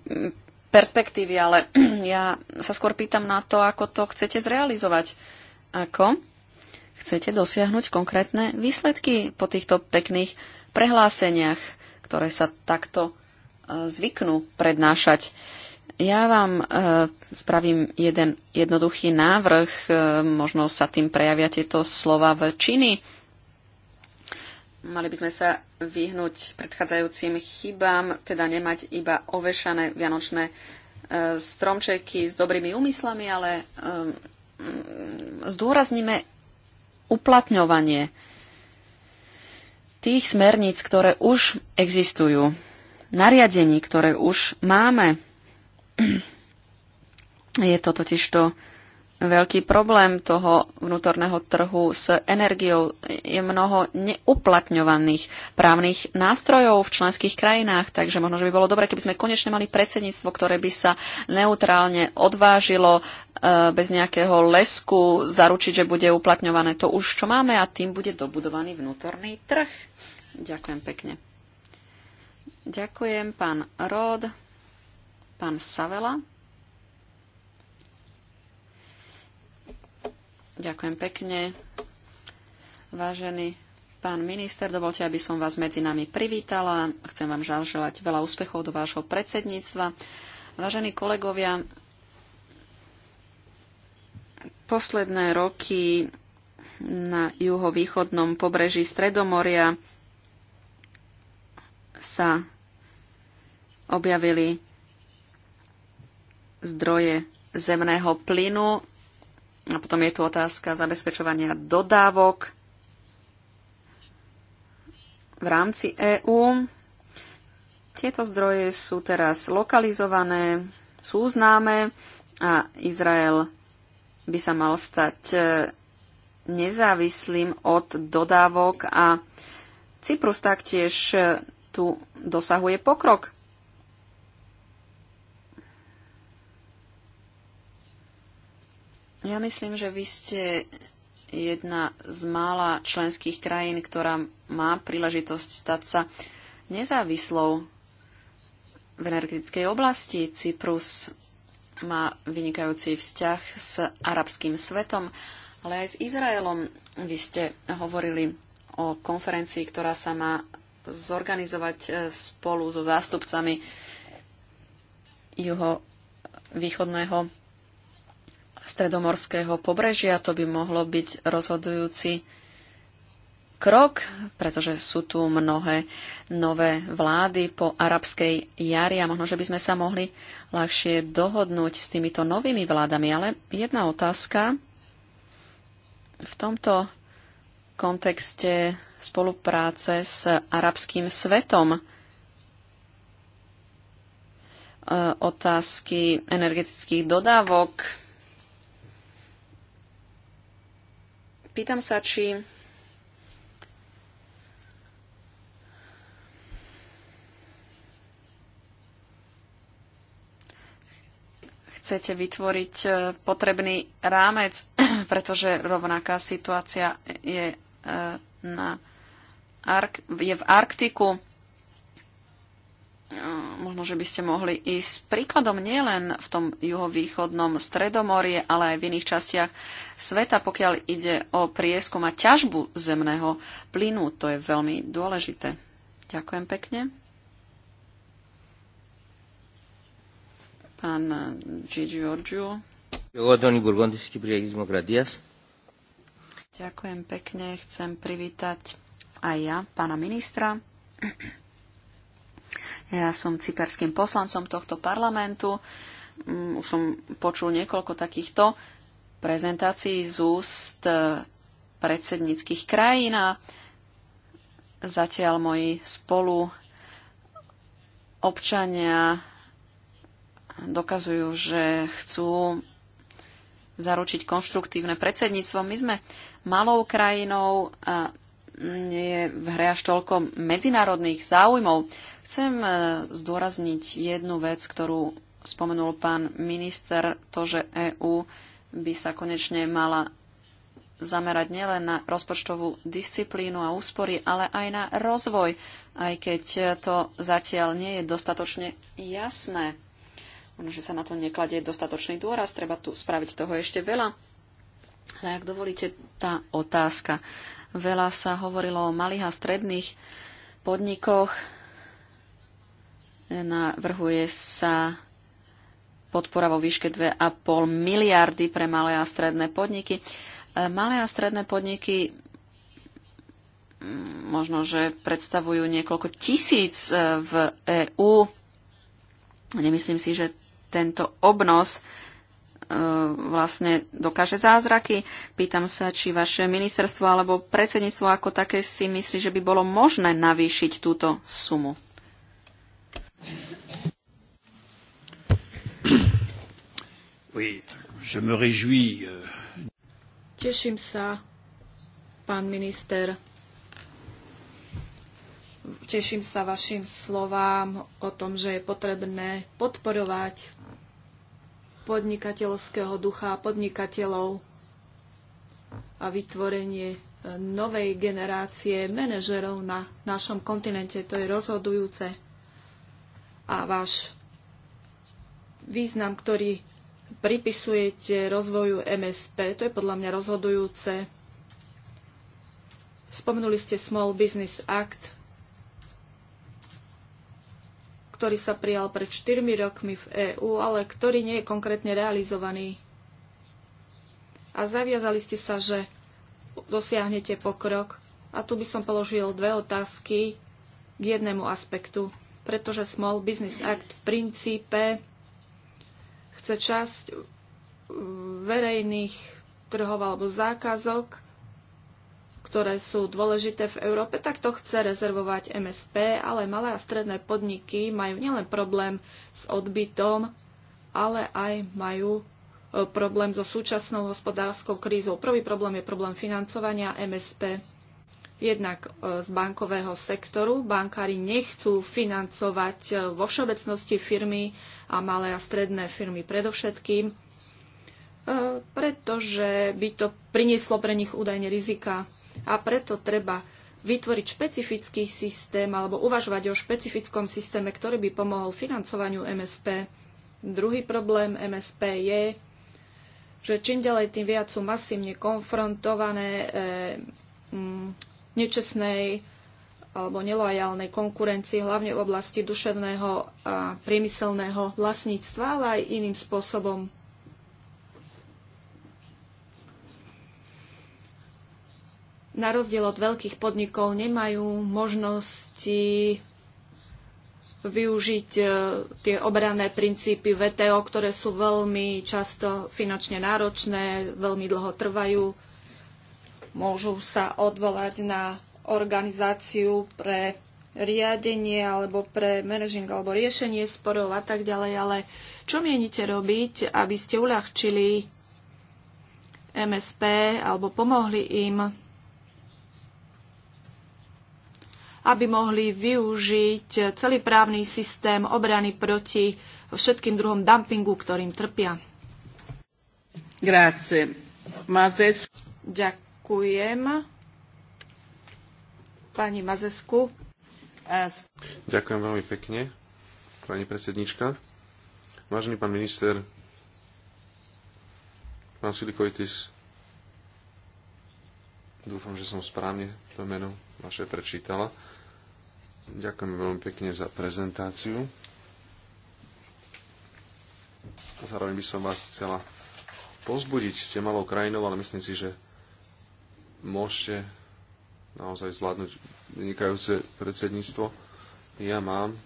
perspektívy, ale ja sa skôr pýtam na to, ako to chcete zrealizovať. Ako chcete dosiahnuť konkrétne výsledky po týchto pekných prehláseniach, ktoré sa takto e, zvyknú prednášať. Ja vám e, spravím jeden jednoduchý návrh, e, možno sa tým prejavia tieto slova v činy. Mali by sme sa vyhnúť predchádzajúcim chybám, teda nemať iba ovešané vianočné e, stromčeky s dobrými úmyslami, ale e, zdôrazníme uplatňovanie tých smerníc, ktoré už existujú, nariadení, ktoré už máme je to totiž to veľký problém toho vnútorného trhu s energiou. Je mnoho neuplatňovaných právnych nástrojov v členských krajinách, takže možno, že by bolo dobré, keby sme konečne mali predsedníctvo, ktoré by sa neutrálne odvážilo e, bez nejakého lesku zaručiť, že bude uplatňované to už, čo máme a tým bude dobudovaný vnútorný trh. Ďakujem pekne. Ďakujem, pán Rod. Pán Savela. Ďakujem pekne. Vážený pán minister, dovolte, aby som vás medzi nami privítala. Chcem vám želať veľa úspechov do vášho predsedníctva. Vážení kolegovia, posledné roky na juhovýchodnom pobreží Stredomoria sa objavili zdroje zemného plynu. A potom je tu otázka zabezpečovania dodávok v rámci EÚ. Tieto zdroje sú teraz lokalizované, sú známe a Izrael by sa mal stať e, nezávislým od dodávok a Cyprus taktiež e, tu dosahuje pokrok. Ja myslím, že vy ste jedna z mála členských krajín, ktorá má príležitosť stať sa nezávislou v energetickej oblasti. Cyprus má vynikajúci vzťah s arabským svetom, ale aj s Izraelom. Vy ste hovorili o konferencii, ktorá sa má zorganizovať eh, spolu so zástupcami juho východného stredomorského pobrežia. To by mohlo byť rozhodujúci krok, pretože sú tu mnohé nové vlády po arabskej jari a možno, že by sme sa mohli ľahšie dohodnúť s týmito novými vládami. Ale jedna otázka v tomto kontexte spolupráce s arabským svetom e, otázky energetických dodávok Pýtam sa, či chcete vytvoriť e, potrebný rámec, pretože rovnaká situácia je, e, na, je v Arktiku možno, že by ste mohli ísť príkladom nielen v tom juhovýchodnom stredomorie, ale aj v iných častiach sveta, pokiaľ ide o prieskum a ťažbu zemného plynu. To je veľmi dôležité. Ďakujem pekne. Pán Gigi Ďakujem pekne. Chcem privítať aj ja, pána ministra. Ja som cyperským poslancom tohto parlamentu. Mm, už som počul niekoľko takýchto prezentácií z úst e, predsedníckých krajín a zatiaľ moji spolu občania dokazujú, že chcú zaručiť konštruktívne predsedníctvo. My sme malou krajinou a nie je v hre až toľko medzinárodných záujmov. Chcem e, zdôrazniť jednu vec, ktorú spomenul pán minister, to, že EÚ by sa konečne mala zamerať nielen na rozpočtovú disciplínu a úspory, ale aj na rozvoj, aj keď to zatiaľ nie je dostatočne jasné. Ono, že sa na to nekladie dostatočný dôraz, treba tu spraviť toho ešte veľa. Ale ak dovolíte, tá otázka. Veľa sa hovorilo o malých a stredných podnikoch, Navrhuje sa podpora vo výške 2,5 miliardy pre malé a stredné podniky. E, malé a stredné podniky mm, možno, že predstavujú niekoľko tisíc e, v EÚ. Nemyslím si, že tento obnos e, vlastne dokáže zázraky. Pýtam sa, či vaše ministerstvo alebo predsedníctvo ako také si myslí, že by bolo možné navýšiť túto sumu. Oui,
je me réjouis. Euh, Teším sa, pán minister. Teším sa vašim slovám o tom, že je potrebné podporovať podnikateľského ducha podnikateľov a vytvorenie e, novej generácie manažerov na našom kontinente. To je rozhodujúce a váš význam, ktorý pripisujete rozvoju MSP, to je podľa mňa rozhodujúce. Spomenuli ste Small Business Act, ktorý sa prijal pred 4 rokmi v EÚ, ale ktorý nie je konkrétne realizovaný. A zaviazali ste sa, že dosiahnete pokrok. A tu by som položil dve otázky k jednému aspektu pretože Small Business Act v princípe chce časť verejných trhov alebo zákazok, ktoré sú dôležité v Európe, tak to chce rezervovať MSP, ale malé a stredné podniky majú nielen problém s odbytom, ale aj majú e, problém so súčasnou hospodárskou krízou. Prvý problém je problém financovania MSP jednak e, z bankového sektoru. Bankári nechcú financovať e, vo všeobecnosti firmy a malé a stredné firmy predovšetkým, e, pretože by to prinieslo pre nich údajne rizika. A preto treba vytvoriť špecifický systém alebo uvažovať o špecifickom systéme, ktorý by pomohol financovaniu MSP. Druhý problém MSP je, že čím ďalej, tým viac sú masívne konfrontované nečestnej alebo nelojálnej konkurencii, hlavne v oblasti duševného a priemyselného vlastníctva, ale aj iným spôsobom. Na rozdiel od veľkých podnikov nemajú možnosti využiť e, tie obrané princípy VTO, ktoré sú veľmi často finančne náročné, veľmi dlho trvajú Môžu sa odvolať na organizáciu pre riadenie alebo pre managing alebo riešenie sporov a tak ďalej, ale čo mienite robiť, aby ste uľahčili MSP alebo pomohli im, aby mohli využiť celý právny systém obrany proti všetkým druhom dumpingu, ktorým trpia? Grazie. Mazes. Ďakujem. Ďakujem pani Mazesku.
Ďakujem veľmi pekne, pani predsednička. Vážený pán minister, pán Silikovitis, dúfam, že som správne to meno vaše prečítala. Ďakujem veľmi pekne za prezentáciu. Zároveň by som vás chcela pozbudiť. Ste malou krajinou, ale myslím si, že môžete naozaj zvládnuť vynikajúce predsedníctvo. Ja mám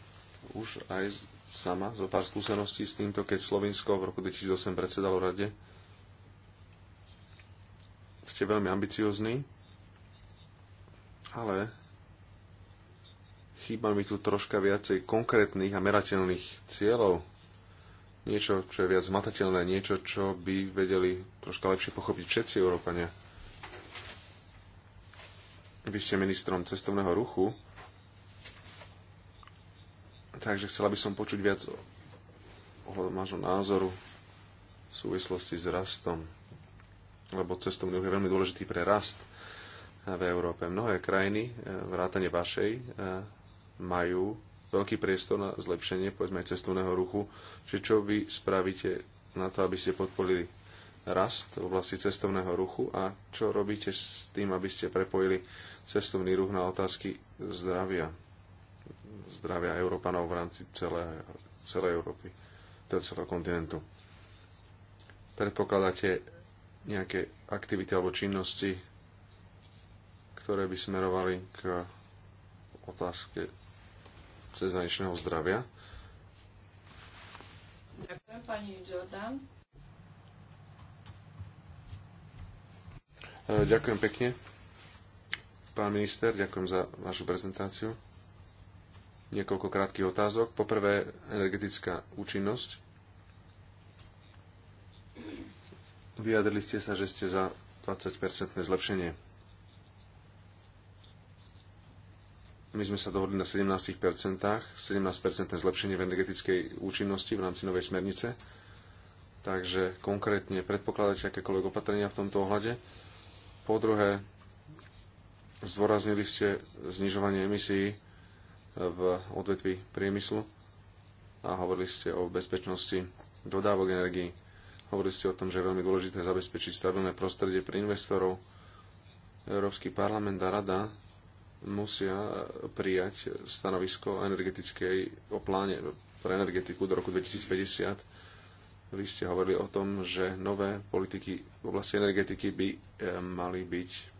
už aj sama zo pár skúseností s týmto, keď Slovinsko v roku 2008 predsedalo rade. Ste veľmi ambiciozní, ale chýba mi tu troška viacej konkrétnych a merateľných cieľov. Niečo, čo je viac zmatateľné, niečo, čo by vedeli troška lepšie pochopiť všetci Európania. Vy ste ministrom cestovného ruchu, takže chcela by som počuť viac ohľadom vášho názoru v súvislosti s rastom, lebo cestovný ruch je veľmi dôležitý pre rast eh, v Európe. Mnohé krajiny, eh, vrátane vašej, eh, majú veľký priestor na zlepšenie, povedzme aj cestovného ruchu. Čiže čo vy spravíte na to, aby ste podporili rast v oblasti cestovného ruchu a čo robíte s tým, aby ste prepojili cestovný ruch na otázky zdravia, zdravia Európanov v rámci celé, celej Európy, teda celého kontinentu. Predpokladáte nejaké aktivity alebo činnosti, ktoré by smerovali k otázke cezhraničného zdravia?
Ďakujem, pani Jordan.
Ďakujem pekne. Pán minister, ďakujem za vašu prezentáciu. Niekoľko krátkých otázok. Poprvé, energetická účinnosť. Vyjadrili ste sa, že ste za 20-percentné zlepšenie. My sme sa dohodli na 17%, 17% zlepšenie v energetickej účinnosti v rámci novej smernice. Takže konkrétne predpokladáte akékoľvek opatrenia v tomto ohľade. Po druhé, Zdôraznili ste znižovanie emisí eh, v odvetví priemyslu a hovorili ste o bezpečnosti dodávok energií. Hovorili ste o tom, že je veľmi dôležité zabezpečiť stabilné prostredie pre investorov. Európsky parlament a rada musia eh, prijať stanovisko energetickej o pláne pre energetiku do roku 2050. Vy ste hovorili o tom, že nové politiky v oblasti energetiky by eh, mali byť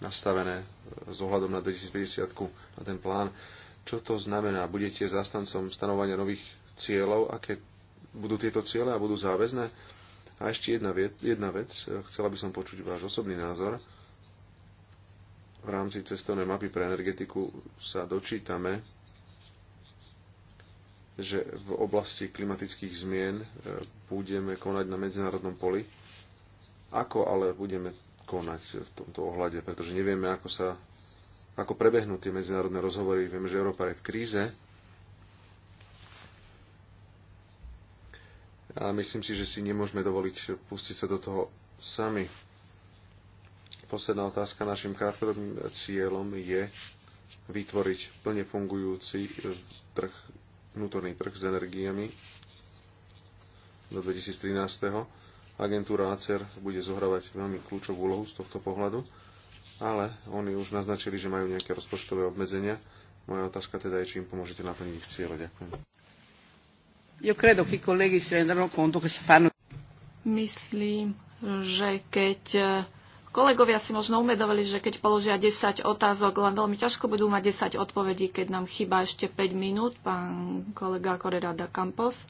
nastavené e, s ohľadom na 2050 na ten plán. Čo to znamená? Budete zastancom stanovania nových cieľov? Aké budú tieto ciele a budú záväzné? A ešte jedna, vec, jedna vec, e, chcela by som počuť váš osobný názor. V rámci cestovnej mapy pre energetiku sa dočítame, že v oblasti klimatických zmien e, budeme konať na medzinárodnom poli. Ako ale budeme konať v tomto ohľade, pretože nevieme, ako sa ako prebehnú tie medzinárodné rozhovory. Vieme, že Európa je v kríze. A myslím si, že si nemôžeme dovoliť pustiť sa do toho sami. Posledná otázka našim krátkodobým cieľom je vytvoriť plne fungujúci trh, vnútorný trh s energiami do 2013 Agentúra ACER bude zohrávať veľmi kľúčovú úlohu z tohto pohľadu, ale oni už naznačili, že majú nejaké rozpočtové obmedzenia. Moja otázka teda je, či im pomôžete naplniť ich cieľe. Ďakujem.
Myslím, že keď eh, Kolegovia si možno umedovali, že keď položia 10 otázok, len veľmi ťažko budú mať 10 odpovedí, keď nám chýba ešte 5 minút, pán kolega Correda da Campos.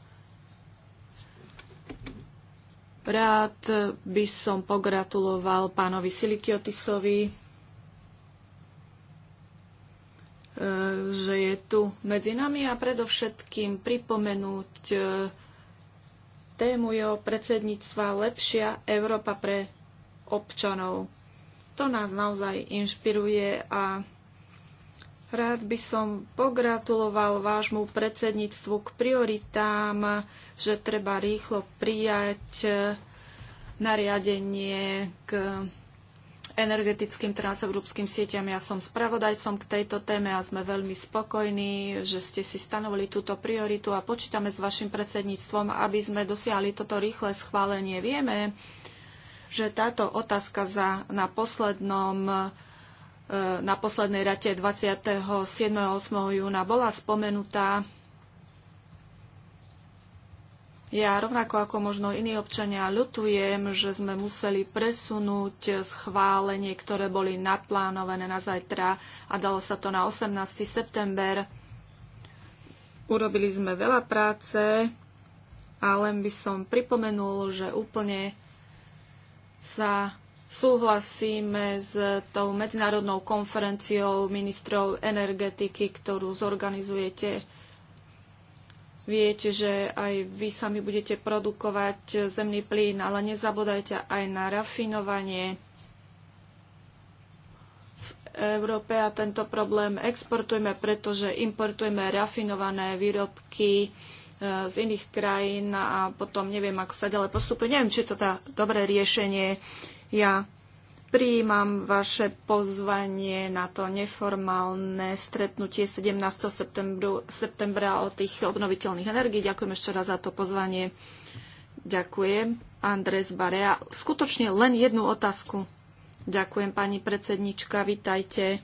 Rád by som pogratuloval pánovi Silikiotisovi, e, že je tu medzi nami a predovšetkým pripomenúť e, tému jeho predsedníctva Lepšia Európa pre občanov. To nás naozaj inšpiruje a Rád by som pogratuloval vášmu predsedníctvu k prioritám, že treba rýchlo prijať eh, nariadenie k energetickým transeurópskym sieťam. Ja som spravodajcom k tejto téme a sme veľmi spokojní, že ste si stanovili túto prioritu a počítame s vašim predsedníctvom, aby sme dosiahli toto rýchle schválenie. Vieme, že táto otázka za, na poslednom E, na poslednej rate 27. 8. júna bola spomenutá. Ja rovnako ako možno iní občania ľutujem, že sme museli presunúť schválenie, ktoré boli naplánované na zajtra a dalo sa to na 18. september. Urobili sme veľa práce a len by som pripomenul, že úplne sa súhlasíme s tou medzinárodnou konferenciou ministrov energetiky, ktorú zorganizujete. Viete, že aj vy sami budete produkovať zemný plyn, ale nezabodajte aj na rafinovanie. V Európe a tento problém exportujeme, pretože importujeme rafinované výrobky, e, z iných krajín a potom neviem, ako sa ďalej postupuje. Neviem, či je to tá dobré riešenie. Ja prijímam vaše pozvanie na to neformálne stretnutie 17. Septembru, septembra o tých obnoviteľných energií. Ďakujem ešte raz za to pozvanie. Ďakujem. Andres Barea. Skutočne len jednu otázku. Ďakujem, pani predsednička. Vítajte,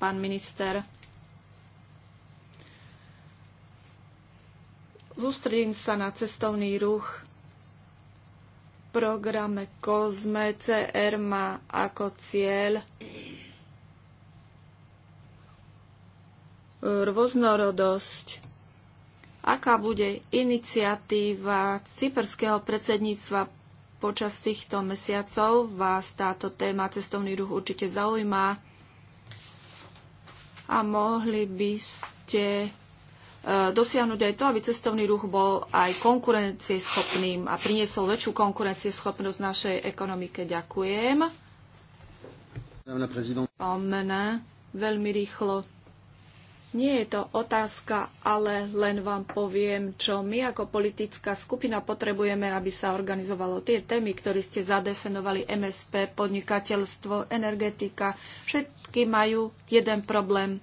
pán minister. Zústredím sa na cestovný ruch programe COSME CR má ako cieľ rôznorodosť. Aká bude iniciatíva cyperského predsedníctva počas týchto mesiacov? Vás táto téma cestovný ruch určite zaujíma a mohli by ste Eh, dosiahnuť aj to, aby cestovný ruch bol aj konkurencieschopným a priniesol väčšiu konkurencieschopnosť našej ekonomike. Ďakujem. Mene, veľmi rýchlo. Nie je to otázka, ale len vám poviem, čo my ako politická skupina potrebujeme, aby sa organizovalo tie témy, ktoré ste zadefinovali, MSP, podnikateľstvo, energetika. Všetky majú jeden problém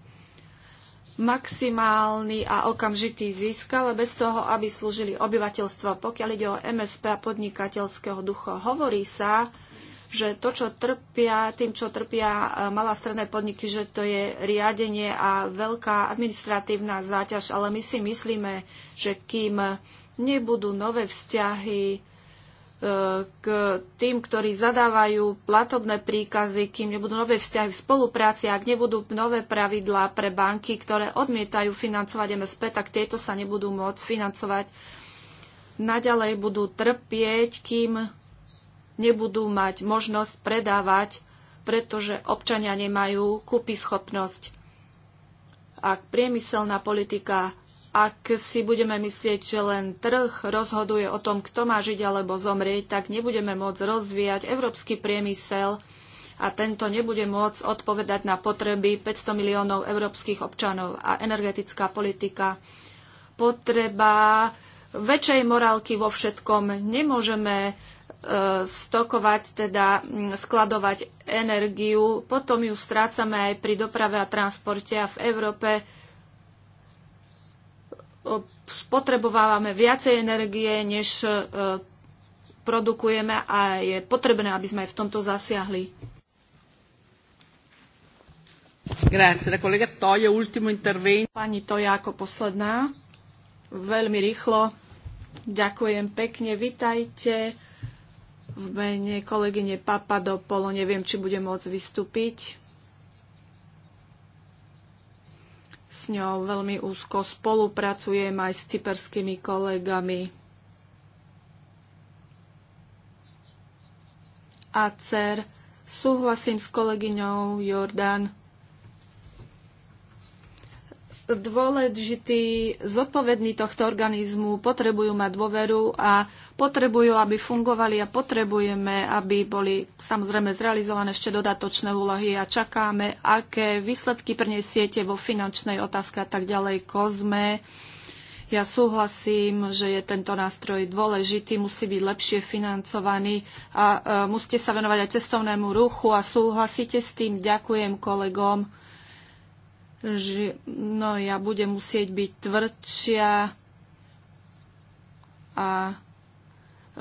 maximálny a okamžitý zisk, ale bez toho, aby slúžili obyvateľstvo. Pokiaľ ide o MSP a podnikateľského ducha, hovorí sa, že to, čo trpia, tým, čo trpia e, malá stredné podniky, že to je riadenie a veľká administratívna záťaž, ale my si myslíme, že kým nebudú nové vzťahy k tým, ktorí zadávajú platobné príkazy, kým nebudú nové vzťahy v spolupráci, ak nebudú nové pravidlá pre banky, ktoré odmietajú financovať MSP, tak tieto sa nebudú môcť financovať. Naďalej budú trpieť, kým nebudú mať možnosť predávať, pretože občania nemajú kúpi schopnosť. Ak priemyselná politika ak si budeme myslieť, že len trh rozhoduje o tom, kto má žiť alebo zomrieť, tak nebudeme môcť rozvíjať európsky priemysel a tento nebude môcť odpovedať na potreby 500 miliónov európskych občanov a energetická politika. Potreba väčšej morálky vo všetkom. Nemôžeme e, stokovať, teda skladovať energiu, potom ju strácame aj pri doprave a transporte a v Európe spotrebovávame viacej energie, než e, produkujeme a je potrebné, aby sme aj v tomto zasiahli. Grazie, la collega Toia, ultimo intervento. Pani Toja ako posledná. Veľmi rýchlo. Ďakujem pekne, vitajte. V mene kolegyne Papadopolo neviem, či bude môcť vystúpiť. s ňou veľmi úzko spolupracujem aj s cyperskými kolegami. A cer, súhlasím s kolegyňou Jordan, dôležití zodpovední tohto organizmu potrebujú mať dôveru a potrebujú, aby fungovali a potrebujeme, aby boli samozrejme zrealizované ešte dodatočné úlohy a čakáme, aké výsledky prinesiete vo finančnej otázke a tak ďalej kozme. Ja súhlasím, že je tento nástroj dôležitý, musí byť lepšie financovaný a e, musíte sa venovať aj cestovnému ruchu a súhlasíte s tým. Ďakujem kolegom že no, ja budem musieť byť tvrdšia a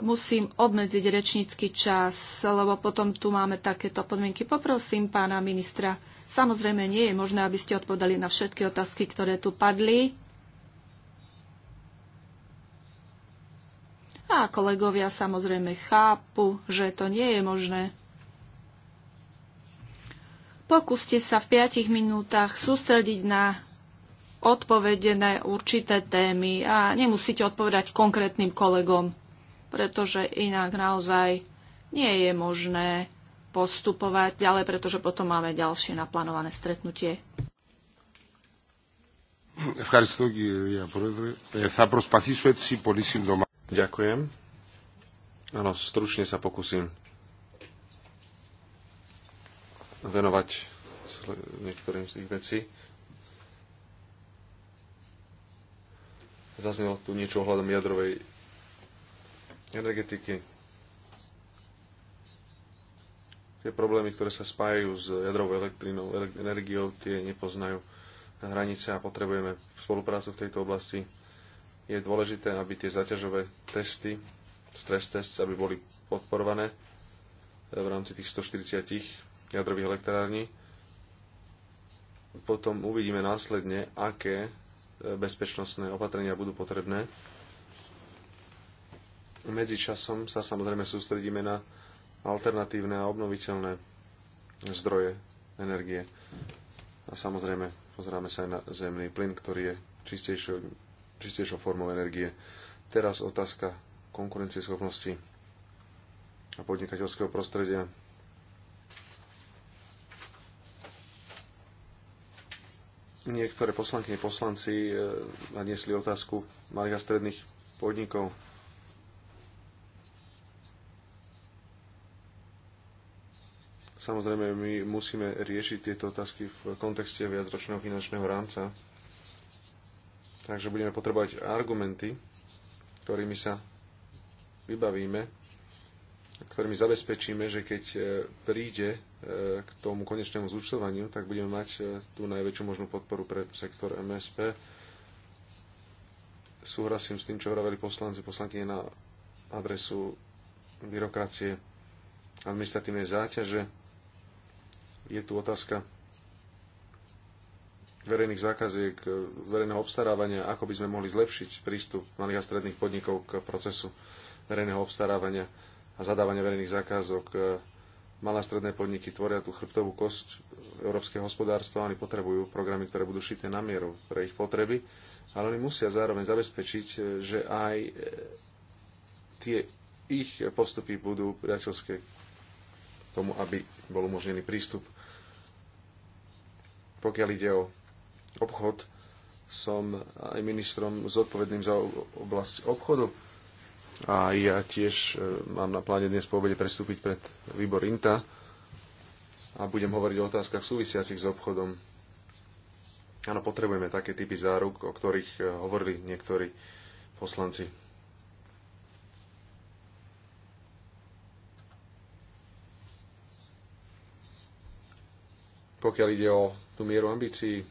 musím obmedziť rečnícky čas, lebo potom tu máme takéto podmienky. Poprosím pána ministra, samozrejme nie je možné, aby ste odpovedali na všetky otázky, ktoré tu padli. A kolegovia samozrejme chápu, že to nie je možné. Pokúste sa v 5 minútach sústrediť na odpovede na určité témy a nemusíte odpovedať konkrétnym kolegom, pretože inak naozaj nie je možné postupovať ďalej, pretože potom máme ďalšie naplánované stretnutie.
Ďakujem. Áno, stručne sa pokúsim venovať niektorým z tých vecí. Zaznelo tu niečo ohľadom jadrovej energetiky. Tie problémy, ktoré sa spájajú s jadrovou elektrinou, energiou, tie nepoznajú hranice a potrebujeme spoluprácu v tejto oblasti. Je dôležité, aby tie zaťažové testy, stres tests, aby boli podporované v rámci tých 140 jadrových elektrární. Potom uvidíme následne, aké e, bezpečnostné opatrenia budú potrebné. Medzičasom sa samozrejme sústredíme na alternatívne a obnoviteľné zdroje energie. A samozrejme pozeráme sa aj na zemný plyn, ktorý je čistejšou, čistejšou formou energie. Teraz otázka konkurencieschopnosti a podnikateľského prostredia. Niektoré poslanky a poslanci e, naniesli otázku malých a stredných podnikov. Samozrejme, my musíme riešiť tieto otázky v kontexte viacročného finančného rámca. Takže budeme potrebovať argumenty, ktorými sa vybavíme ktorými zabezpečíme, že keď e, príde e, k tomu konečnému zúčtovaniu, tak budeme mať e, tú najväčšiu možnú podporu pre sektor MSP. Súhlasím s tým, čo hovorili poslanci, poslanky na adresu byrokracie, administratívnej záťaže. Je tu otázka verejných zákaziek, verejného obstarávania, ako by sme mohli zlepšiť prístup malých a stredných podnikov k procesu verejného obstarávania a zadávania verejných zákazok. E, malé a stredné podniky tvoria tú chrbtovú kosť európskeho hospodárstva, oni potrebujú programy, ktoré budú šité na mieru pre ich potreby, ale oni musia zároveň zabezpečiť, e, že aj e, tie ich postupy budú priateľské k tomu, aby bol umožnený prístup. Pokiaľ ide o obchod, som aj ministrom zodpovedným za oblasť obchodu a ja tiež e, mám na pláne dnes po obede prestúpiť pred výbor INTA a budem hovoriť o otázkach súvisiacich s obchodom. Áno, potrebujeme také typy záruk, o ktorých e, hovorili niektorí poslanci. Pokiaľ ide o tú mieru ambícií,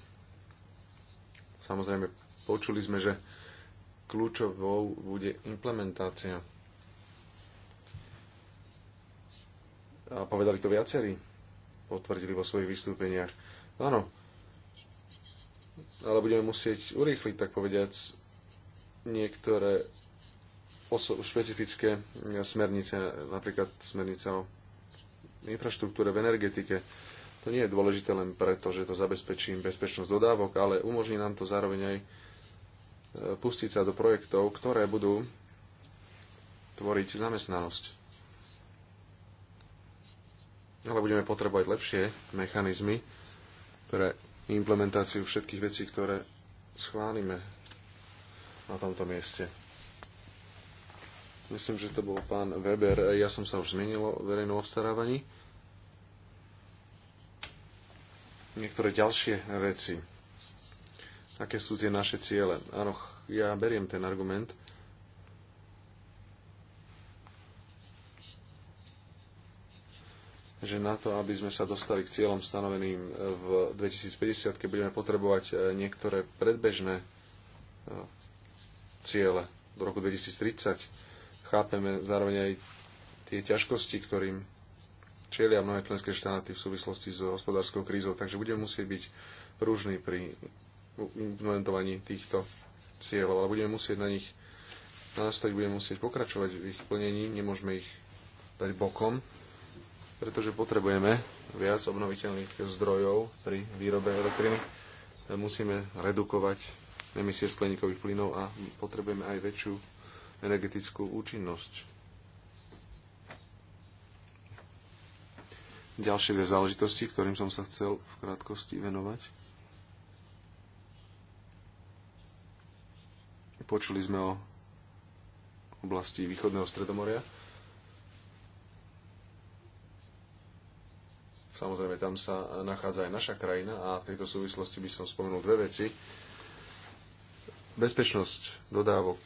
samozrejme počuli sme, že kľúčovou bude implementácia. A povedali to viacerí, potvrdili vo svojich vystúpeniach. Áno, ale budeme musieť urýchliť, tak povediac, niektoré špecifické smernice, napríklad smernica o infraštruktúre v energetike. To nie je dôležité len preto, že to zabezpečí bezpečnosť dodávok, ale umožní nám to zároveň aj pustiť sa do projektov, ktoré budú tvoriť zamestnanosť. Ale budeme potrebovať lepšie mechanizmy pre implementáciu všetkých vecí, ktoré schválime na tomto mieste. Myslím, že to bol pán Weber. Ja som sa už zmenil o verejnom obstarávaní. Niektoré ďalšie veci aké sú tie naše ciele. Áno, ja beriem ten argument. že na to, aby sme sa dostali k cieľom stanoveným e, v 2050, keď budeme potrebovať e, niektoré predbežné e, ciele do roku 2030. Chápeme zároveň aj tie ťažkosti, ktorým čelia mnohé členské štáty v súvislosti s hospodárskou krízou, takže budeme musieť byť pružní pri implementovaní týchto cieľov, ale budeme musieť na nich nastaviť, budeme musieť pokračovať v ich plnení, nemôžeme ich dať bokom, pretože potrebujeme viac obnoviteľných zdrojov pri výrobe elektriny. Musíme redukovať emisie skleníkových plynov a potrebujeme aj väčšiu energetickú účinnosť. Ďalšie dve záležitosti, ktorým som sa chcel v krátkosti venovať. Počuli sme o oblasti východného Stredomoria. Samozrejme, tam sa nachádza aj naša krajina a v tejto súvislosti by som spomenul dve veci. Bezpečnosť dodávok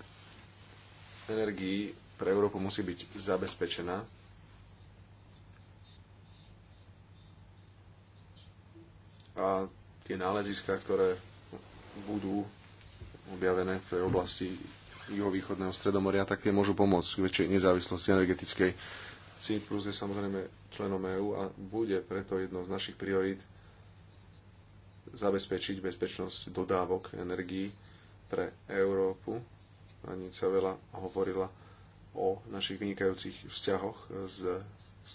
energií pre Európu musí byť zabezpečená. A tie náleziska, ktoré budú objavené v tej oblasti juhovýchodného stredomoria, tak tie môžu pomôcť k väčšej nezávislosti energetickej. Cyprus je samozrejme členom EÚ a bude preto jednou z našich priorít zabezpečiť bezpečnosť dodávok energií pre Európu. sa veľa hovorila o našich vynikajúcich vzťahoch s,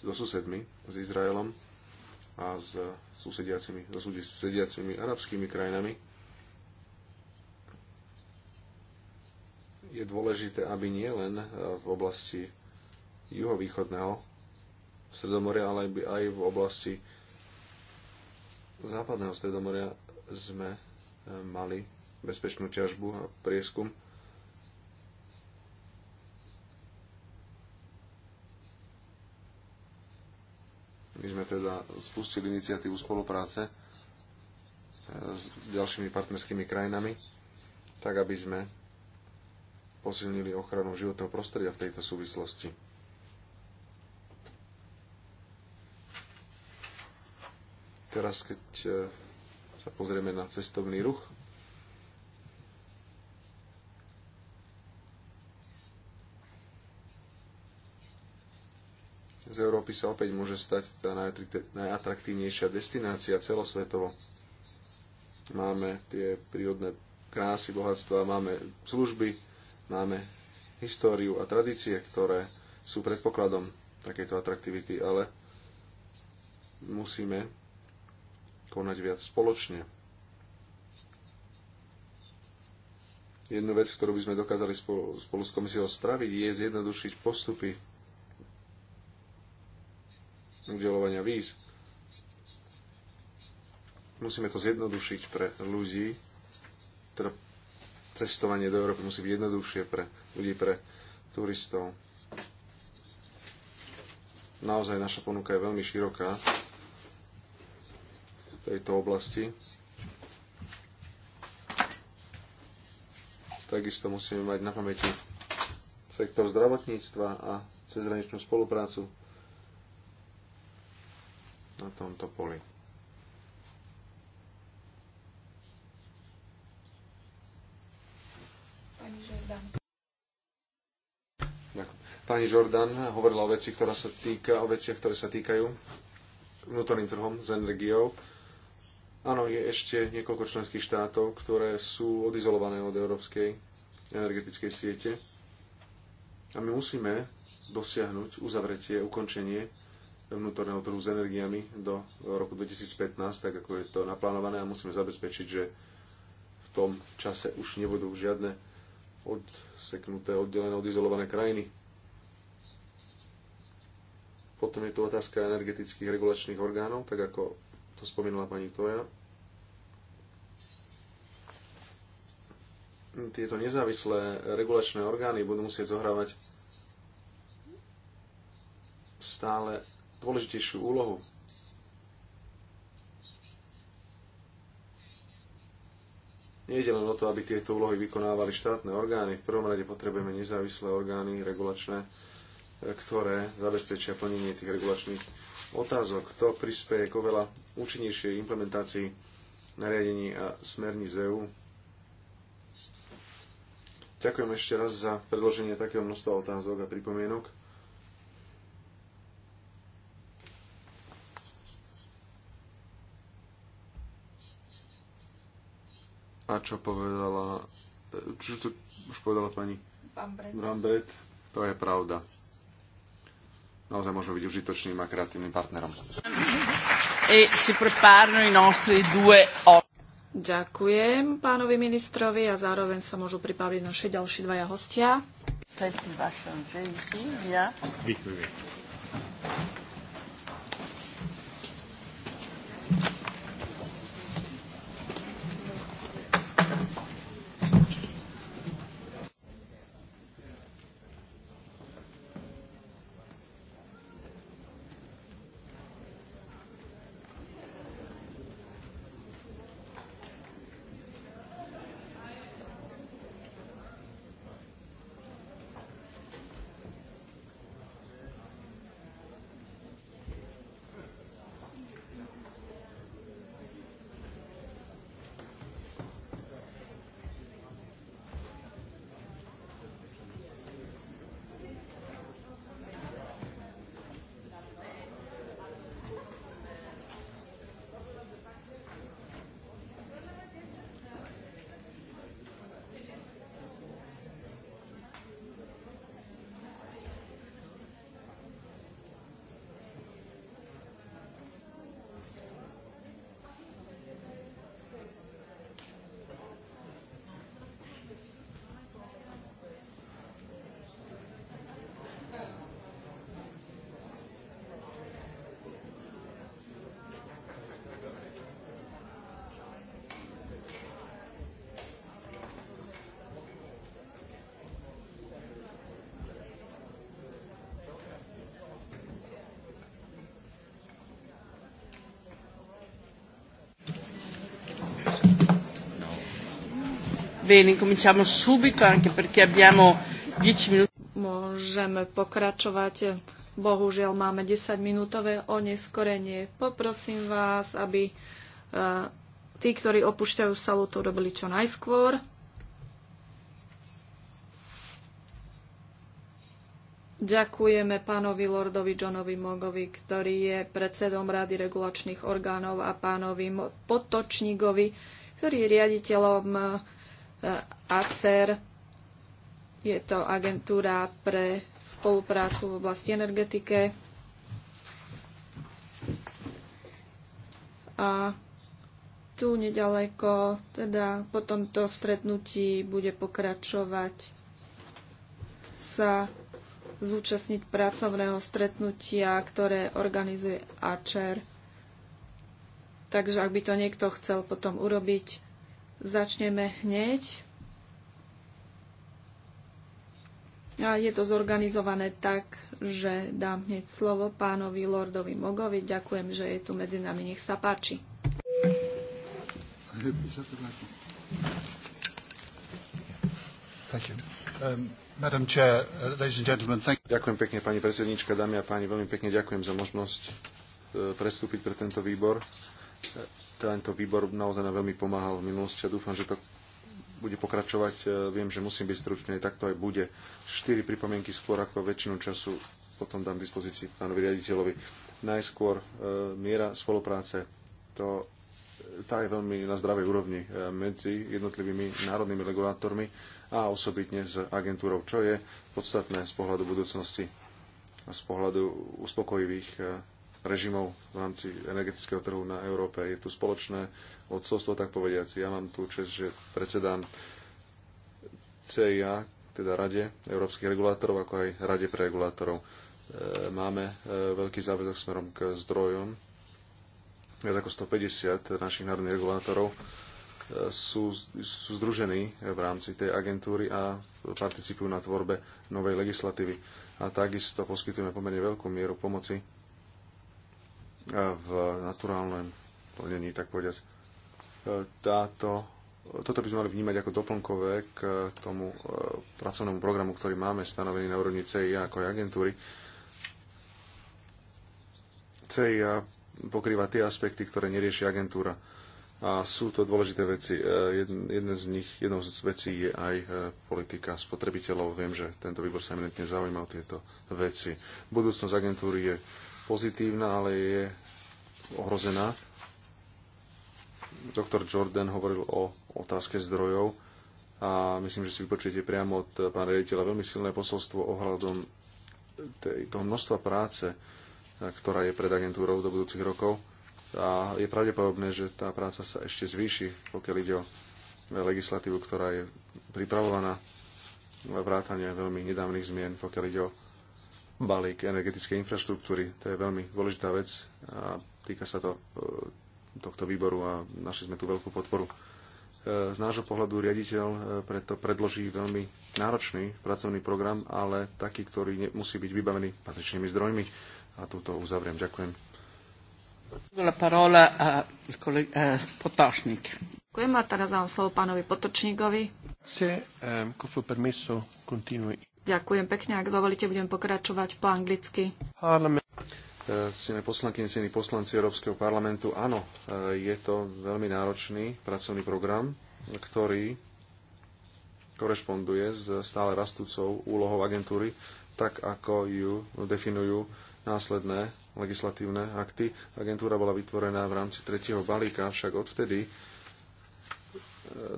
so susedmi, s Izraelom a s susediacimi, so susediacimi arabskými krajinami je dôležité, aby nie len e, v oblasti juhovýchodného Stredomoria, ale aj v oblasti západného Stredomoria sme e, mali bezpečnú ťažbu a prieskum. My sme teda spustili iniciatívu spolupráce e, s ďalšími partnerskými krajinami, tak aby sme posilnili ochranu životného prostredia v tejto súvislosti. Teraz, keď e, sa pozrieme na cestovný ruch, z Európy sa opäť môže stať tá najatraktívnejšia destinácia celosvetovo. Máme tie prírodné krásy, bohatstva, máme služby, Máme históriu a tradície, ktoré sú predpokladom takejto atraktivity, ale musíme konať viac spoločne. Jednu vec, ktorú by sme dokázali spolu, spolu s komisiou spraviť, je zjednodušiť postupy udelovania víz. Musíme to zjednodušiť pre ľudí, teda cestovanie do Európy musí byť jednoduchšie pre ľudí, pre turistov. Naozaj naša ponuka je veľmi široká v tejto oblasti. Takisto musíme mať na pamäti sektor zdravotníctva a cezhraničnú spoluprácu na tomto poli. Pani Jordan hovorila o, veci, ktorá sa týka, o veciach, ktoré sa týkajú vnútorným trhom s energiou. Áno, je ešte niekoľko členských štátov, ktoré sú odizolované od európskej energetickej siete. A my musíme dosiahnuť uzavretie, ukončenie vnútorného trhu s energiami do roku 2015, tak ako je to naplánované a musíme zabezpečiť, že v tom čase už nebudú žiadne odseknuté, oddelené, odizolované krajiny. Potom je tu otázka energetických regulačných orgánov, tak ako to spomínala pani Toja. Tieto nezávislé regulačné orgány budú musieť zohrávať stále dôležitejšiu úlohu. Nejde len o to, aby tieto úlohy vykonávali štátne orgány. V prvom rade potrebujeme nezávislé orgány regulačné, ktoré zabezpečia plnenie tých regulačných otázok. To prispieje k oveľa účinnejšej implementácii nariadení a smerní z EU. Ďakujem ešte raz za predloženie takého množstva otázok a pripomienok. A čo povedala... Čo to už povedala pani? Brambret. To je pravda naozaj môžeme byť užitočným a kreatívnym partnerom.
E Ďakujem pánovi ministrovi a zároveň sa môžu pripraviť naši ďalší dvaja hostia. Ďakujem.
Bene, cominciamo subito anche perché abbiamo 10
minuti. Môžeme pokračovať. Bohužiaľ máme 10 minútové oneskorenie. Poprosím vás, aby e, tí, ktorí opúšťajú salu, to robili čo najskôr. Ďakujeme pánovi Lordovi Johnovi Mogovi, ktorý je predsedom Rady regulačných orgánov a pánovi Potočníkovi, ktorý je riaditeľom Eh, ACER. Je to agentúra pre spoluprácu v oblasti energetike. A tu nedaleko, teda po tomto stretnutí bude pokračovať sa zúčastniť pracovného stretnutia, ktoré organizuje ACER. Takže ak by to niekto chcel potom urobiť, Začneme hneď. A je to zorganizované tak, že dám hneď slovo pánovi Lordovi Mogovi. Ďakujem, že je tu medzi nami. Nech sa páči.
Um, uh, ďakujem pekne, pani predsednička, dámy a páni, veľmi pekne ďakujem za možnosť uh, prestúpiť pre tento výbor tento výbor naozaj nám veľmi pomáhal v minulosti a dúfam, že to bude pokračovať. E, viem, že musím byť stručný, tak to aj bude. Štyri pripomienky skôr ako väčšinu času potom dám dispozícii pánovi riaditeľovi. Najskôr e, miera spolupráce. To, e, tá je veľmi na zdravej úrovni e, medzi jednotlivými národnými regulátormi a osobitne s agentúrou, čo je podstatné z pohľadu budúcnosti a z pohľadu uspokojivých režimov v rámci energetického trhu na Európe. Je tu spoločné odcovstvo, tak povediaci. Ja mám tu čest, že predsedám CIA, teda Rade európskych regulátorov, ako aj Rade pre regulátorov. E, máme e, veľký záväzok smerom k zdrojom. Viac ako 150 našich národných regulátorov e, sú, sú združení v rámci tej agentúry a participujú na tvorbe novej legislatívy. A takisto poskytujeme pomerne veľkú mieru pomoci v naturálnom plnení, tak povediať. E, táto, toto by sme mali vnímať ako doplnkové k tomu e, pracovnému programu, ktorý máme stanovený na úrovni CIA ako agentúry. CIA pokrýva tie aspekty, ktoré nerieši agentúra. A sú to dôležité veci. E, jedne z nich, jednou z vecí je aj politika spotrebiteľov. Viem, že tento výbor sa eminentne zaujíma o tieto veci. Budúcnosť agentúry je pozitívna, ale je ohrozená. Doktor Jordan hovoril o otázke zdrojov a myslím, že si vypočujete priamo od pána rediteľa veľmi silné posolstvo ohľadom tej, toho množstva práce, ktorá je pred agentúrou do budúcich rokov. A je pravdepodobné, že tá práca sa ešte zvýši, pokiaľ ide o legislatívu, ktorá je pripravovaná vrátane veľmi nedávnych zmien, pokiaľ ide o balík energetickej infraštruktúry. To je veľmi dôležitá vec a týka sa to e, tohto výboru a našli sme tu veľkú podporu. E, z nášho pohľadu riaditeľ e, preto predloží veľmi náročný pracovný program, ale taký, ktorý musí byť vybavený patričnými zdrojmi. A túto uzavriem. Ďakujem.
Ďakujem a teraz dám slovo pánovi Potočníkovi.
Se, con suo permesso, continui.
Ďakujem pekne. Ak dovolíte, budem pokračovať po anglicky.
Sine poslanky, sine poslanci Európskeho parlamentu, áno, e, je to veľmi náročný pracovný program, ktorý korešponduje s stále rastúcou úlohou agentúry, tak ako ju definujú následné legislatívne akty. Agentúra bola vytvorená v rámci tretieho balíka, však odvtedy e,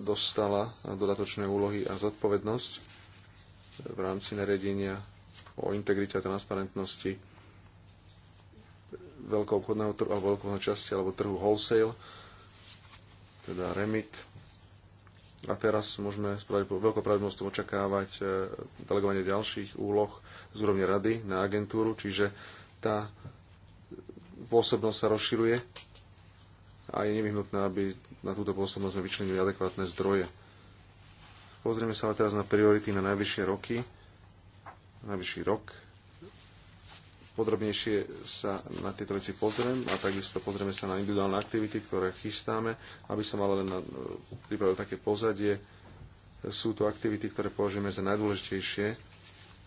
dostala dodatočné úlohy a zodpovednosť v rámci nariadenia o integrite a transparentnosti obchodného trhu alebo veľkého časti alebo trhu wholesale, teda remit. A teraz môžeme s veľkou pravdepodobnosťou očakávať e, delegovanie ďalších úloh z úrovne rady na agentúru, čiže tá pôsobnosť sa rozširuje a je nevyhnutné, aby na túto pôsobnosť sme vyčlenili adekvátne zdroje. Pozrieme sa ale teraz na priority na najbližšie roky, najbližší rok. Podrobnejšie sa na tieto veci pozriem a takisto pozrieme sa na individuálne aktivity, ktoré chystáme, aby som ale len pripravil také pozadie. Sú to aktivity, ktoré považujeme za najdôležitejšie.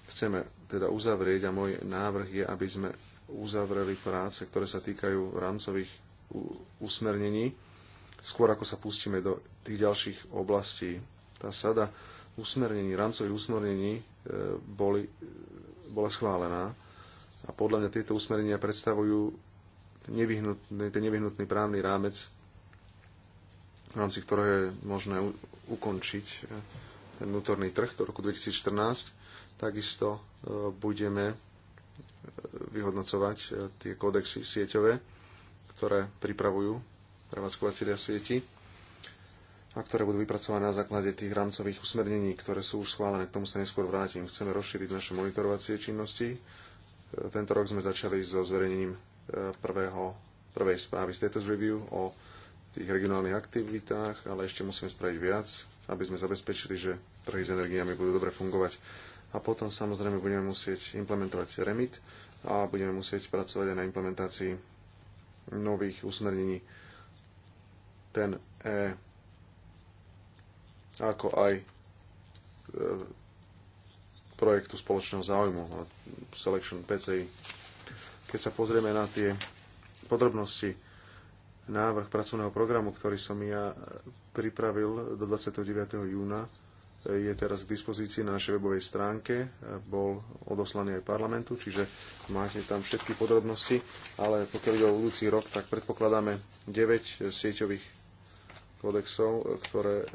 Chceme teda uzavrieť a môj návrh je, aby sme uzavreli práce, ktoré sa týkajú rámcových usmernení, skôr ako sa pustíme do tých ďalších oblastí tá sada usmernení, rámcových usmernení e, boli, bola schválená a podľa mňa tieto usmernenia predstavujú nevyhnutný, ten nevyhnutný právny rámec, v rámci ktorého je možné ukončiť e, ten vnútorný trh do roku 2014. Takisto e, budeme vyhodnocovať tie kódexy sieťové, ktoré pripravujú prevádzkovateľia sieti a ktoré budú vypracované na základe tých rámcových usmernení, ktoré sú už schválené. K tomu sa neskôr vrátim. Chceme rozšíriť naše monitorovacie činnosti. E, tento rok sme začali so zverejnením e, prvého, prvej správy Status Review o tých regionálnych aktivitách, ale ešte musíme spraviť viac, aby sme zabezpečili, že trhy s energiami budú dobre fungovať. A potom samozrejme budeme musieť implementovať REMIT a budeme musieť pracovať aj na implementácii nových usmernení. Ten E ako aj e, projektu spoločného záujmu, Selection PCI. Keď sa pozrieme na tie podrobnosti, návrh pracovného programu, ktorý som ja pripravil do 29. júna, je teraz k dispozícii na našej webovej stránke, bol odoslaný aj parlamentu, čiže máte tam všetky podrobnosti, ale pokiaľ ide o budúci rok, tak predpokladáme 9 sieťových kodexov, ktoré e,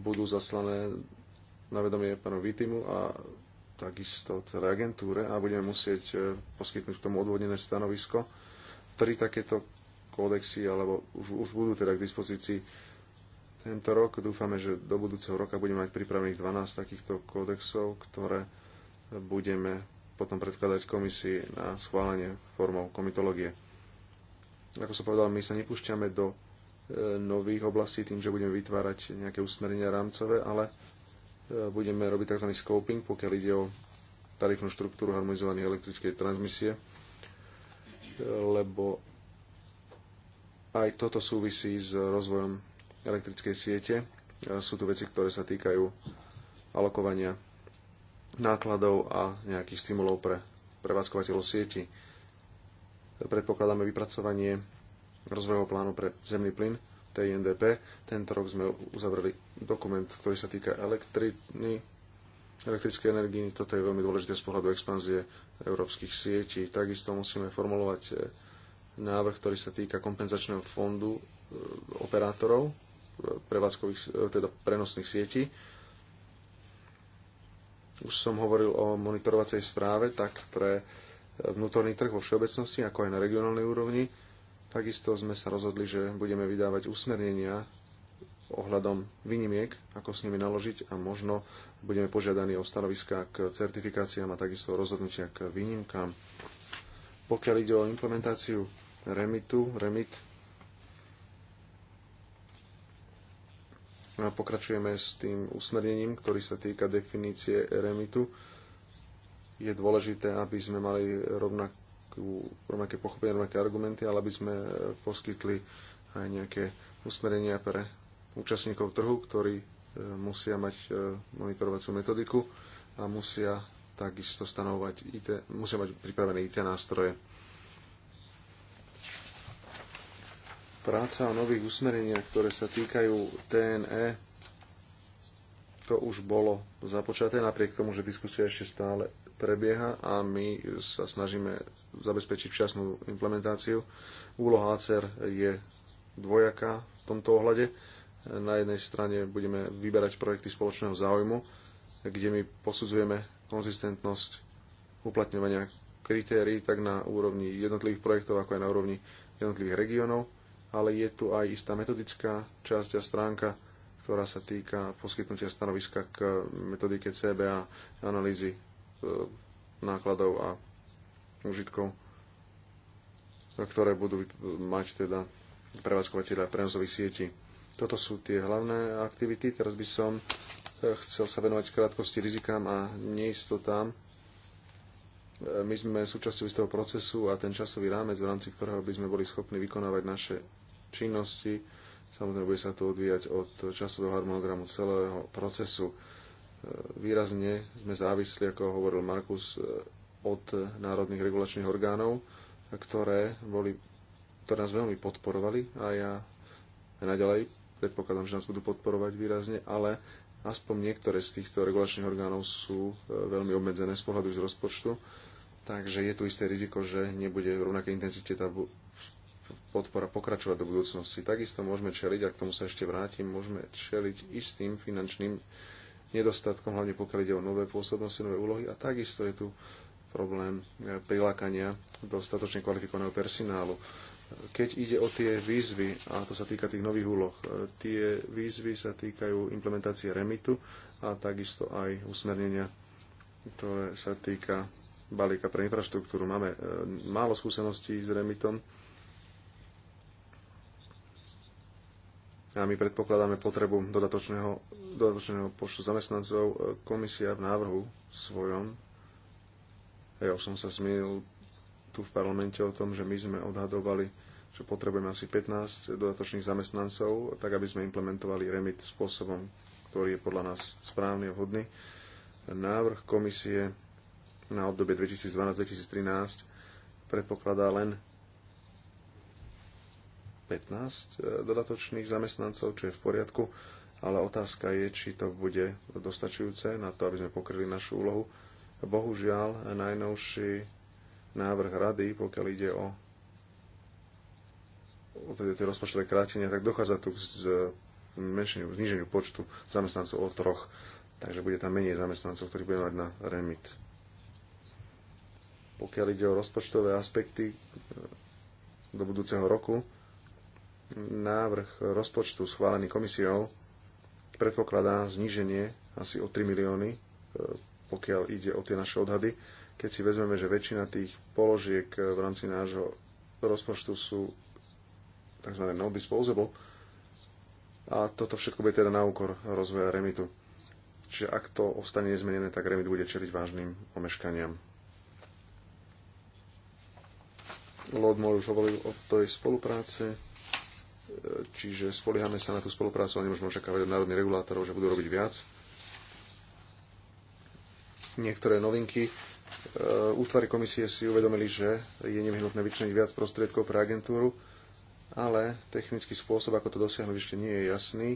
budú zaslané na vedomie pánu Vitimu a takisto teda agentúre a budeme musieť e, poskytnúť k tomu odvodnené stanovisko. Tri takéto kódexy, alebo už, už budú teda k dispozícii tento rok. Dúfame, že do budúceho roka budeme mať pripravených 12 takýchto kódexov, ktoré budeme potom predkladať komisii na schválenie formou komitológie. Ako som povedal, my sa nepúšťame do nových oblastí tým, že budeme vytvárať nejaké usmerenia rámcové, ale e, budeme robiť tzv. scoping, pokiaľ ide o tarifnú štruktúru harmonizovanej elektrickej transmisie, e, lebo aj toto súvisí s rozvojom elektrickej siete. E, sú tu veci, ktoré sa týkajú alokovania nákladov a nejakých stimulov pre prevádzkovateľov sieti. Predpokladáme vypracovanie rozvojového plánu pre zemný plyn, TINDP. Tento rok sme uzavreli dokument, ktorý sa týka elektriny, elektrickej energie. Toto je veľmi dôležité z pohľadu expanzie európskych sietí. Takisto musíme formulovať e, návrh, ktorý sa týka kompenzačného fondu e, operátorov e, prevádzkových, teda prenosných sietí. Už som hovoril o monitorovacej správe, tak pre vnútorný trh vo všeobecnosti, ako aj na regionálnej úrovni Takisto sme sa rozhodli, že budeme vydávať usmernenia ohľadom výnimiek, ako s nimi naložiť a možno budeme požiadaní o stanoviská k certifikáciám a takisto rozhodnutia k výnimkám. Pokiaľ ide o implementáciu remitu, remit, pokračujeme s tým usmernením, ktorý sa týka definície remitu. Je dôležité, aby sme mali rovnak, rovnakú, rovnaké pochopenie, rovnaké argumenty, ale aby sme eh, poskytli aj nejaké usmerenia pre účastníkov trhu, ktorí eh, musia mať eh, monitorovaciu metodiku a musia takisto stanovať IT, musia mať pripravené IT nástroje. Práca o nových usmereniach, ktoré sa týkajú TNE, to už bolo započaté, napriek tomu, že diskusia ešte stále prebieha a my sa snažíme zabezpečiť včasnú implementáciu. Úloha ACER je dvojaká v tomto ohľade. Na jednej strane budeme vyberať projekty spoločného záujmu, kde my posudzujeme konzistentnosť uplatňovania kritérií tak na úrovni jednotlivých projektov, ako aj na úrovni jednotlivých regiónov, ale je tu aj istá metodická časť a stránka, ktorá sa týka poskytnutia stanoviska k metodike CBA analýzy E, nákladov a užitkov, ktoré budú mať teda prevádzkovateľa prenosových sietí. Toto sú tie hlavné aktivity. Teraz by som e, chcel sa venovať krátkosti rizikám a neistotám. E, my sme súčasťou istého procesu a ten časový rámec, v rámci ktorého by sme boli schopní vykonávať naše činnosti, samozrejme bude sa to odvíjať od časového harmonogramu celého procesu výrazne sme závisli, ako hovoril Markus, e, od národných regulačných orgánov, ktoré, boli, ktoré nás veľmi podporovali a ja aj naďalej predpokladám, že nás budú podporovať výrazne, ale aspoň niektoré z týchto regulačných orgánov sú e, veľmi obmedzené z pohľadu z rozpočtu, takže je tu isté riziko, že nebude v rovnakej intenzite tá podpora pokračovať do budúcnosti. Takisto môžeme čeliť, a k tomu sa ešte vrátim, môžeme čeliť istým finančným nedostatkom, hlavne pokiaľ ide o nové pôsobnosti, nové úlohy. A takisto je tu problém e, prilákania dostatočne kvalifikovaného personálu. Keď ide o tie výzvy, a to sa týka tých nových úloh, e, tie výzvy sa týkajú implementácie remitu a takisto aj usmernenia, ktoré sa týka balíka pre infraštruktúru. Máme e, málo skúseností s remitom, a my predpokladáme potrebu dodatočného, dodatočného počtu zamestnancov. Komisia v návrhu svojom, ja už som sa zmienil tu v parlamente o tom, že my sme odhadovali, že potrebujeme asi 15 dodatočných zamestnancov, tak aby sme implementovali remit spôsobom, ktorý je podľa nás správny a vhodný. Návrh komisie na obdobie 2012-2013 predpokladá len 15 eh, dodatočných zamestnancov, čo je v poriadku, ale otázka je, či to bude dostačujúce na to, aby sme pokryli našu úlohu. Bohužiaľ, najnovší návrh rady, pokiaľ ide o tie rozpočtové krátenia, tak dochádza tu k zníženiu počtu zamestnancov o troch. Takže bude tam menej zamestnancov, ktorí budeme mať na remit. Pokiaľ ide o rozpočtové aspekty eh, do budúceho roku, návrh rozpočtu schválený komisiou predpokladá zníženie asi o 3 milióny, e, pokiaľ ide o tie naše odhady. Keď si vezmeme, že väčšina tých položiek e, v rámci nášho rozpočtu sú tzv. non-disposable a toto všetko bude teda na úkor rozvoja remitu. Čiže ak to ostane nezmenené, tak remit bude čeliť vážnym omeškaniam. Lord Moore už hovoril o tej spolupráce čiže spoliehame sa na tú spoluprácu a nemôžeme očakávať od národných regulátorov, že budú robiť viac. Niektoré novinky. Uh, útvary komisie si uvedomili, že je nevyhnutné vyčleniť viac prostriedkov pre agentúru, ale technický spôsob, ako to dosiahnuť, ešte nie je jasný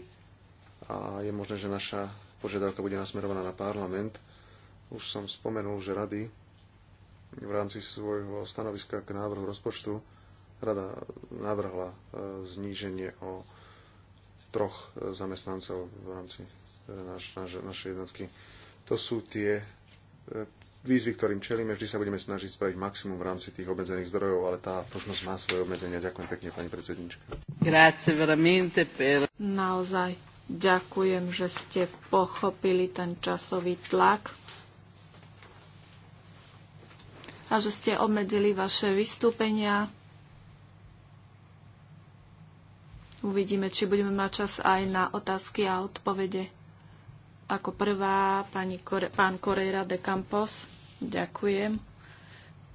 a je možné, že naša požiadavka bude nasmerovaná na parlament. Už som spomenul, že rady v rámci svojho stanoviska k návrhu rozpočtu Rada navrhla e, zníženie o troch zamestnancov v rámci e, naš, naš, našej jednotky. To sú tie e, výzvy, ktorým čelíme. Vždy sa budeme snažiť spraviť maximum v rámci tých obmedzených zdrojov, ale tá možnosť má svoje obmedzenia. Ďakujem pekne, pani predsednička.
Grazie
veramente per...
Naozaj Ďakujem, že ste pochopili ten časový tlak a že ste obmedzili vaše vystúpenia. Uvidíme, či budeme mať čas aj na otázky a odpovede. Ako prvá, pani Kore, pán Correira de Campos. Ďakujem.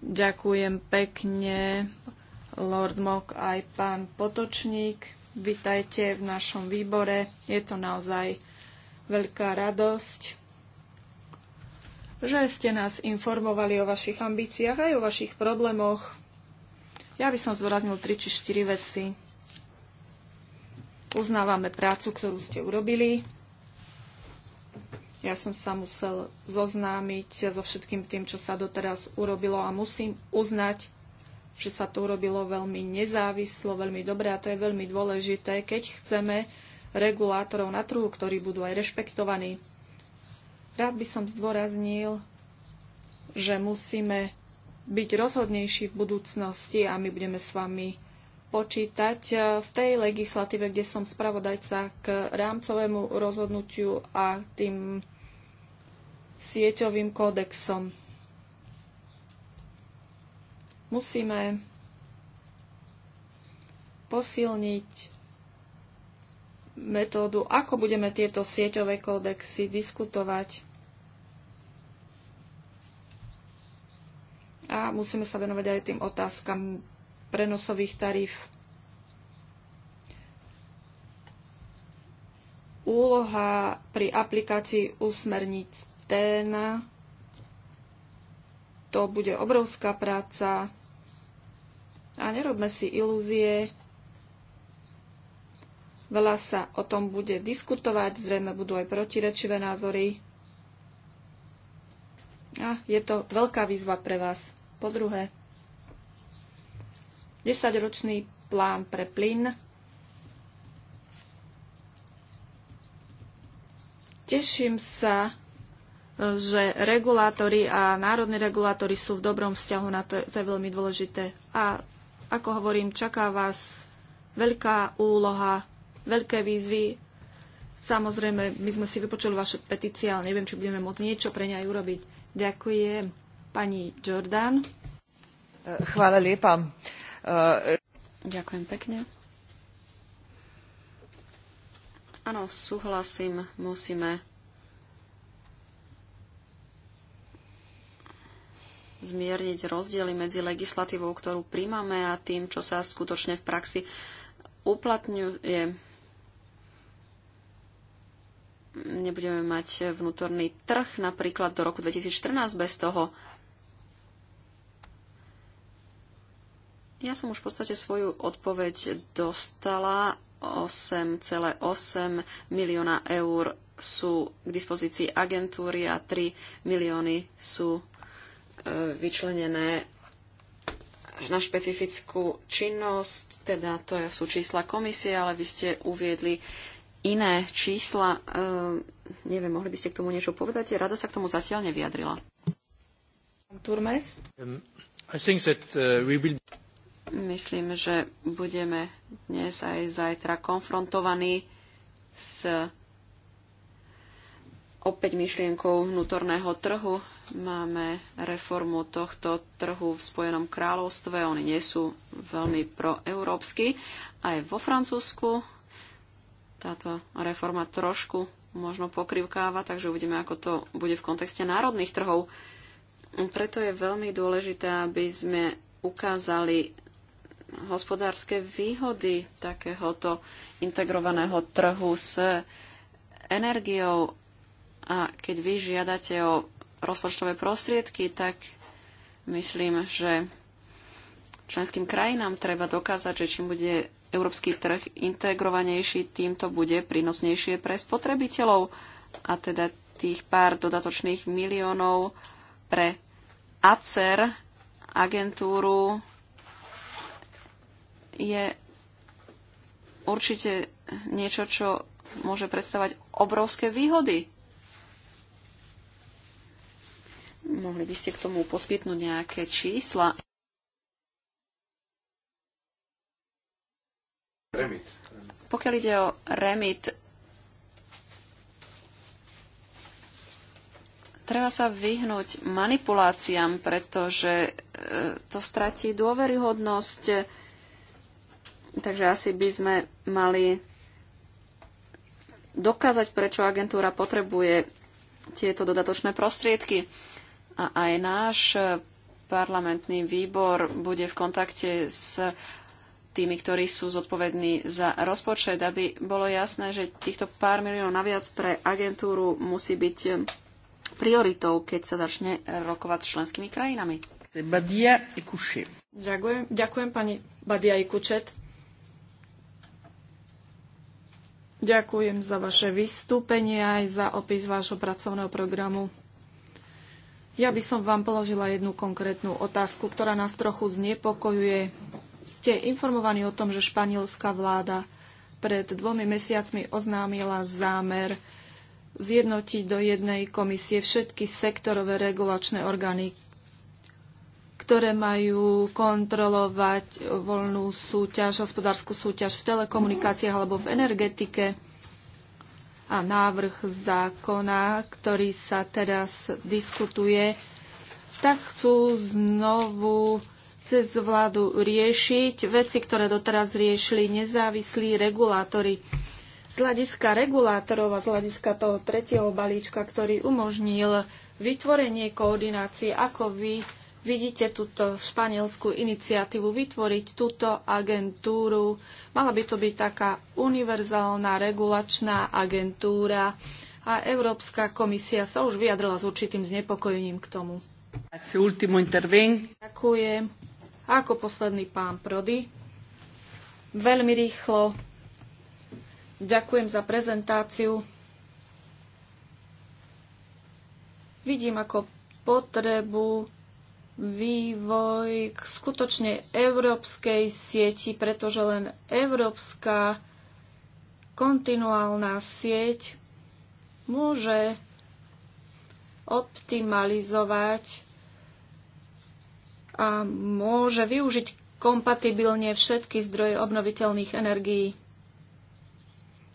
Ďakujem pekne, Lord Mok, aj pán Potočník. Vitajte v našom výbore. Je to naozaj veľká radosť, že ste nás informovali o vašich ambíciách aj o vašich problémoch. Ja by som zdôraznil 3 či 4 veci. Uznávame prácu, ktorú ste urobili. Ja som sa musel zoznámiť so všetkým tým, čo sa doteraz urobilo a musím uznať, že sa to urobilo veľmi nezávislo, veľmi dobre a to je veľmi dôležité, keď chceme regulátorov na trhu, ktorí budú aj rešpektovaní. Rád by som zdôraznil, že musíme byť rozhodnejší v budúcnosti a my budeme s vami počítať e, v tej legislatíve, kde som spravodajca k rámcovému rozhodnutiu a tým sieťovým kódexom. Musíme posilniť metódu, ako budeme tieto sieťové kódexy diskutovať. A musíme sa venovať aj tým otázkam prenosových tarif. Úloha pri aplikácii úsmerníc Téna to bude obrovská práca a nerobme si ilúzie. Veľa sa o tom bude diskutovať, zrejme budú aj protirečivé názory. A je to veľká výzva pre vás. Po druhé, desaťročný plán pre plyn. Teším sa, že regulátory a národní regulátory sú v dobrom vzťahu, na to, to je veľmi dôležité. A ako hovorím, čaká vás veľká úloha, veľké výzvy. Samozrejme, my sme si vypočuli vaše petície, ale neviem, či budeme môcť niečo pre ne aj urobiť. Ďakujem pani Jordan.
Hvala lepa. E, ďakujem pekne. Áno, súhlasím, musíme zmierniť rozdiely medzi legislatívou, ktorú príjmame a tým, čo sa skutočne v praxi uplatňuje. Nebudeme mať vnútorný trh napríklad do roku 2014 bez toho, Ja som už v podstate svoju odpoveď dostala. 8,8 milióna eur sú k dispozícii agentúry a 3 milióny sú e, vyčlenené na špecifickú činnosť, teda to sú čísla komisie, ale vy ste uviedli iné čísla. Ehm, neviem, mohli by ste k tomu niečo povedať? Rada sa k tomu zatiaľ nevyjadrila. Turmes? Um,
that, uh, will...
Myslím, že budeme dnes aj zajtra konfrontovaní s opäť myšlienkou vnútorného trhu. Máme reformu tohto trhu v Spojenom kráľovstve. Oni nie sú veľmi proeurópsky. Aj vo Francúzsku táto reforma trošku možno pokrivkáva, takže uvidíme, ako to bude v kontexte národných trhov. Preto je veľmi dôležité, aby sme ukázali hospodárske výhody takéhoto integrovaného trhu s energiou. A keď vy žiadate o rozpočtové prostriedky, tak myslím, že členským krajinám treba dokázať, že čím bude európsky trh integrovanejší, tým to bude prínosnejšie pre spotrebiteľov a teda tých pár dodatočných miliónov pre ACER agentúru je určite niečo, čo môže predstavať obrovské výhody. Mohli by ste k tomu poskytnúť nejaké čísla? Remit. Pokiaľ ide o remit, treba sa vyhnúť manipuláciám, pretože e, to stratí dôveryhodnosť Takže asi by sme mali dokázať, prečo agentúra potrebuje tieto dodatočné prostriedky. A aj náš parlamentný výbor bude v kontakte s tými, ktorí sú zodpovední za rozpočet, aby bolo jasné, že týchto pár miliónov naviac pre agentúru musí byť prioritou, keď sa začne rokovať s členskými krajinami. Badia Ikuši. Ďakujem, ďakujem pani Badia Ikučet.
Ďakujem za vaše vystúpenie aj za opis vášho pracovného programu. Ja by som vám položila jednu konkrétnu otázku, ktorá nás trochu znepokojuje. Ste informovaní o tom, že španielská vláda pred dvomi mesiacmi oznámila zámer zjednotiť do jednej komisie všetky sektorové regulačné orgány ktoré majú kontrolovať voľnú súťaž, hospodárskú súťaž v telekomunikáciách alebo v energetike a návrh zákona, ktorý sa teraz diskutuje, tak chcú znovu cez vládu riešiť veci, ktoré doteraz riešili nezávislí regulátori. Z hľadiska regulátorov a z hľadiska toho tretieho balíčka, ktorý umožnil vytvorenie koordinácie, ako vy Vidíte túto španielskú iniciatívu vytvoriť túto agentúru. Mala by to byť taká univerzálna regulačná agentúra a Európska komisia sa už vyjadrila s určitým znepokojením k tomu.
Ďakujem.
A ako posledný pán Prody. Veľmi rýchlo. Ďakujem za prezentáciu. Vidím ako potrebu vývoj k skutočne európskej sieti, pretože len európska kontinuálna sieť môže optimalizovať a môže využiť kompatibilne všetky zdroje obnoviteľných energií.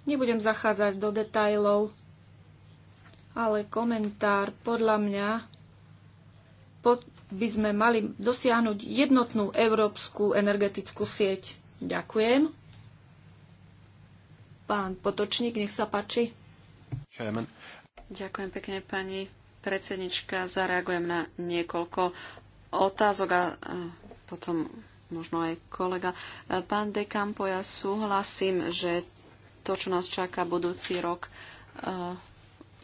Nebudem zachádzať do detajlov, ale komentár podľa mňa pod, by sme mali dosiahnuť jednotnú európsku energetickú sieť. Ďakujem.
Pán Potočník, nech sa páči. Chairman. Ďakujem pekne, pani predsednička. Zareagujem na niekoľko otázok a potom možno aj kolega. E, pán De Campo, ja súhlasím, že to, čo nás čaká budúci rok, e,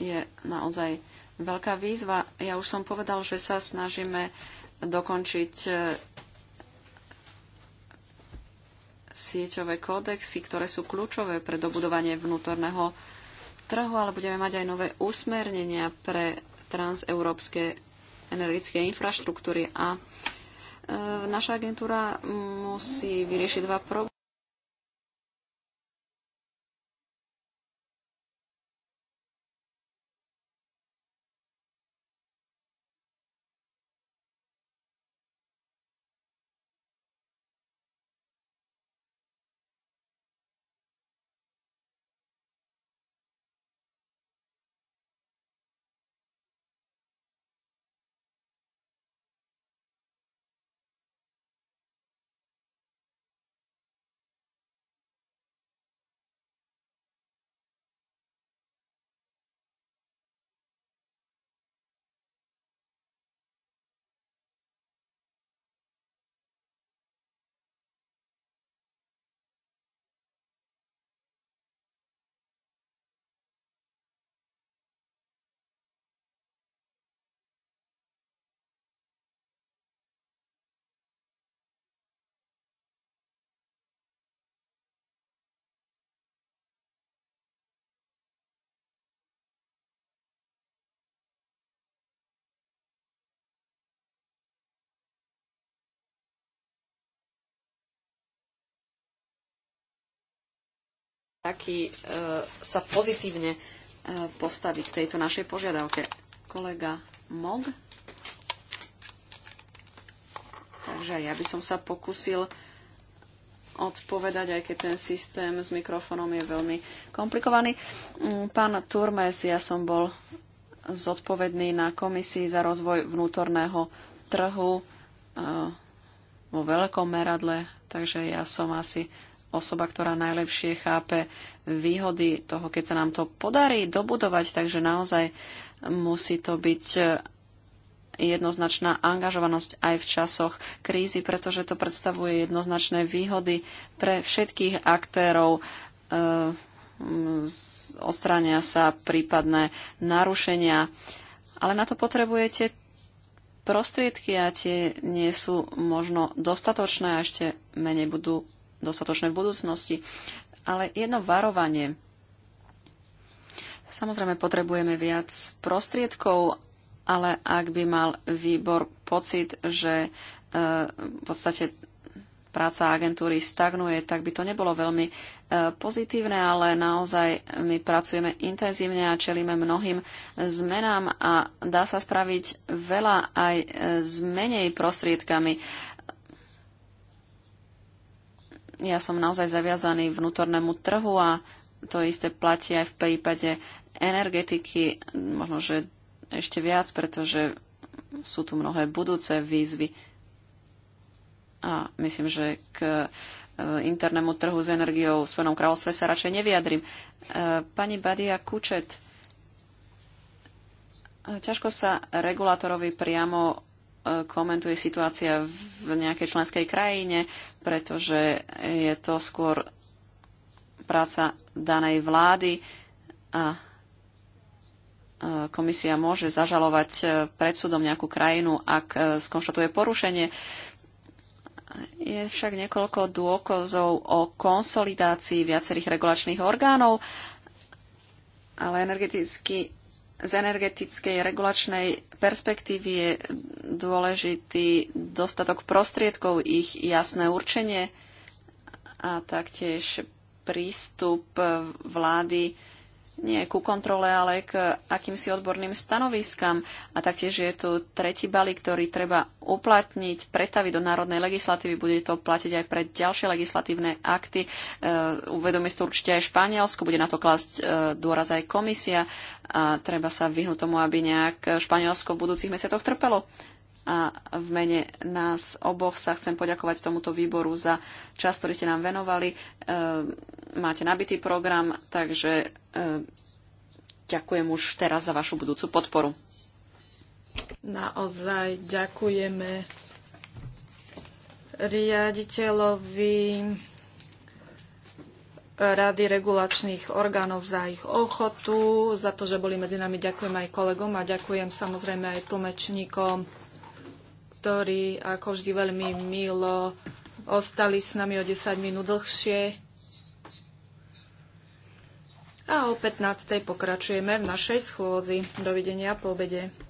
je naozaj veľká výzva. Ja už som povedal, že sa snažíme dokončiť e, sieťové kódexy, ktoré sú kľúčové pre dobudovanie vnútorného trhu, ale budeme mať aj nové usmernenia pre transeurópske energetické infraštruktúry a e, naša agentúra musí vyriešiť dva problémy taký e, sa pozitívne e, postaví k tejto našej požiadavke. Kolega Mog. Takže ja by som sa pokusil odpovedať, aj keď ten systém s mikrofónom je veľmi komplikovaný. Mm, pán Turmes, ja som bol zodpovedný na komisii za rozvoj vnútorného trhu e, vo veľkom meradle, takže ja som asi osoba, ktorá najlepšie chápe výhody toho, keď sa nám to podarí dobudovať, takže naozaj musí to byť jednoznačná angažovanosť aj v časoch krízy, pretože to predstavuje jednoznačné výhody pre všetkých aktérov. Eh, Ostrania sa prípadné narušenia, ale na to potrebujete prostriedky a tie nie sú možno dostatočné a ešte menej budú dostatočné v budúcnosti. Ale jedno varovanie. Samozrejme, potrebujeme viac prostriedkov, ale ak by mal výbor pocit, že e, v podstate práca agentúry stagnuje, tak by to nebolo veľmi e, pozitívne, ale naozaj my pracujeme intenzívne a čelíme mnohým zmenám a dá sa spraviť veľa aj e, s menej prostriedkami ja som naozaj zaviazaný vnútornému trhu a to isté platí aj v prípade energetiky, možno, že ešte viac, pretože sú tu mnohé budúce výzvy. A myslím, že k e, internému trhu s energiou v Spojenom kráľovstve sa radšej nevyjadrím. E, pani Badia Kučet, e, ťažko sa regulátorovi priamo komentuje situácia v nejakej členskej krajine, pretože je to skôr práca danej vlády a komisia môže zažalovať e, pred súdom nejakú krajinu, ak e, skonštatuje porušenie. Je však niekoľko dôkazov o konsolidácii viacerých regulačných orgánov, ale energetický z energetickej regulačnej perspektívy je dôležitý dostatok prostriedkov, ich jasné určenie a taktiež prístup vlády nie ku kontrole, ale k akýmsi odborným stanoviskám. A taktiež je tu tretí balík, ktorý treba uplatniť, pretaviť do národnej legislatívy. Bude to platiť aj pre ďalšie legislatívne akty. E, uvedomí si to určite aj Španielsko, bude na to klásť e, dôraz aj komisia a treba sa vyhnúť tomu, aby nejak Španielsko v budúcich mesiacoch trpelo a v mene nás oboch sa chcem poďakovať tomuto výboru za čas, ktorý ste nám venovali. E, máte nabitý program, takže e, ďakujem už teraz za vašu budúcu podporu.
Naozaj ďakujeme riaditeľovi Rady regulačných orgánov za ich ochotu, za to, že boli medzi nami. Ďakujem aj kolegom a ďakujem samozrejme aj tlmečníkom ktorí ako vždy veľmi milo ostali s nami o 10 minút dlhšie. A o 15. pokračujeme v našej schôdzi. Dovidenia po obede.